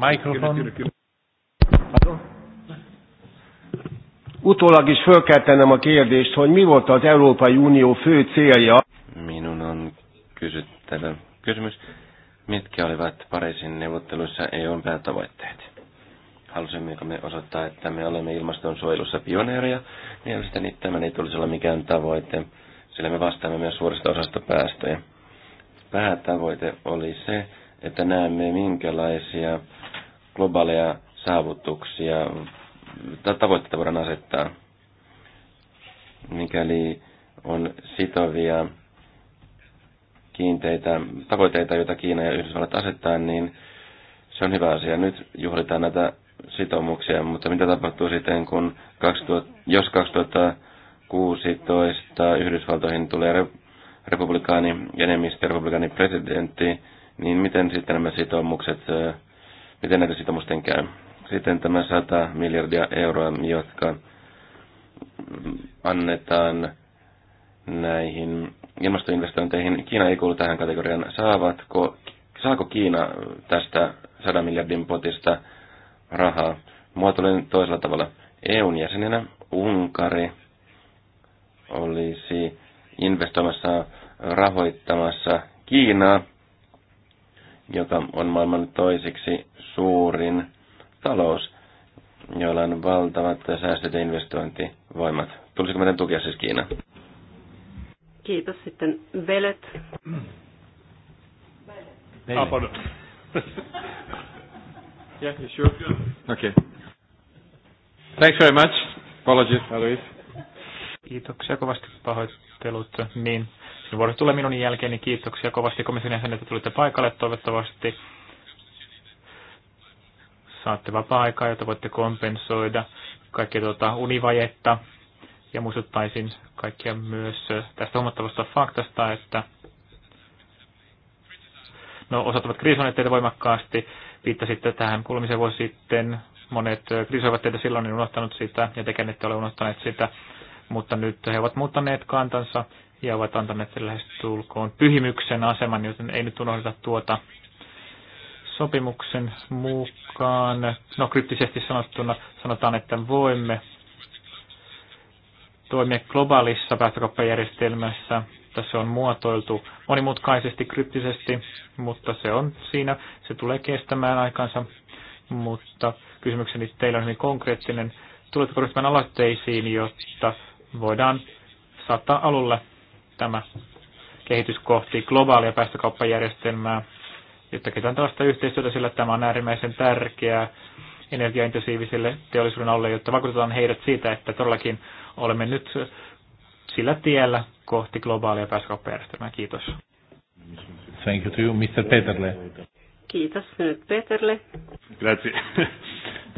Mikrofon. Utólag is föl a kérdést, hogy mi volt az Európai Unió fő célja. Minun on kysyttävä kysymys. Mitkä olivat Pariisin neuvotteluissa EUn päätavoitteet? Halusimmeko me osoittaa, että me olemme ilmastonsuojelussa pioneereja? Niin mielestäni niin tämä ei tulisi olla mikään tavoite, sillä me vastaamme myös suurista osasta päästöjä. Päätavoite oli se, että näemme minkälaisia globaaleja saavutuksia tavoitteita voidaan asettaa, mikäli on sitovia kiinteitä tavoitteita, joita Kiina ja Yhdysvallat asettaa, niin se on hyvä asia. Nyt juhlitaan näitä sitoumuksia, mutta mitä tapahtuu sitten, kun 2000, jos 2016 Yhdysvaltoihin tulee republikaani, enemmistö republikaani presidentti, niin miten sitten nämä sitoumukset, äh, miten näiden sitoumusten käy? Sitten tämä 100 miljardia euroa, jotka annetaan näihin ilmastoinvestointeihin. Kiina ei kuulu tähän kategoriaan. Saavatko, saako Kiina tästä 100 miljardin potista rahaa? Muotoilen toisella tavalla. EUn jäsenenä Unkari olisi investoimassa rahoittamassa Kiinaa, joka on maailman toiseksi suurin talous, joilla on valtavat säästöt ja investointivoimat. Tulisiko meidän tukea siis Kiina? Kiitos sitten Velet. Ah, pardon. (laughs) yeah, you sure? Okay. Thanks very much. Apologies, Alois. Kiitoksia kovasti pahoittelut. Niin, vuoro tulee minun jälkeeni. Niin kiitoksia kovasti komission jäsenet, että tulitte paikalle. Toivottavasti saatte vapaa-aikaa, jota voitte kompensoida kaikkea tuota univajetta, ja muistuttaisin kaikkia myös tästä huomattavasta faktasta, että no, osat ovat kriisoineet teitä voimakkaasti. Viittasitte tähän kuulumiseen vuosi sitten. Monet kriisoivat teitä silloin, niin unohtanut sitä, ja tekään ette ole unohtaneet sitä. Mutta nyt he ovat muuttaneet kantansa ja ovat antaneet lähes tulkoon pyhimyksen aseman, joten ei nyt unohdeta tuota sopimuksen mukaan. No kryptisesti sanottuna sanotaan, että voimme toimia globaalissa päästökauppajärjestelmässä. Tässä on muotoiltu monimutkaisesti, kryptisesti, mutta se on siinä. Se tulee kestämään aikansa, mutta kysymykseni teillä on hyvin konkreettinen. Tuletko ryhtymään aloitteisiin, jotta voidaan saattaa alulle tämä kehitys kohti globaalia päästökauppajärjestelmää, jotta ketään tällaista yhteistyötä, sillä tämä on äärimmäisen tärkeää energiaintensiiviselle teollisuuden alle, jotta vakuutetaan heidät siitä, että todellakin olemme nyt sillä tiellä kohti globaalia pääskauppajärjestelmää. Kiitos. Thank you to you, Mr. Peterle. Kiitos nyt Peterle. Grazie. (laughs)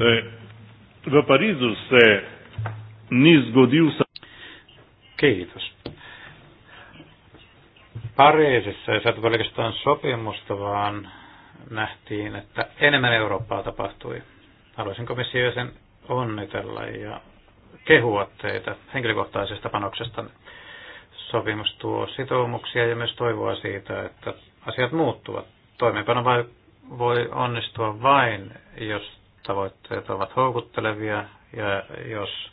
Eh, Kiitos. Pariisissa ei saatu pelkästään sopimusta, vaan nähtiin, että enemmän Eurooppaa tapahtui. Haluaisin komission sen onnitella ja kehua teitä henkilökohtaisesta panoksesta. Sopimus tuo sitoumuksia ja myös toivoa siitä, että asiat muuttuvat. Toimeenpano voi onnistua vain, jos tavoitteet ovat houkuttelevia ja jos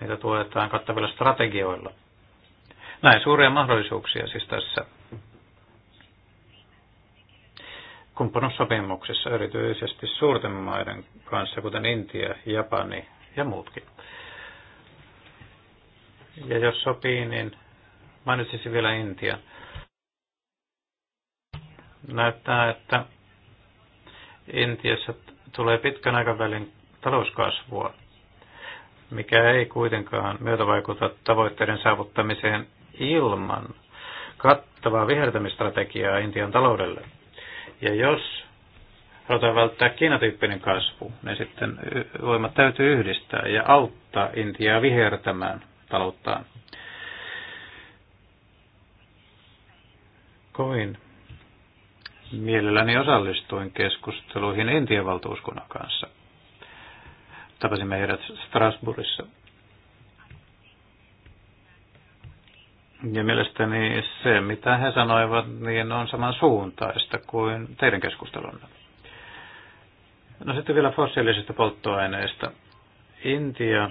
niitä tuetaan kattavilla strategioilla. Näin suuria mahdollisuuksia siis tässä kumppanuussopimuksissa, erityisesti suurten maiden kanssa, kuten Intia, Japani ja muutkin. Ja jos sopii, niin mainitsisin vielä Intia. Näyttää, että Intiassa tulee pitkän aikavälin talouskasvua, mikä ei kuitenkaan myötävaikuta tavoitteiden saavuttamiseen ilman kattavaa vihertämistrategiaa Intian taloudelle. Ja jos halutaan välttää Kiinatyyppinen kasvu, niin sitten voimat täytyy yhdistää ja auttaa Intiaa vihertämään talouttaan. Kovin mielelläni osallistuin keskusteluihin Intian valtuuskunnan kanssa. Tapasimme heidät Strasbourgissa Ja mielestäni se, mitä he sanoivat, niin on samansuuntaista kuin teidän keskustelunne. No sitten vielä fossiilisista polttoaineista. Intia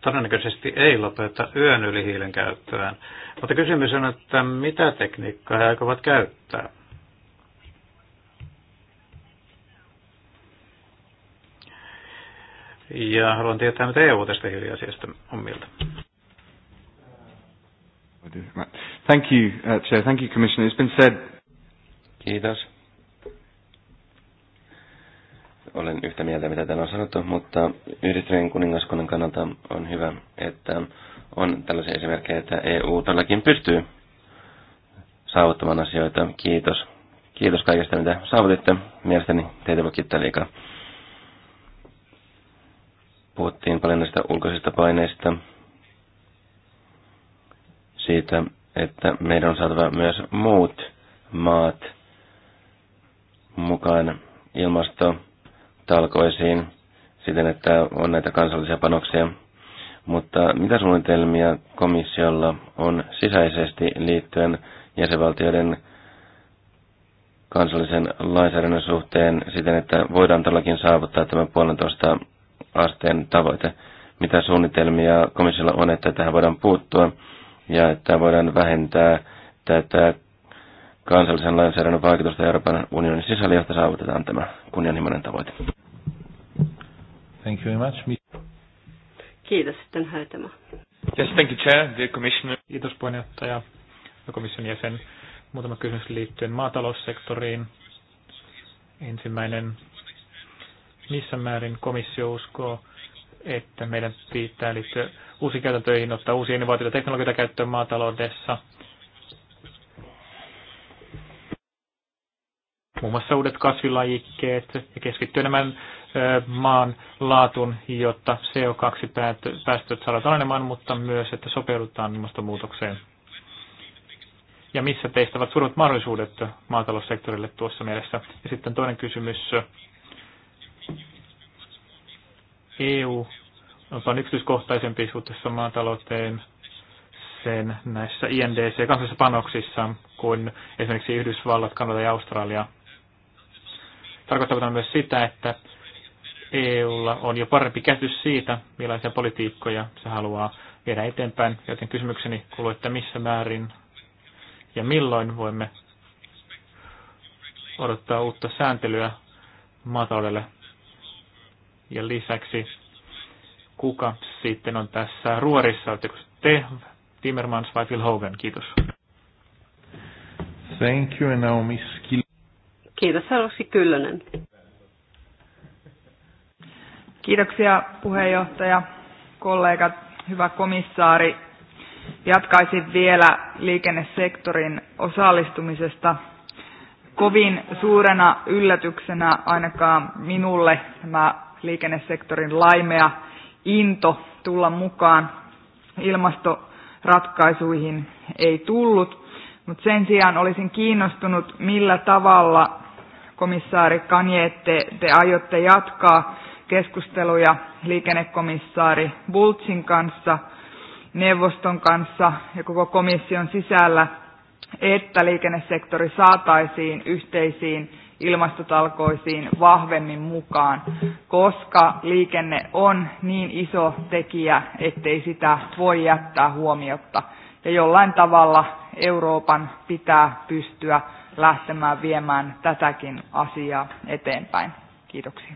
todennäköisesti ei lopeta yön yli hiilen käyttöään. Mutta kysymys on, että mitä tekniikkaa he aikovat käyttää? Ja haluan tietää, mitä EU tästä hiiliasiasta on mieltä. Thank you, uh, Chair. Thank you, Commissioner. It's been said. Kiitos. Olen yhtä mieltä, mitä täällä on sanottu, mutta yhdistyneen kuningaskunnan kannalta on hyvä, että on tällaisia esimerkkejä, että EU todellakin pystyy saavuttamaan asioita. Kiitos. Kiitos kaikesta, mitä saavutitte. Mielestäni teitä voi kiittää liikaa. Puhuttiin paljon näistä ulkoisista paineista siitä, että meidän on saatava myös muut maat mukaan ilmastotalkoisiin siten, että on näitä kansallisia panoksia. Mutta mitä suunnitelmia komissiolla on sisäisesti liittyen jäsenvaltioiden kansallisen lainsäädännön suhteen siten, että voidaan todellakin saavuttaa tämä puolentoista asteen tavoite? Mitä suunnitelmia komissiolla on, että tähän voidaan puuttua? ja että voidaan vähentää tätä kansallisen lainsäädännön vaikutusta Euroopan unionin sisällä, jotta saavutetaan tämä kunnianhimoinen tavoite. Thank you very much. Kiitos sitten Höytämä. Yes, thank you, Chair, the Commissioner. Kiitos puheenjohtaja ja komission jäsen. Muutama kysymys liittyen maataloussektoriin. Ensimmäinen, missä määrin komissio uskoo että meidän pitää liittyä uusiin käytäntöihin, ottaa uusia innovaatioita teknologioita käyttöön maataloudessa. Muun muassa uudet kasvilajikkeet ja keskittyä enemmän maan laatun, jotta CO2-päästöt saadaan alenemaan, mutta myös, että sopeudutaan ilmastonmuutokseen. Ja missä teistä ovat suurimmat mahdollisuudet maataloussektorille tuossa mielessä? Ja sitten toinen kysymys EU on yksityiskohtaisempi suhteessa maatalouteen sen näissä INDC kansallisissa panoksissa kuin esimerkiksi Yhdysvallat, Kanada ja Australia. Tarkoittaa tämä myös sitä, että EUlla on jo parempi käsitys siitä, millaisia politiikkoja se haluaa viedä eteenpäin, joten kysymykseni kuuluu, että missä määrin ja milloin voimme odottaa uutta sääntelyä maataloudelle ja lisäksi, kuka sitten on tässä ruorissa? Oletteko te, Timmermans vai Phil Hogan? Kiitos. Thank you, Naomi Skill. Kiitos, Halusi Kyllönen. Kiitoksia puheenjohtaja, kollegat, hyvä komissaari. Jatkaisin vielä liikennesektorin osallistumisesta. Kovin suurena yllätyksenä ainakaan minulle tämä liikennesektorin laimea into tulla mukaan ilmastoratkaisuihin ei tullut. Mutta sen sijaan olisin kiinnostunut, millä tavalla komissaari Kanjette te aiotte jatkaa keskusteluja liikennekomissaari Bultsin kanssa, neuvoston kanssa ja koko komission sisällä, että liikennesektori saataisiin yhteisiin ilmastotalkoisiin vahvemmin mukaan, koska liikenne on niin iso tekijä, ettei sitä voi jättää huomiotta. Ja jollain tavalla Euroopan pitää pystyä lähtemään viemään tätäkin asiaa eteenpäin. Kiitoksia.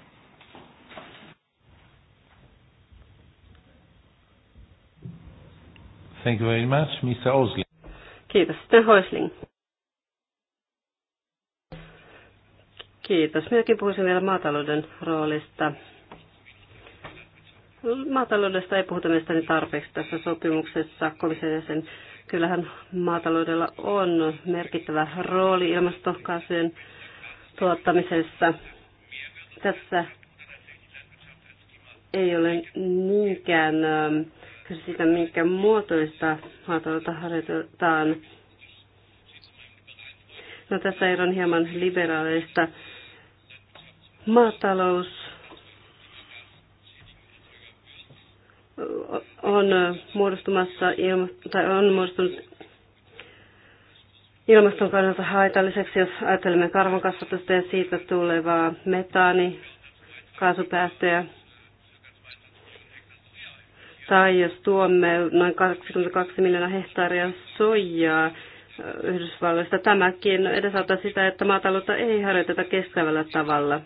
Thank you very much, Mr. Osling. Kiitos. Sitten Hoisling. Kiitos. Minäkin puhuisin vielä maatalouden roolista. Maataloudesta ei puhuta mielestäni tarpeeksi tässä sopimuksessa. Komission jäsen, kyllähän maataloudella on merkittävä rooli ilmastokasvien tuottamisessa. Tässä ei ole niinkään ähm, siitä, minkä muotoista maataloutta harjoitetaan. No, tässä on hieman liberaaleista Maatalous on muodostumassa ilma, tai on muodostunut ilmaston kannalta haitalliseksi, jos ajattelemme karvonkasvatusta ja siitä tulevaa metaani, kaasupäästöjä. Tai jos tuomme noin 22 miljoonaa hehtaaria soijaa Yhdysvalloista, tämäkin edesauttaa sitä, että maataloutta ei harjoiteta kestävällä tavalla.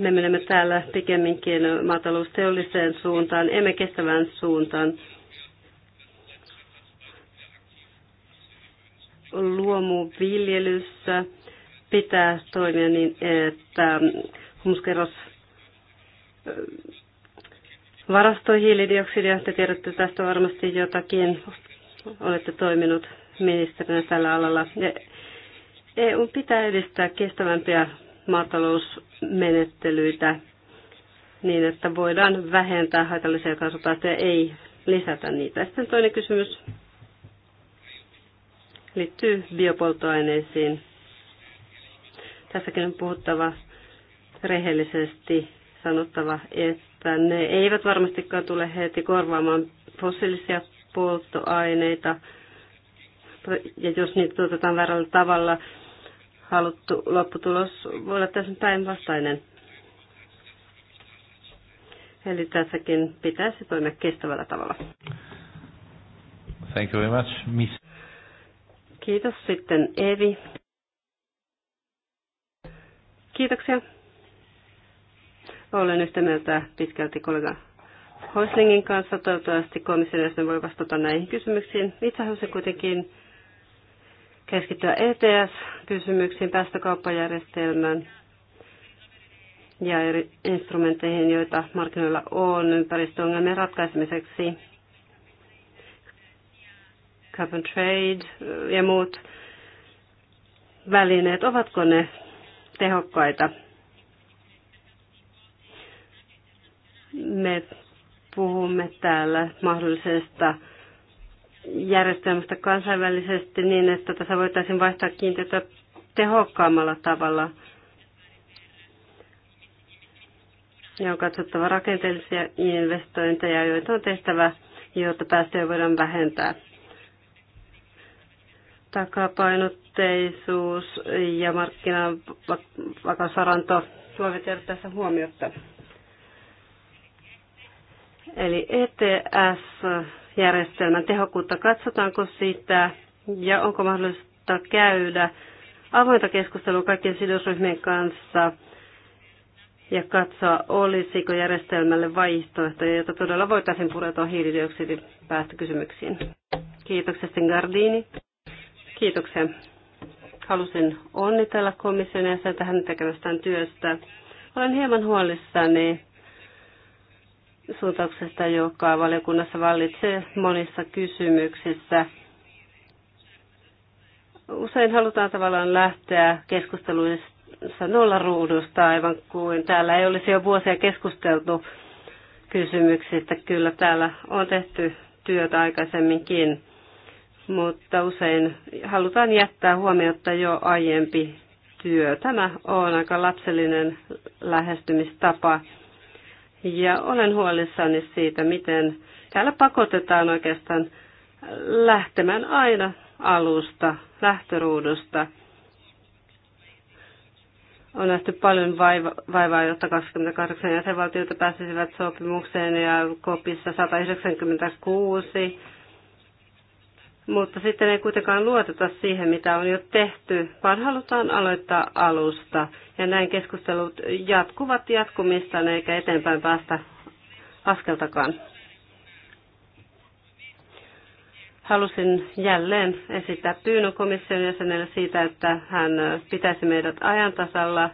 Me menemme täällä pikemminkin maatalousteolliseen suuntaan, emme kestävään suuntaan. Luomuviljelyssä pitää toimia niin, että humuskerros äh, varastoi hiilidioksidia. Te tiedätte tästä varmasti jotakin. Olette toiminut ministerinä tällä alalla. EU pitää edistää kestävämpiä maatalousmenettelyitä niin, että voidaan vähentää haitallisia kasvupäästöjä, ei lisätä niitä. Sitten toinen kysymys liittyy biopolttoaineisiin. Tässäkin on puhuttava rehellisesti sanottava, että ne eivät varmastikaan tule heti korvaamaan fossiilisia polttoaineita. Ja jos niitä tuotetaan väärällä tavalla, haluttu lopputulos voi olla täysin päinvastainen. Eli tässäkin pitäisi toimia kestävällä tavalla. Thank you very much, Miss. Kiitos sitten Evi. Kiitoksia. Olen yhtä mieltä pitkälti kollega Hoislingin kanssa. Toivottavasti komission voi vastata näihin kysymyksiin. Itse haluaisin kuitenkin keskittyä ETS-kysymyksiin, päästökauppajärjestelmään ja eri instrumentteihin, joita markkinoilla on ympäristöongelmien ratkaisemiseksi. Cap and trade ja muut välineet, ovatko ne tehokkaita? Me puhumme täällä mahdollisesta järjestelmästä kansainvälisesti niin, että tässä voitaisiin vaihtaa kiinteitä tehokkaammalla tavalla. Ja on katsottava rakenteellisia investointeja, joita on tehtävä, jotta päästöjä voidaan vähentää. Takapainotteisuus ja markkinavakausvaranto tuovat jäädä tässä huomiota. Eli ETS järjestelmän tehokkuutta, katsotaanko sitä ja onko mahdollista käydä avointa keskustelua kaikkien sidosryhmien kanssa ja katsoa, olisiko järjestelmälle vaihtoehtoja, jota todella voitaisiin pureutua päästökysymyksiin. Kiitoksia, Gardini. Kiitoksia. Halusin onnitella komission ja sen tähän tekemästään työstä. Olen hieman huolissani suuntauksesta, joka valiokunnassa vallitsee monissa kysymyksissä. Usein halutaan tavallaan lähteä keskusteluissa nollaruudusta, aivan kuin täällä ei olisi jo vuosia keskusteltu kysymyksistä. Kyllä täällä on tehty työtä aikaisemminkin, mutta usein halutaan jättää huomiota jo aiempi työ. Tämä on aika lapsellinen lähestymistapa. Ja olen huolissani siitä, miten täällä pakotetaan oikeastaan lähtemään aina alusta, lähtöruudusta. On nähty paljon vaiva, vaivaa, jotta 28 jäsenvaltiota pääsisivät sopimukseen ja kopissa 196 mutta sitten ei kuitenkaan luoteta siihen, mitä on jo tehty, vaan halutaan aloittaa alusta. Ja näin keskustelut jatkuvat jatkumista, eikä eteenpäin päästä askeltakaan. Halusin jälleen esittää pyynnön komission jäsenelle siitä, että hän pitäisi meidät ajantasalla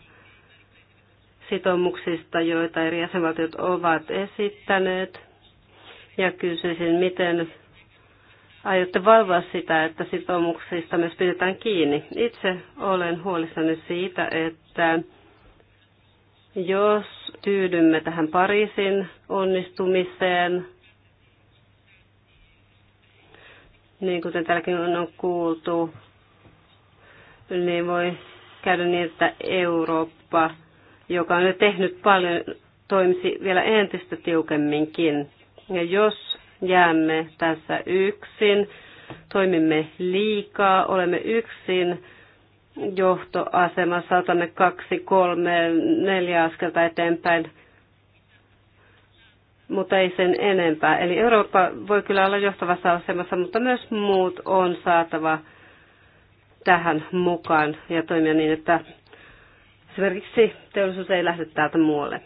sitoumuksista, joita eri jäsenvaltiot ovat esittäneet. Ja kysyisin, miten aiotte valvoa sitä, että sitoumuksista myös pidetään kiinni. Itse olen huolissani siitä, että jos tyydymme tähän Pariisin onnistumiseen, niin kuten täälläkin on kuultu, niin voi käydä niin, että Eurooppa, joka on jo tehnyt paljon, toimisi vielä entistä tiukemminkin. Ja jos jäämme tässä yksin, toimimme liikaa, olemme yksin johtoasemassa, otamme kaksi, kolme, neljä askelta eteenpäin, mutta ei sen enempää. Eli Eurooppa voi kyllä olla johtavassa asemassa, mutta myös muut on saatava tähän mukaan ja toimia niin, että esimerkiksi teollisuus ei lähde täältä muualle.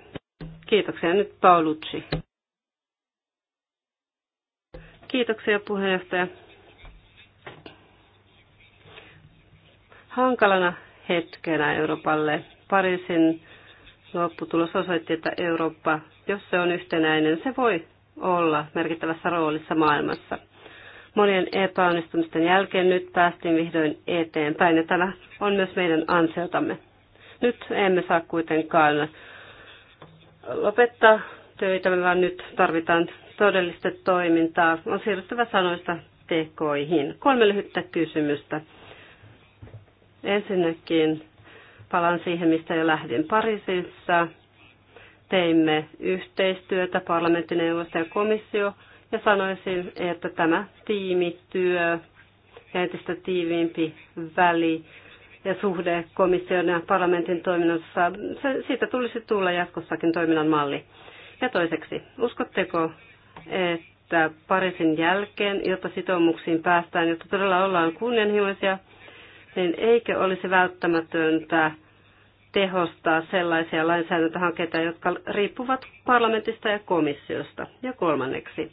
Kiitoksia. Nyt Paulucci. Kiitoksia puheenjohtaja. Hankalana hetkenä Euroopalle Pariisin lopputulos osoitti, että Eurooppa, jos se on yhtenäinen, se voi olla merkittävässä roolissa maailmassa. Monien epäonnistumisten jälkeen nyt päästiin vihdoin eteenpäin ja tämä on myös meidän ansiotamme. Nyt emme saa kuitenkaan lopettaa töitä, vaan nyt tarvitaan todellista toimintaa. On siirryttävä sanoista tekoihin. Kolme lyhyttä kysymystä. Ensinnäkin palaan siihen, mistä jo lähdin Pariisissa. Teimme yhteistyötä parlamenttineuvosto ja komissio ja sanoisin, että tämä tiimityö ja entistä tiiviimpi väli ja suhde komission ja parlamentin toiminnassa, se, siitä tulisi tulla jatkossakin toiminnan malli. Ja toiseksi, uskotteko, että parisin jälkeen, jotta sitoumuksiin päästään, jotta todella ollaan kunnianhimoisia, niin eikö olisi välttämätöntä tehostaa sellaisia lainsäädäntöhankkeita, jotka riippuvat parlamentista ja komissiosta. Ja kolmanneksi,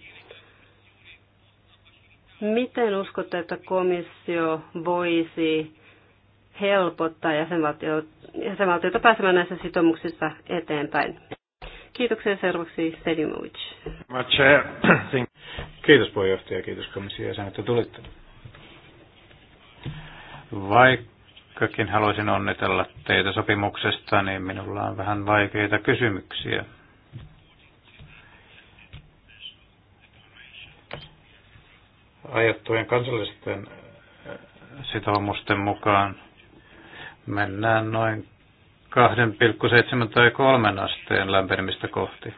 miten uskotte, että komissio voisi helpottaa jäsenvaltioita pääsemään näissä sitoumuksissa eteenpäin? Kiitoksia seuraavaksi Selimovic. (clears throat) Kiitos puheenjohtaja, kiitos komission jäsen, että tulitte. Vaikkakin haluaisin onnitella teitä sopimuksesta, niin minulla on vähän vaikeita kysymyksiä. Ajattujen kansallisten äh, sitoumusten mukaan mennään noin 2,7 tai 3 asteen lämpenemistä kohti.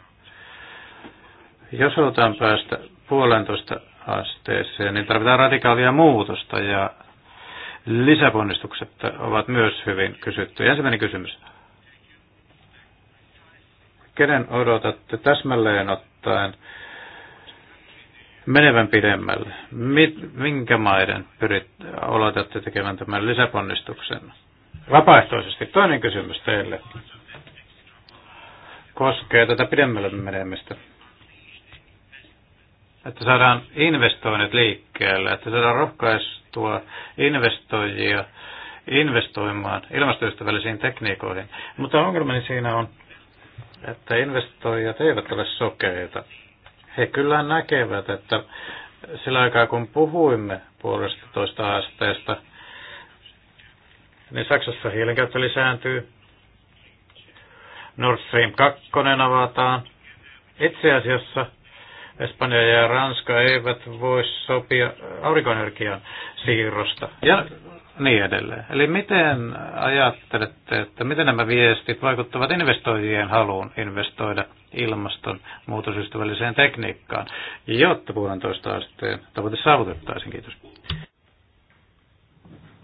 Jos halutaan päästä puolentoista asteeseen, niin tarvitaan radikaalia muutosta ja lisäponnistukset ovat myös hyvin kysytty. Ensimmäinen kysymys. Kenen odotatte täsmälleen ottaen menevän pidemmälle? minkä maiden pyrit, oletatte tekemään tämän lisäponnistuksen? vapaaehtoisesti. Toinen kysymys teille koskee tätä pidemmälle menemistä. Että saadaan investoinnit liikkeelle, että saadaan rohkaistua investoijia investoimaan ilmastoystävällisiin tekniikoihin. Mutta ongelmani siinä on, että investoijat eivät ole sokeita. He kyllä näkevät, että sillä aikaa kun puhuimme puolesta toista asteesta, niin Saksassa hiilenkäyttö lisääntyy. Nord Stream 2 avataan. Itse asiassa Espanja ja Ranska eivät voi sopia aurinkoenergian siirrosta ja niin edelleen. Eli miten ajattelette, että miten nämä viestit vaikuttavat investoijien haluun investoida ilmastonmuutosystävälliseen tekniikkaan, jotta puolentoista asteen tavoite saavutettaisiin? Kiitos.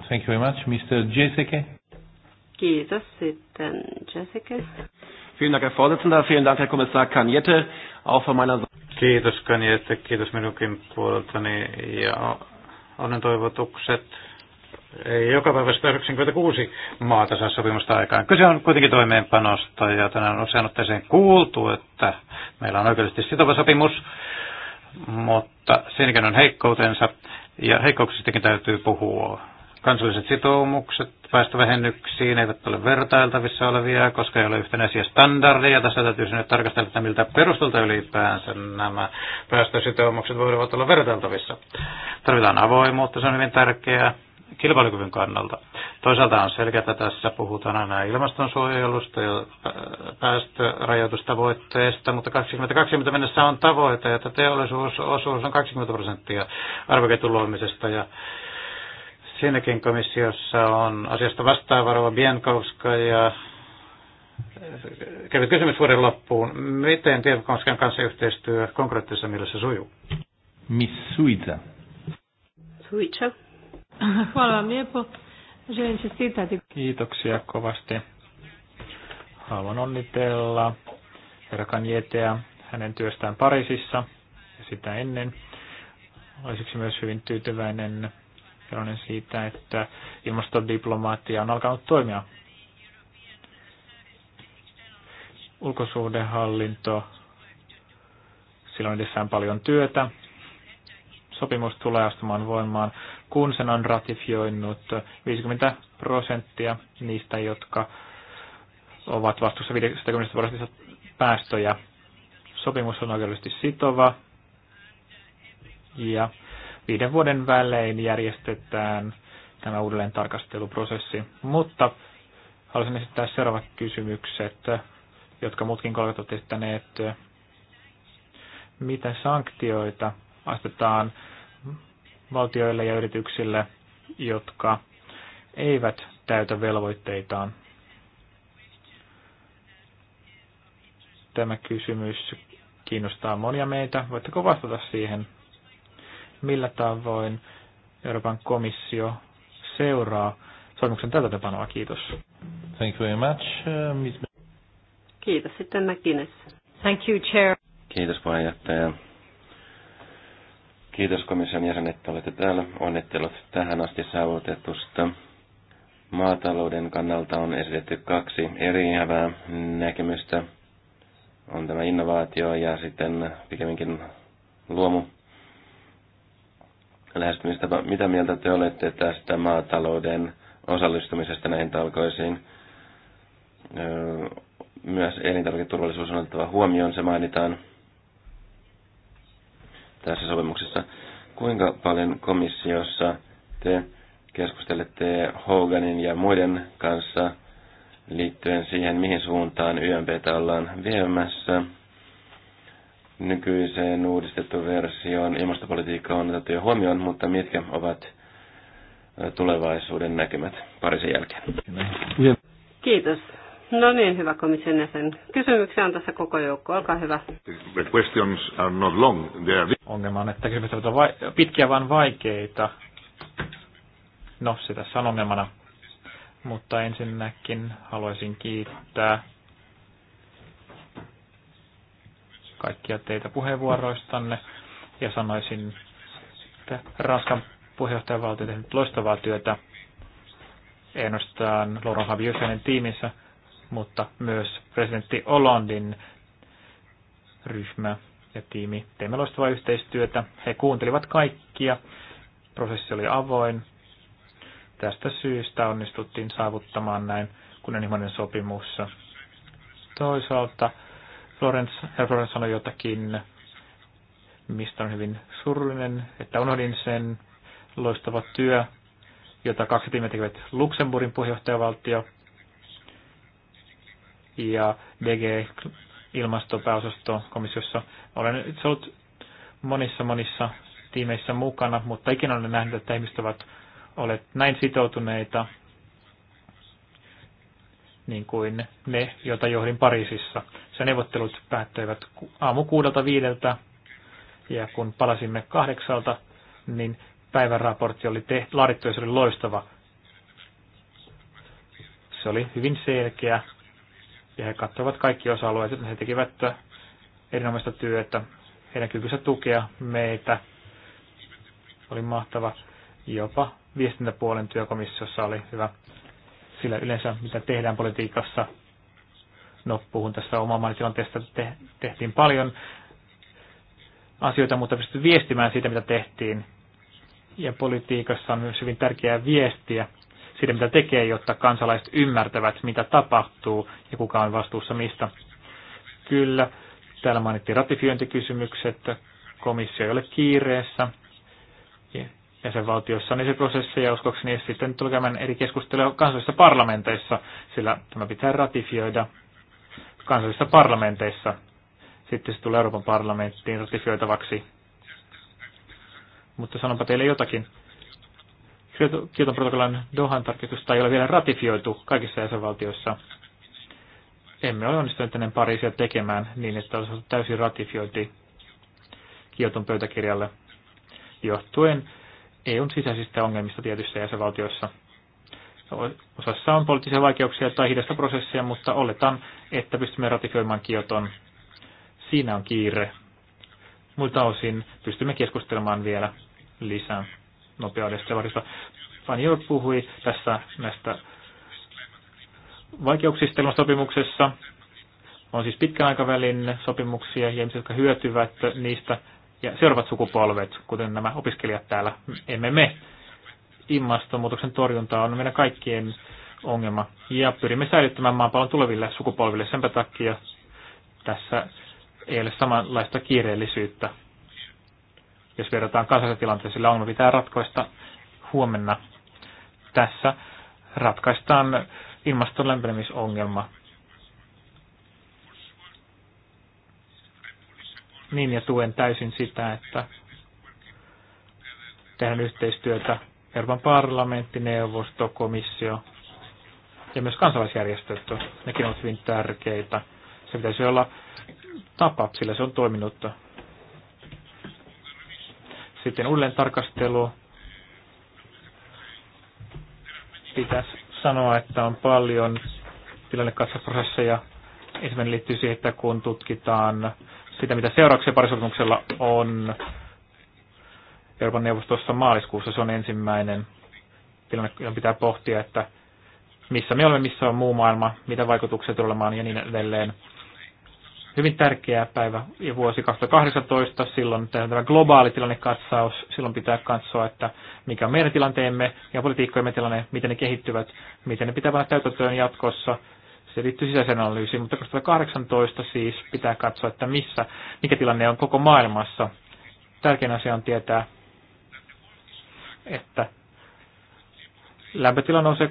Thank you very much. Mr. Jessica. Kiitos sitten Jessica. Vielen Dank, Herr Vorsitzender. Vielen Dank, Herr Kommissar Kanjette. Auch von meiner Seite. Kiitos Kanjette, kiitos minunkin puoleltani ja onnen toivotukset. Ei joka päivä 196 maata saa sopimusta aikaan. Kyse on kuitenkin toimeenpanosta ja tänään on usein otteeseen kuultu, että meillä on oikeudellisesti sitova sopimus, mutta senkin on heikkoutensa ja heikkouksistakin täytyy puhua Kansalliset sitoumukset päästövähennyksiin eivät ole vertailtavissa olevia, koska ei ole yhtenäisiä standardeja. Tässä täytyy nyt tarkastella, että miltä perustalta ylipäänsä nämä päästösitoumukset voivat olla vertailtavissa. Tarvitaan avoimuutta, se on hyvin tärkeää kilpailukyvyn kannalta. Toisaalta on selkeää, että tässä puhutaan aina ilmastonsuojelusta ja äh, päästörajoitustavoitteesta, mutta 2020 mennessä on tavoite, että teollisuusosuus on 20 prosenttia arvoketun ja Siinäkin komissiossa on asiasta vastaava Bienkowska ja kävi kysymys vuoden loppuun. Miten Bienkowskan kanssa yhteistyö konkreettisessa mielessä sujuu? Miss Suita. Suita. (laughs) Hvala miepo. lijepo. Želim Kiitoksia kovasti. Haluan onnitella herra Jeteä hänen työstään Pariisissa ja sitä ennen. Olisiksi myös hyvin tyytyväinen iloinen siitä, että ilmastodiplomaatia on alkanut toimia. Ulkosuhdehallinto, sillä on edessään paljon työtä. Sopimus tulee astumaan voimaan, kun sen on ratifioinut 50 prosenttia niistä, jotka ovat vastuussa 50 prosentista päästöjä. Sopimus on oikeudellisesti sitova ja viiden vuoden välein järjestetään tämä uudelleen tarkasteluprosessi. Mutta haluaisin esittää seuraavat kysymykset, jotka muutkin kollegat ovat esittäneet. Mitä sanktioita astetaan valtioille ja yrityksille, jotka eivät täytä velvoitteitaan? Tämä kysymys kiinnostaa monia meitä. Voitteko vastata siihen? millä tavoin Euroopan komissio seuraa sopimuksen täytäntöpanoa. Kiitos. Thank you very much. Uh, Kiitos. Sitten McGuinness. Thank you, Chair. Kiitos puheenjohtaja. Kiitos komission jäsen, että olette täällä. Onnittelut tähän asti saavutetusta. Maatalouden kannalta on esitetty kaksi eriävää näkemystä. On tämä innovaatio ja sitten pikemminkin luomu lähestymistapa. Mitä mieltä te olette tästä maatalouden osallistumisesta näihin talkoisiin? Myös elintarviketurvallisuus on otettava huomioon, se mainitaan tässä sopimuksessa. Kuinka paljon komissiossa te keskustelette Hoganin ja muiden kanssa liittyen siihen, mihin suuntaan YMPtä ollaan viemässä? nykyiseen uudistettu versioon ilmastopolitiikka on otettu jo huomioon, mutta mitkä ovat tulevaisuuden näkymät parisen jälkeen? Kiitos. No niin, hyvä komission jäsen. Kysymyksiä on tässä koko joukko, olkaa hyvä. The questions are not long. They are... Ongelma on, että kysymykset ovat vai- pitkiä vaan vaikeita. No, se tässä on ongelmana. Mutta ensinnäkin haluaisin kiittää kaikkia teitä puheenvuoroistanne ja sanoisin, että Ranskan puheenjohtajavaltio on tehnyt loistavaa työtä ennustaan Laurent Fabius tiimissä, mutta myös presidentti Hollandin ryhmä ja tiimi. Teimme loistavaa yhteistyötä. He kuuntelivat kaikkia. Prosessi oli avoin. Tästä syystä onnistuttiin saavuttamaan näin kunnianhimoinen sopimus. Toisaalta Florence, herra äh, Florence sanoi jotakin, mistä on hyvin surullinen, että unohdin sen loistava työ, jota kaksi tiimiä tekevät Luxemburgin puheenjohtajavaltio ja DG ilmastopääosasto komissiossa. Olen itse ollut monissa monissa tiimeissä mukana, mutta ikinä olen nähnyt, että ihmiset ovat olleet näin sitoutuneita niin kuin ne, joita johdin Pariisissa. Se neuvottelut päättyivät aamu kuudelta viideltä, ja kun palasimme kahdeksalta, niin päivän raportti oli tehty, laadittu ja se oli loistava. Se oli hyvin selkeä, ja he katsoivat kaikki osa-alueet, että he tekivät erinomaista työtä. Heidän kykynsä tukea meitä oli mahtava. Jopa viestintäpuolen työkomissiossa oli hyvä sillä yleensä mitä tehdään politiikassa, no puhun tässä oman maan tilanteesta, tehtiin paljon asioita, mutta pystytty viestimään siitä, mitä tehtiin. Ja politiikassa on myös hyvin tärkeää viestiä siitä, mitä tekee, jotta kansalaiset ymmärtävät, mitä tapahtuu ja kuka on vastuussa mistä. Kyllä, täällä mainittiin ratifiointikysymykset, komissio ei ole kiireessä, jäsenvaltiossa, niin se prosessi ja uskokseni sitten tulee käymään eri keskusteluja kansallisissa parlamenteissa, sillä tämä pitää ratifioida kansallisissa parlamenteissa. Sitten se tulee Euroopan parlamenttiin ratifioitavaksi. Mutta sanonpa teille jotakin. Kioton protokollan Dohan tarkistusta ei ole vielä ratifioitu kaikissa jäsenvaltioissa. Emme ole onnistuneet tänne Pariisia tekemään niin, että olisi täysin ratifiointi Kioton pöytäkirjalle johtuen EUn sisäisistä ongelmista tietyissä jäsenvaltioissa. Osassa on poliittisia vaikeuksia tai hidasta prosessia, mutta oletan, että pystymme ratifioimaan Kioton. Siinä on kiire. Muilta osin pystymme keskustelemaan vielä lisää nopeudesta ja varista. Van puhui tässä näistä vaikeuksista sopimuksessa. On siis pitkän aikavälin sopimuksia ja ihmiset, jotka hyötyvät niistä, ja seuraavat sukupolvet, kuten nämä opiskelijat täällä, emme me. Ilmastonmuutoksen torjunta on meidän kaikkien ongelma ja pyrimme säilyttämään maapallon tuleville sukupolville. Senpä takia tässä ei ole samanlaista kiireellisyyttä. Jos verrataan kansalliseen tilanteeseen, ongelma pitää ratkaista huomenna. Tässä ratkaistaan ilmaston lämpenemisongelma. Niin, ja tuen täysin sitä, että tehdään yhteistyötä Euroopan parlamentti, neuvosto, komissio ja myös kansalaisjärjestöt. Nekin ovat hyvin tärkeitä. Se pitäisi olla tapa, sillä se on toiminut. Sitten uudelleen tarkastelu. Pitäisi sanoa, että on paljon tilannekatsaprosesseja. Ensimmäinen liittyy siihen, että kun tutkitaan sitä, mitä seurauksia parisopimuksella on Euroopan neuvostossa maaliskuussa. Se on ensimmäinen tilanne, johon pitää pohtia, että missä me olemme, missä on muu maailma, mitä tulee olemaan ja niin edelleen. Hyvin tärkeä päivä ja vuosi 2018, silloin tämä globaali tilannekatsaus, silloin pitää katsoa, että mikä on meidän tilanteemme ja politiikkojemme tilanne, miten ne kehittyvät, miten ne pitää vain täytäntöön jatkossa, se liittyy sisäiseen analyysiin, mutta 2018 siis pitää katsoa, että missä, mikä tilanne on koko maailmassa. Tärkein asia on tietää, että lämpötila nousee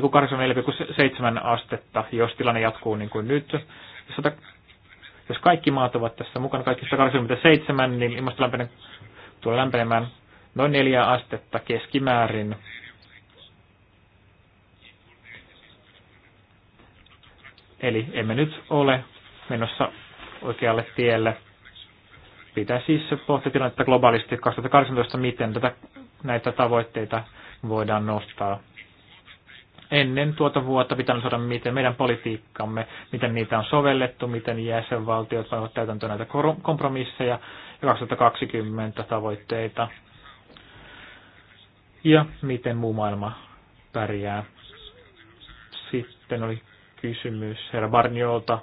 84,7 astetta, jos tilanne jatkuu niin kuin nyt. Jos kaikki maat ovat tässä mukana, kaikki 187, niin ilmastolämpöinen tulee lämpenemään noin 4 astetta keskimäärin Eli emme nyt ole menossa oikealle tielle. Pitää siis pohtia tilannetta globaalisti 2018, miten tätä, näitä tavoitteita voidaan nostaa. Ennen tuota vuotta pitää saada, miten meidän politiikkamme, miten niitä on sovellettu, miten jäsenvaltiot voivat täytäntöön näitä kompromisseja ja 2020 tavoitteita ja miten muu maailma pärjää. Sitten oli kysymys herra Barniolta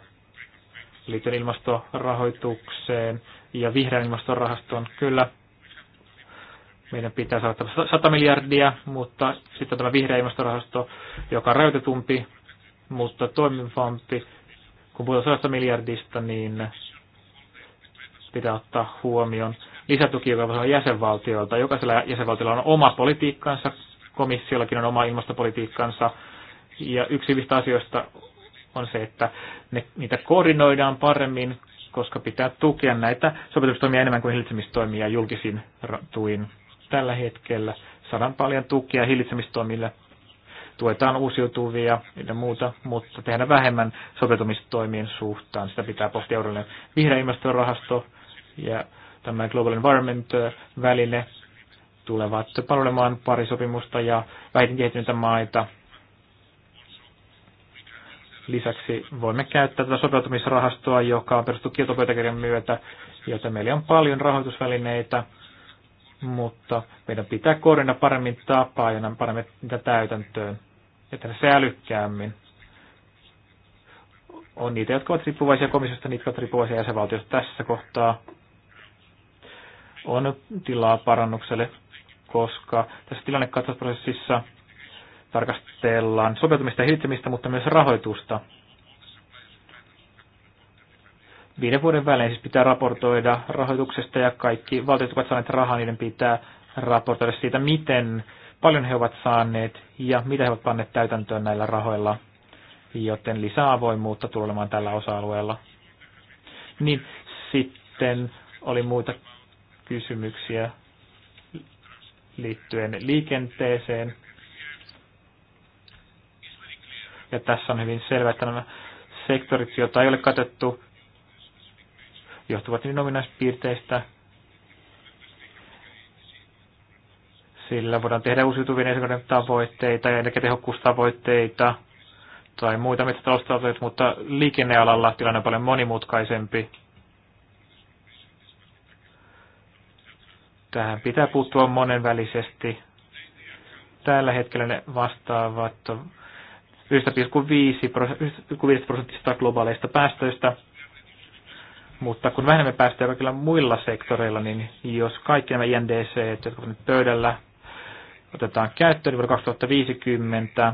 liittyen ilmastorahoitukseen ja vihreän ilmastorahaston. Kyllä, meidän pitää saada 100 miljardia, mutta sitten tämä vihreä ilmastorahasto, joka on rajoitetumpi, mutta toimivampi. Kun puhutaan 100 miljardista, niin pitää ottaa huomioon lisätuki, joka on jäsenvaltioilta. Jokaisella jäsenvaltiolla on oma politiikkansa, komissiollakin on oma ilmastopolitiikkansa, ja yksi hyvistä asioista on se, että ne, niitä koordinoidaan paremmin, koska pitää tukea näitä sopeutumistoimia enemmän kuin hillitsemistoimia julkisin tuin. Tällä hetkellä saadaan paljon tukea hillitsemistoimille. Tuetaan uusiutuvia ja muuta, mutta tehdään vähemmän sopeutumistoimien suhtaan. Sitä pitää pohtia uudelleen vihreä ilmastorahasto ja tämä Global Environment-väline tulevat palvelemaan pari sopimusta ja vähiten kehittyneitä maita Lisäksi voimme käyttää tätä sopeutumisrahastoa, joka on perustu kieltopöytäkirjan myötä, jota meillä on paljon rahoitusvälineitä, mutta meidän pitää koordina paremmin tapaa ja paremmin niitä täytäntöön ja tehdä se älykkäämmin. On niitä, jotka ovat riippuvaisia komissiosta, niitä, jotka ovat riippuvaisia jäsenvaltiosta tässä kohtaa. On tilaa parannukselle, koska tässä tilannekatsausprosessissa tarkastellaan sopeutumista ja hillitsemistä, mutta myös rahoitusta. Viiden vuoden välein siis pitää raportoida rahoituksesta ja kaikki valtiot ovat saaneet rahaa, niiden pitää raportoida siitä, miten paljon he ovat saaneet ja mitä he ovat panneet täytäntöön näillä rahoilla, joten lisää avoimuutta tulemaan tällä osa-alueella. Niin sitten oli muita kysymyksiä liittyen liikenteeseen. Ja tässä on hyvin selvä, että nämä sektorit, joita ei ole katettu, johtuvat niin ominaispiirteistä, sillä voidaan tehdä uusiutuvien ensimmäinen tavoitteita ja energiatehokkuustavoitteita tai muita metsätaloustavoitteita, mutta liikennealalla tilanne on paljon monimutkaisempi. Tähän pitää puuttua monenvälisesti. Tällä hetkellä ne vastaavat 1,5 prosentista globaaleista päästöistä. Mutta kun vähemmän päästöjä kaikilla muilla sektoreilla, niin jos kaikki nämä INDC, jotka ovat nyt pöydällä, otetaan käyttöön, niin vuonna 2050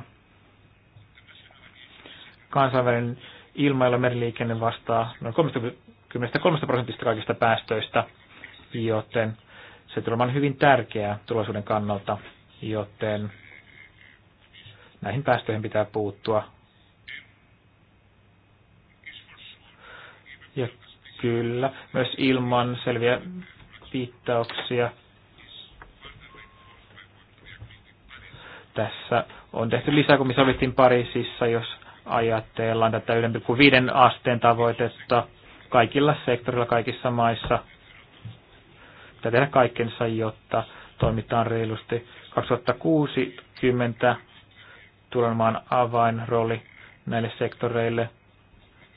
kansainvälinen ilmailu- ja meriliikenne vastaa noin 33 prosentista kaikista päästöistä, joten se tulee olemaan hyvin tärkeää tulosuuden kannalta, joten Näihin päästöihin pitää puuttua. Ja kyllä, myös ilman selviä viittauksia. Tässä on tehty lisää, kun me sovittiin Pariisissa, jos ajatellaan tätä 1,5 asteen tavoitetta kaikilla sektorilla, kaikissa maissa. Pitää tehdä kaikkensa, jotta toimitaan reilusti. 2060 tulemaan avainrooli näille sektoreille.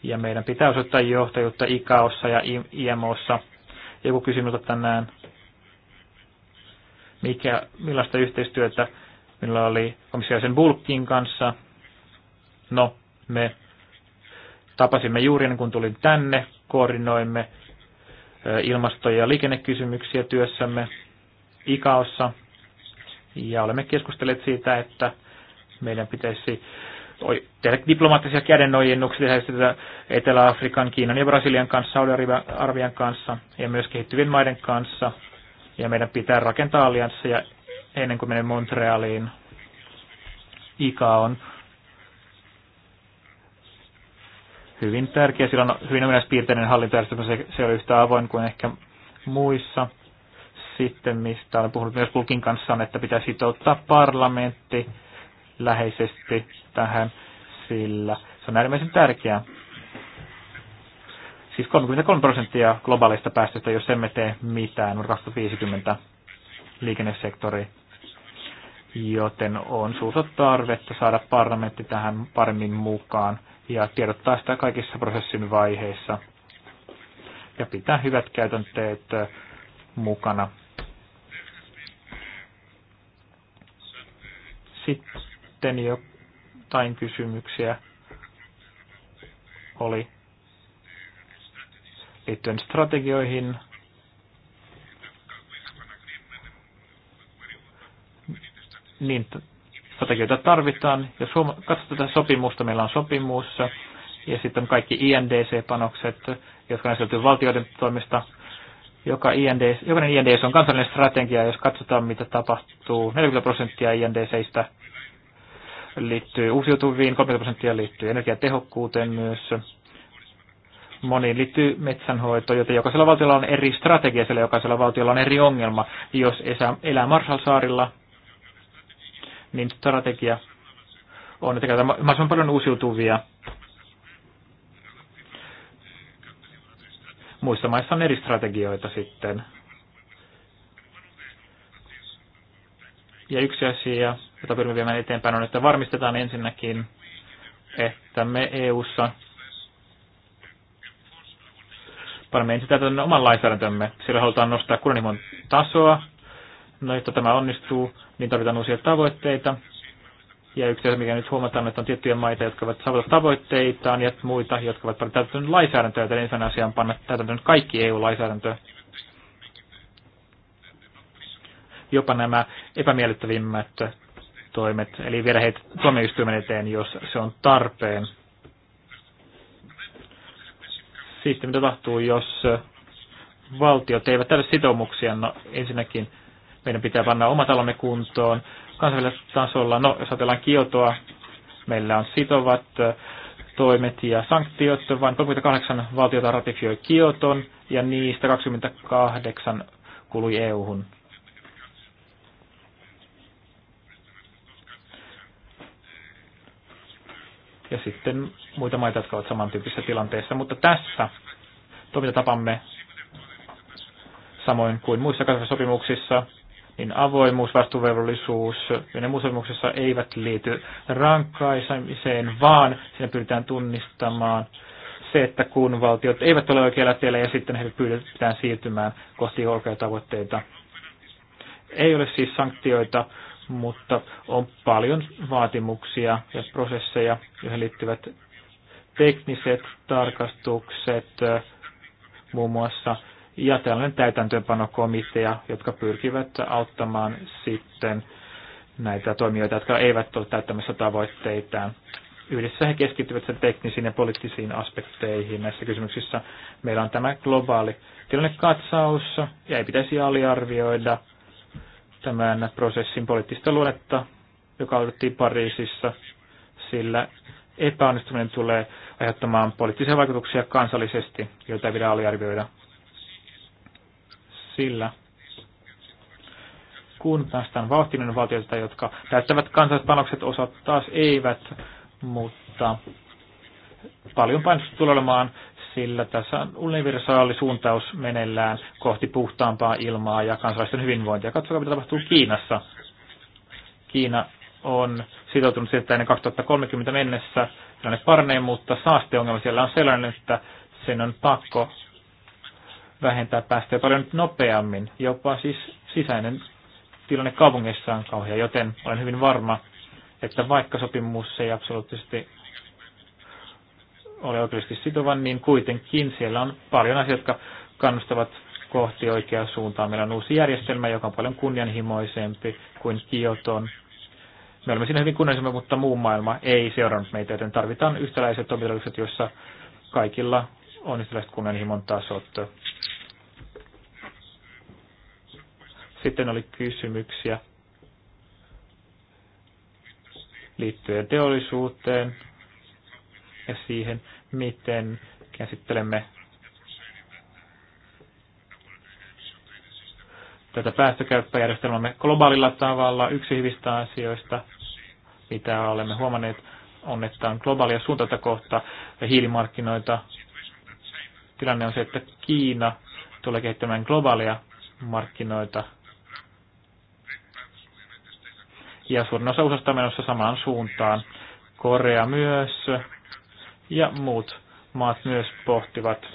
Ja meidän pitää osoittaa johtajuutta ikaossa ja IMOssa. Joku kysyi minulta tänään, mikä, millaista yhteistyötä minulla oli komissiaisen Bulkin kanssa. No, me tapasimme juuri ennen kuin tulin tänne, koordinoimme ilmasto- ja liikennekysymyksiä työssämme ikaossa. Ja olemme keskustelleet siitä, että meidän pitäisi tehdä diplomaattisia kädennojennuksia tätä Etelä-Afrikan, Kiinan ja Brasilian kanssa, Saudi-Arabian kanssa ja myös kehittyvien maiden kanssa. Ja meidän pitää rakentaa alliansseja ennen kuin menemme Montrealiin. IKA on hyvin tärkeä. Sillä on hyvin ominaispiirteinen hallintojärjestelmä. Se, se oli yhtä avoin kuin ehkä muissa. Sitten, mistä olen puhunut myös Kulkin kanssa, on, että pitää sitouttaa parlamentti läheisesti tähän, sillä se on äärimmäisen tärkeää. Siis 33 prosenttia globaalista päästöistä, jos emme tee mitään on 2050 liikennesektori, joten on suurta tarvetta saada parlamentti tähän paremmin mukaan ja tiedottaa sitä kaikissa prosessin vaiheissa ja pitää hyvät käytänteet mukana. Sitten sitten jotain kysymyksiä oli liittyen strategioihin. Niin, strategioita tarvitaan. Jos katsotaan tätä sopimusta, meillä on sopimus ja sitten on kaikki INDC-panokset, jotka on sijoitettu valtioiden toimesta. Joka INDC, jokainen INDC on kansallinen strategia, jos katsotaan mitä tapahtuu. 40 prosenttia INDCistä liittyy uusiutuviin, 30 prosenttia liittyy energiatehokkuuteen myös. Moniin liittyy metsänhoito, joten jokaisella valtiolla on eri strategia, sillä jokaisella valtiolla on eri ongelma. Jos elää Marshall-saarilla, niin strategia on, että käytetään mahdollisimman paljon uusiutuvia. Muissa maissa on eri strategioita sitten. Ja yksi asia, jota pyrimme viemään eteenpäin, on, että varmistetaan ensinnäkin, että me EU-ssa panemme ensin tätä oman lainsäädäntömme. Sillä halutaan nostaa kunnianhimon tasoa. No, jotta tämä onnistuu, niin tarvitaan uusia tavoitteita. Ja yksi asia, mikä nyt huomataan, että on tiettyjä maita, jotka ovat saavuttaa tavoitteitaan ja muita, jotka ovat panneet täytäntöön lainsäädäntöä, joten ensimmäinen asia on panna täytäntöön kaikki eu lainsäädäntöä Jopa nämä epämiellyttävimmät toimet, eli viedä heitä tuomioistuimen eteen, jos se on tarpeen. Sitten mitä tapahtuu, jos valtiot eivät täydä sitoumuksia? No ensinnäkin meidän pitää panna oma talomme kuntoon. Kansainvälisellä tasolla, no jos ajatellaan Kiotoa, meillä on sitovat toimet ja sanktiot, vain 38 valtiota ratifioi Kioton ja niistä 28 kului EU-hun. ja sitten muita maita, jotka ovat samantyyppisessä tilanteessa. Mutta tässä toimintatapamme samoin kuin muissa kansainvälisissä niin avoimuus, vastuuvelvollisuus ja ne muissa eivät liity rankkaisemiseen, vaan siinä pyritään tunnistamaan se, että kun valtiot eivät ole oikealla tiellä ja sitten he pyydetään siirtymään kohti oikeita tavoitteita. Ei ole siis sanktioita mutta on paljon vaatimuksia ja prosesseja, joihin liittyvät tekniset tarkastukset muun muassa ja tällainen täytäntöönpanokomitea, jotka pyrkivät auttamaan sitten näitä toimijoita, jotka eivät ole täyttämässä tavoitteitaan. Yhdessä he keskittyvät sen teknisiin ja poliittisiin aspekteihin näissä kysymyksissä. Meillä on tämä globaali tilannekatsaus, ja ei pitäisi aliarvioida tämän prosessin poliittista luetta, joka otettiin Pariisissa, sillä epäonnistuminen tulee aiheuttamaan poliittisia vaikutuksia kansallisesti, joita ei pidä aliarvioida. Sillä kun päästään vauhtinen valtioita, jotka täyttävät kansalliset panokset, osat taas eivät, mutta paljon painostusta tulee olemaan sillä tässä on universaali suuntaus meneillään kohti puhtaampaa ilmaa ja kansalaisten hyvinvointia. Katsokaa, mitä tapahtuu Kiinassa. Kiina on sitoutunut siihen, että ennen 2030 mennessä tilanne paranee, mutta saasteongelma siellä on sellainen, että sen on pakko vähentää päästöjä paljon nopeammin. Jopa siis sisäinen tilanne kaupungeissa on kauhea, joten olen hyvin varma, että vaikka sopimus ei absoluuttisesti ole oikeasti sitovan, niin kuitenkin siellä on paljon asioita, jotka kannustavat kohti oikeaa suuntaa. Meillä on uusi järjestelmä, joka on paljon kunnianhimoisempi kuin Kioton. Me olemme siinä hyvin kunnianhimoisempi, mutta muu maailma ei seurannut meitä, joten tarvitaan yhtäläiset toimintaedellytykset, joissa kaikilla on yhtäläiset kunnianhimon tasot. Sitten oli kysymyksiä liittyen teollisuuteen, ja siihen, miten käsittelemme tätä päästökäyppäjärjestelmämme globaalilla tavalla. Yksi hyvistä asioista, mitä olemme huomanneet, on, että on globaalia suuntata kohta hiilimarkkinoita. Tilanne on se, että Kiina tulee kehittämään globaalia markkinoita. Ja suurin osa USAsta menossa samaan suuntaan. Korea myös ja muut maat myös pohtivat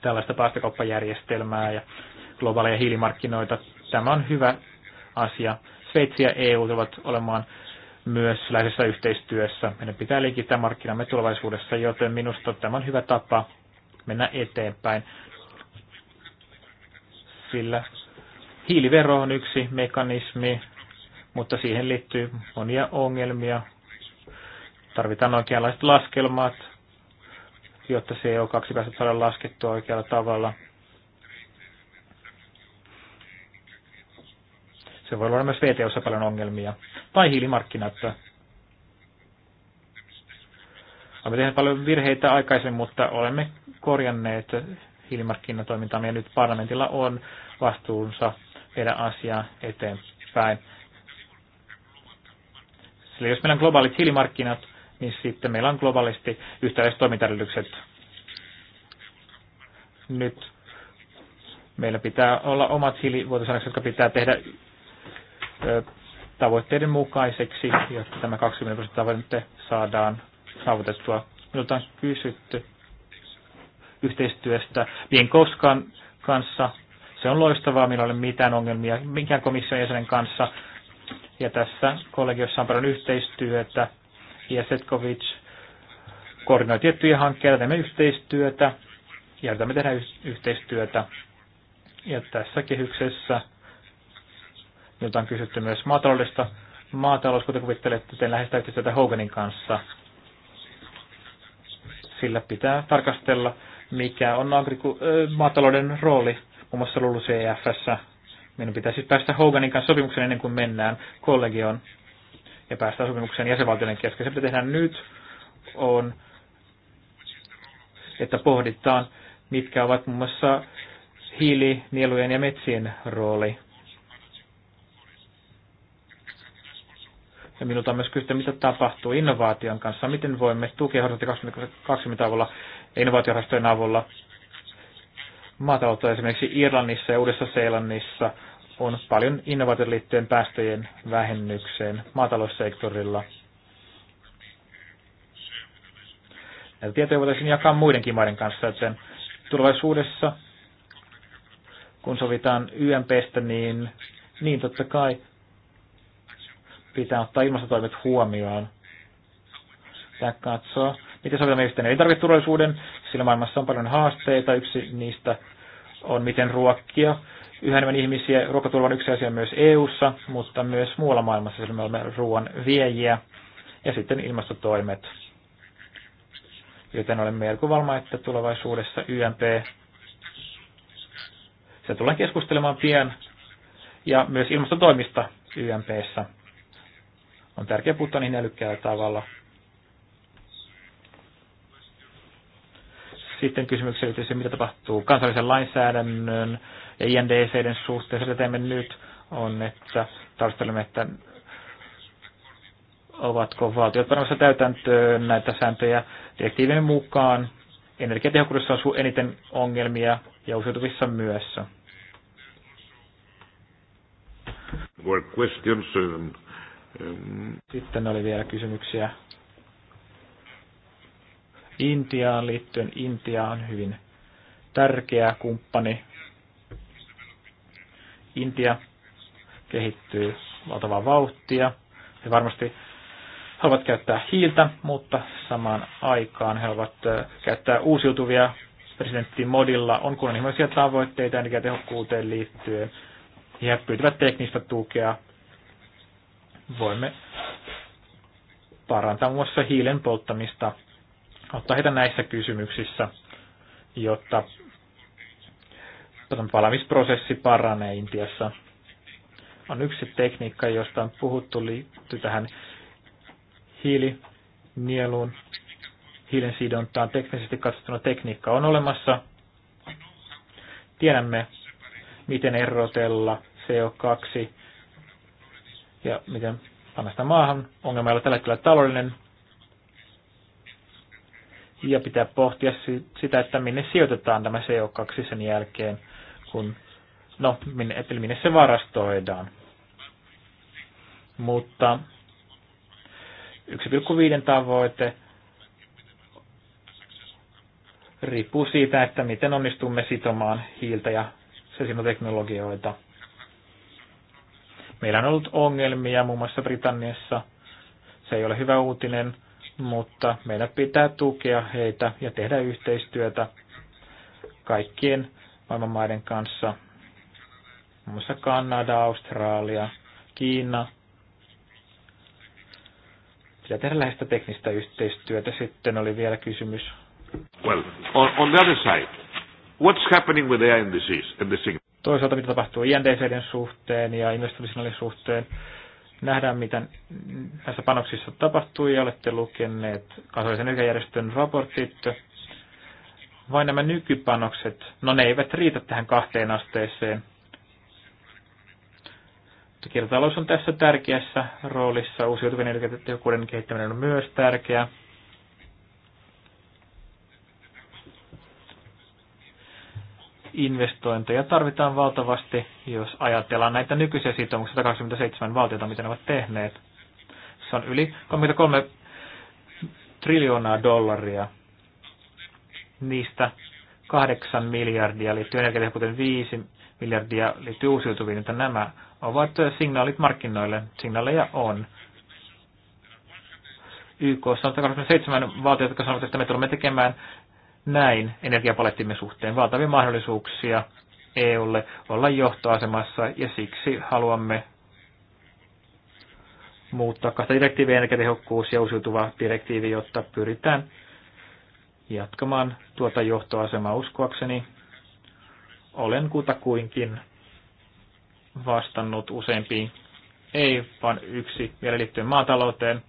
tällaista päästökauppajärjestelmää ja globaaleja hiilimarkkinoita. Tämä on hyvä asia. Sveitsi ja EU tulevat olemaan myös läheisessä yhteistyössä. Meidän pitää liikittää markkinamme tulevaisuudessa, joten minusta tämä on hyvä tapa mennä eteenpäin. Sillä hiilivero on yksi mekanismi, mutta siihen liittyy monia ongelmia, Tarvitaan oikeanlaiset laskelmat, jotta CO2-päästöt saadaan laskettua oikealla tavalla. Se voi olla myös VTOssa paljon ongelmia. Tai hiilimarkkinat. Olemme tehneet paljon virheitä aikaisemmin, mutta olemme korjanneet hiilimarkkinatoimintaa. Ja nyt parlamentilla on vastuunsa viedä asiaa eteenpäin. Sillä jos meillä on globaalit hiilimarkkinat, niin sitten meillä on globaalisti yhtäläiset toimintaedellytykset. Nyt meillä pitää olla omat hiilivuotosanokset, jotka pitää tehdä tavoitteiden mukaiseksi, jotta tämä 20 prosenttia tavoite saadaan saavutettua. Minulta on kysytty yhteistyöstä Bienkowskan kanssa. Se on loistavaa, minulla ei ole mitään ongelmia minkään komission jäsenen kanssa. Ja tässä kollegiossa on paljon yhteistyötä ja Setkovic koordinoi tiettyjä hankkeita, teemme yhteistyötä ja me tehdä yhteistyötä. Ja tässä kehyksessä, jota on kysytty myös maataloudesta, maatalous, kuten kuvittelette, teen läheistä yhteistyötä Hoganin kanssa. Sillä pitää tarkastella, mikä on agriku- maatalouden rooli muun muassa LULUCFssä. Meidän pitäisi päästä Hoganin kanssa sopimukseen ennen kuin mennään kollegioon ja päästään sopimukseen jäsenvaltioiden kesken. Se mitä tehdään nyt on, että pohditaan, mitkä ovat muun mm. muassa hiilinielujen ja metsien rooli. Ja minulta on myös kysytty, mitä tapahtuu innovaation kanssa, miten voimme tukea horisontti 2020 avulla ja innovaatiorahastojen avulla maataloutta esimerkiksi Irlannissa ja Uudessa Seelannissa on paljon innovaatioita liittyen päästöjen vähennykseen maataloussektorilla. Näitä tietoja voitaisiin jakaa muidenkin maiden kanssa, että tulevaisuudessa, kun sovitaan YMPstä, niin, niin totta kai pitää ottaa ilmastotoimet huomioon. Tämä katsoo, miten sovitamme yhteen elintarviketurvallisuuden, sillä maailmassa on paljon haasteita. Yksi niistä on, miten ruokkia yhä enemmän ihmisiä. Ruokaturva on yksi asia myös EU:ssa, mutta myös muualla maailmassa, sillä me olemme ruoan viejiä. Ja sitten ilmastotoimet. Joten olen melko valma, että tulevaisuudessa YMP se tulee keskustelemaan pian ja myös ilmastotoimista YMPssä. On tärkeää puuttua niihin älykkäällä tavalla. Sitten kysymyksiä liittyy se, mitä tapahtuu kansallisen lainsäädännön ja INDCiden suhteessa, mitä teemme nyt on, että tarkastelemme, että ovatko valtiot panemassa täytäntöön näitä sääntöjä direktiivin mukaan. Energiatehokkuudessa on eniten ongelmia ja uusiutuvissa myös. questions, um, um, Sitten oli vielä kysymyksiä Intiaan liittyen. Intia on hyvin tärkeä kumppani Intia kehittyy valtavaa vauhtia. He varmasti haluavat käyttää hiiltä, mutta samaan aikaan he ovat käyttää uusiutuvia. Presidentti Modilla on kunnianhimoisia tavoitteita energiatehokkuuteen liittyen. He pyytävät teknistä tukea. Voimme parantaa muun muassa hiilen polttamista, ottaa heitä näissä kysymyksissä, jotta palamisprosessi paranee Intiassa. On yksi tekniikka, josta on puhuttu, liittyy tähän hiilinieluun, hiilen sidontaan. Teknisesti katsottuna tekniikka on olemassa. Tiedämme, miten erotella CO2 ja miten panna sitä maahan. Ongelma ei ole tällä hetkellä taloudellinen. Ja pitää pohtia sitä, että minne sijoitetaan tämä CO2 sen jälkeen kun, no, minne, että minne se varastoidaan. Mutta 1,5 tavoite riippuu siitä, että miten onnistumme sitomaan hiiltä ja sesimoteknologioita. Meillä on ollut ongelmia muun muassa Britanniassa. Se ei ole hyvä uutinen, mutta meidän pitää tukea heitä ja tehdä yhteistyötä kaikkien maailman maiden kanssa, muun muassa Kanada, Australia, Kiina. Pitää tehdä läheistä teknistä yhteistyötä. Sitten oli vielä kysymys. Well, on, on the other side, what's happening with the and disease and the signal? Toisaalta mitä tapahtuu INDCiden suhteen ja investointisignaalin suhteen nähdään, mitä näissä panoksissa tapahtuu ja olette lukeneet kansallisen energiajärjestön raportit vain nämä nykypanokset, no ne eivät riitä tähän kahteen asteeseen. Kiertotalous on tässä tärkeässä roolissa, uusiutuvien energiatehokkuuden kehittäminen on myös tärkeää. investointeja tarvitaan valtavasti, jos ajatellaan näitä nykyisiä sitoumuksia 27 valtiota, mitä ne ovat tehneet. Se on yli 33 triljoonaa dollaria niistä 8 miljardia liittyy energiatehokkuuteen, 5 miljardia liittyy uusiutuviin, että nämä ovat signaalit markkinoille. Signaaleja on. YK on 127 valtiota, jotka sanovat, että me tulemme tekemään näin energiapalettimme suhteen valtavia mahdollisuuksia EUlle olla johtoasemassa ja siksi haluamme muuttaa kahta direktiiviä energiatehokkuus ja uusiutuva direktiivi, jotta pyritään jatkamaan tuota johtoasemaa uskoakseni. Olen kutakuinkin vastannut useampiin ei, vaan yksi vielä liittyen maatalouteen.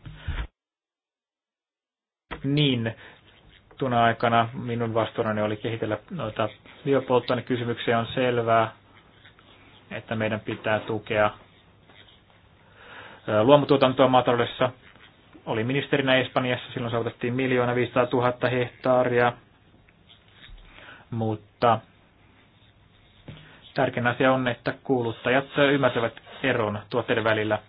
Niin, tuona aikana minun vastuunani oli kehitellä noita biopolttoainekysymyksiä. On selvää, että meidän pitää tukea luomutuotantoa maataloudessa – oli ministerinä Espanjassa, silloin saavutettiin miljoona 500 000 hehtaaria, mutta tärkein asia on, että kuluttajat ymmärtävät eron tuotteiden välillä.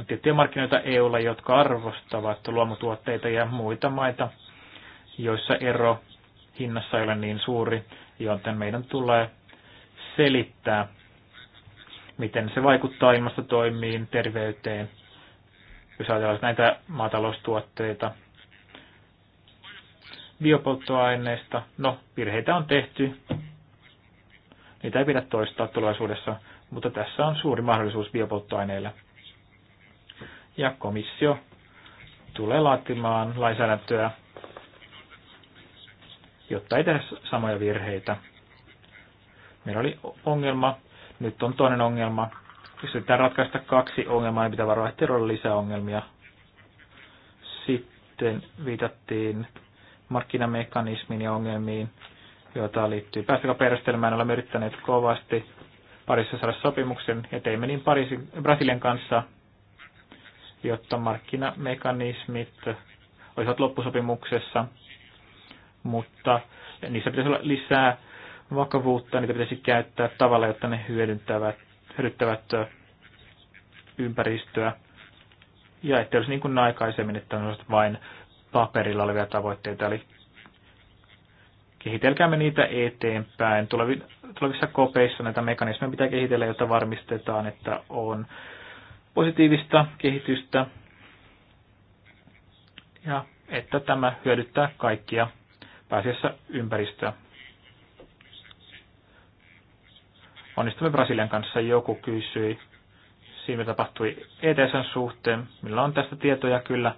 On tiettyjä markkinoita EUlla, jotka arvostavat luomutuotteita ja muita maita, joissa ero hinnassa ei ole niin suuri, joten meidän tulee selittää, miten se vaikuttaa ilmastotoimiin, terveyteen jos ajatellaan siis näitä maataloustuotteita. Biopolttoaineista, no virheitä on tehty, niitä ei pidä toistaa tulevaisuudessa, mutta tässä on suuri mahdollisuus biopolttoaineille. Ja komissio tulee laatimaan lainsäädäntöä, jotta ei tehdä samoja virheitä. Meillä oli ongelma, nyt on toinen ongelma, jos yritetään ratkaista kaksi ongelmaa, niin pitää varoa, että on lisää ongelmia. Sitten viitattiin markkinamekanismiin ja ongelmiin, joita liittyy päästökauppajärjestelmään. Olemme yrittäneet kovasti parissa saada sopimuksen ja teimme niin Pariisin, Brasilian kanssa, jotta markkinamekanismit olisivat loppusopimuksessa, mutta niissä pitäisi olla lisää vakavuutta, niitä pitäisi käyttää tavalla, jotta ne hyödyntävät hyödyttävät ympäristöä. Ja ettei olisi niin kuin aikaisemmin, että on vain paperilla olevia tavoitteita, eli kehitelkäämme niitä eteenpäin. Tulevissa kopeissa näitä mekanismeja pitää kehitellä, jotta varmistetaan, että on positiivista kehitystä ja että tämä hyödyttää kaikkia pääasiassa ympäristöä. Onnistumme Brasilian kanssa, joku kysyi. Siinä tapahtui ETSn suhteen. Millä on tästä tietoja kyllä?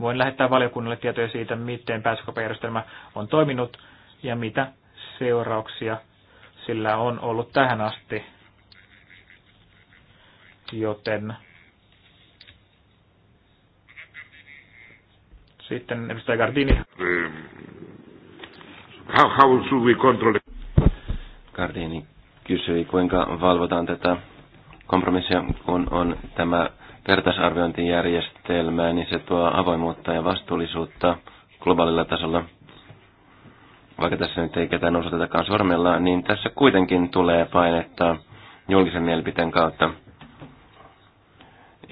Voin lähettää valiokunnalle tietoja siitä, miten pääsykopajärjestelmä on toiminut ja mitä seurauksia sillä on ollut tähän asti. Joten sitten edustaja Gardini. How, how should we control Gardini kysyi, kuinka valvotaan tätä kompromissia, kun on tämä vertaisarviointijärjestelmä, niin se tuo avoimuutta ja vastuullisuutta globaalilla tasolla. Vaikka tässä nyt ei ketään osoitetakaan sormella, niin tässä kuitenkin tulee painetta julkisen mielipiteen kautta.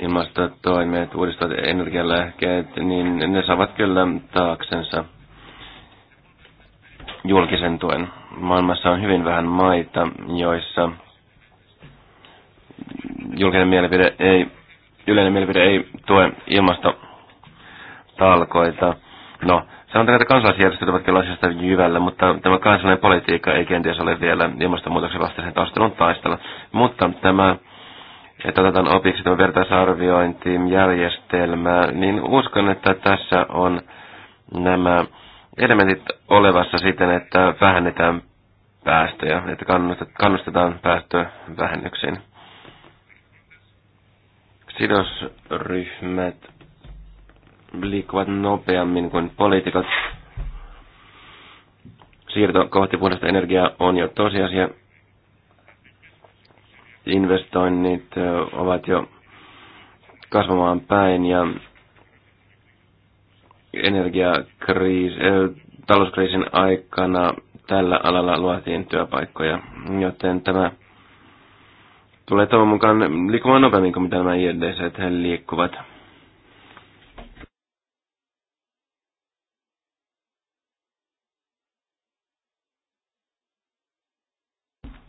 Ilmastotoimet, uudistuvat energialähkeet, niin ne saavat kyllä taaksensa julkisen tuen. Maailmassa on hyvin vähän maita, joissa julkinen mielipide ei, yleinen mielipide ei tue ilmastotalkoita. No, sanotaan, että kansalaisjärjestöt ovat kyllä asiasta jyvällä, mutta tämä kansallinen politiikka ei kenties ole vielä ilmastonmuutoksen vastaisen taistelun taistella. Mutta tämä, että otetaan opiksi tämä vertaisarviointi, järjestelmä, niin uskon, että tässä on nämä elementit olevassa siten, että vähennetään päästöjä, että kannustetaan päästöä vähennyksiin. Sidosryhmät liikkuvat nopeammin kuin poliitikot. Siirto kohti puhdasta energiaa on jo tosiasia. Investoinnit ovat jo kasvamaan päin ja energiakriis, talouskriisin aikana tällä alalla luotiin työpaikkoja, joten tämä tulee toivon mukaan liikkumaan nopeammin kuin mitä nämä IEDC liikkuvat.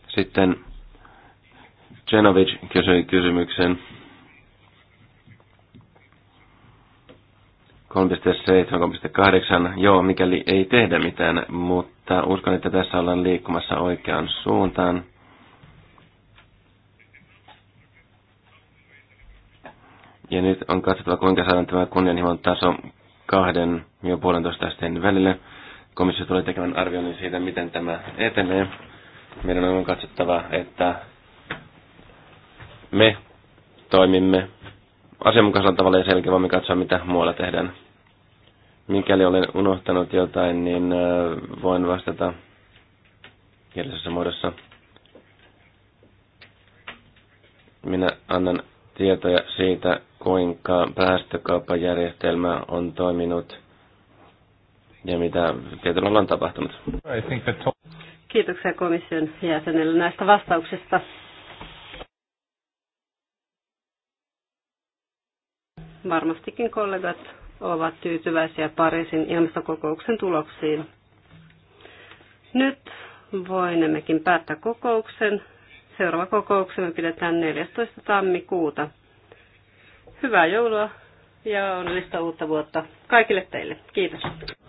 Sitten Genovic kysyi kysymyksen. 3.7-3.8, joo, mikäli ei tehdä mitään, mutta uskon, että tässä ollaan liikkumassa oikeaan suuntaan. Ja nyt on katsottava, kuinka saadaan tämä kunnianhimon taso kahden ja puolentoista asteen välille. Komissio tulee tekemään arvioinnin siitä, miten tämä etenee. Meidän on katsottava, että me toimimme asianmukaisella tavalla ja selkeä, vaan me katsoa, mitä muualla tehdään. Mikäli olen unohtanut jotain, niin voin vastata kielisessä muodossa. Minä annan tietoja siitä, kuinka päästökauppajärjestelmä on toiminut ja mitä tietyllä on tapahtunut. Kiitoksia komission jäsenelle näistä vastauksista. Varmastikin kollegat ovat tyytyväisiä Pariisin ilmastokokouksen tuloksiin. Nyt voinemmekin päättää kokouksen. Seuraava kokouksemme pidetään 14. tammikuuta. Hyvää joulua ja onnellista uutta vuotta kaikille teille. Kiitos.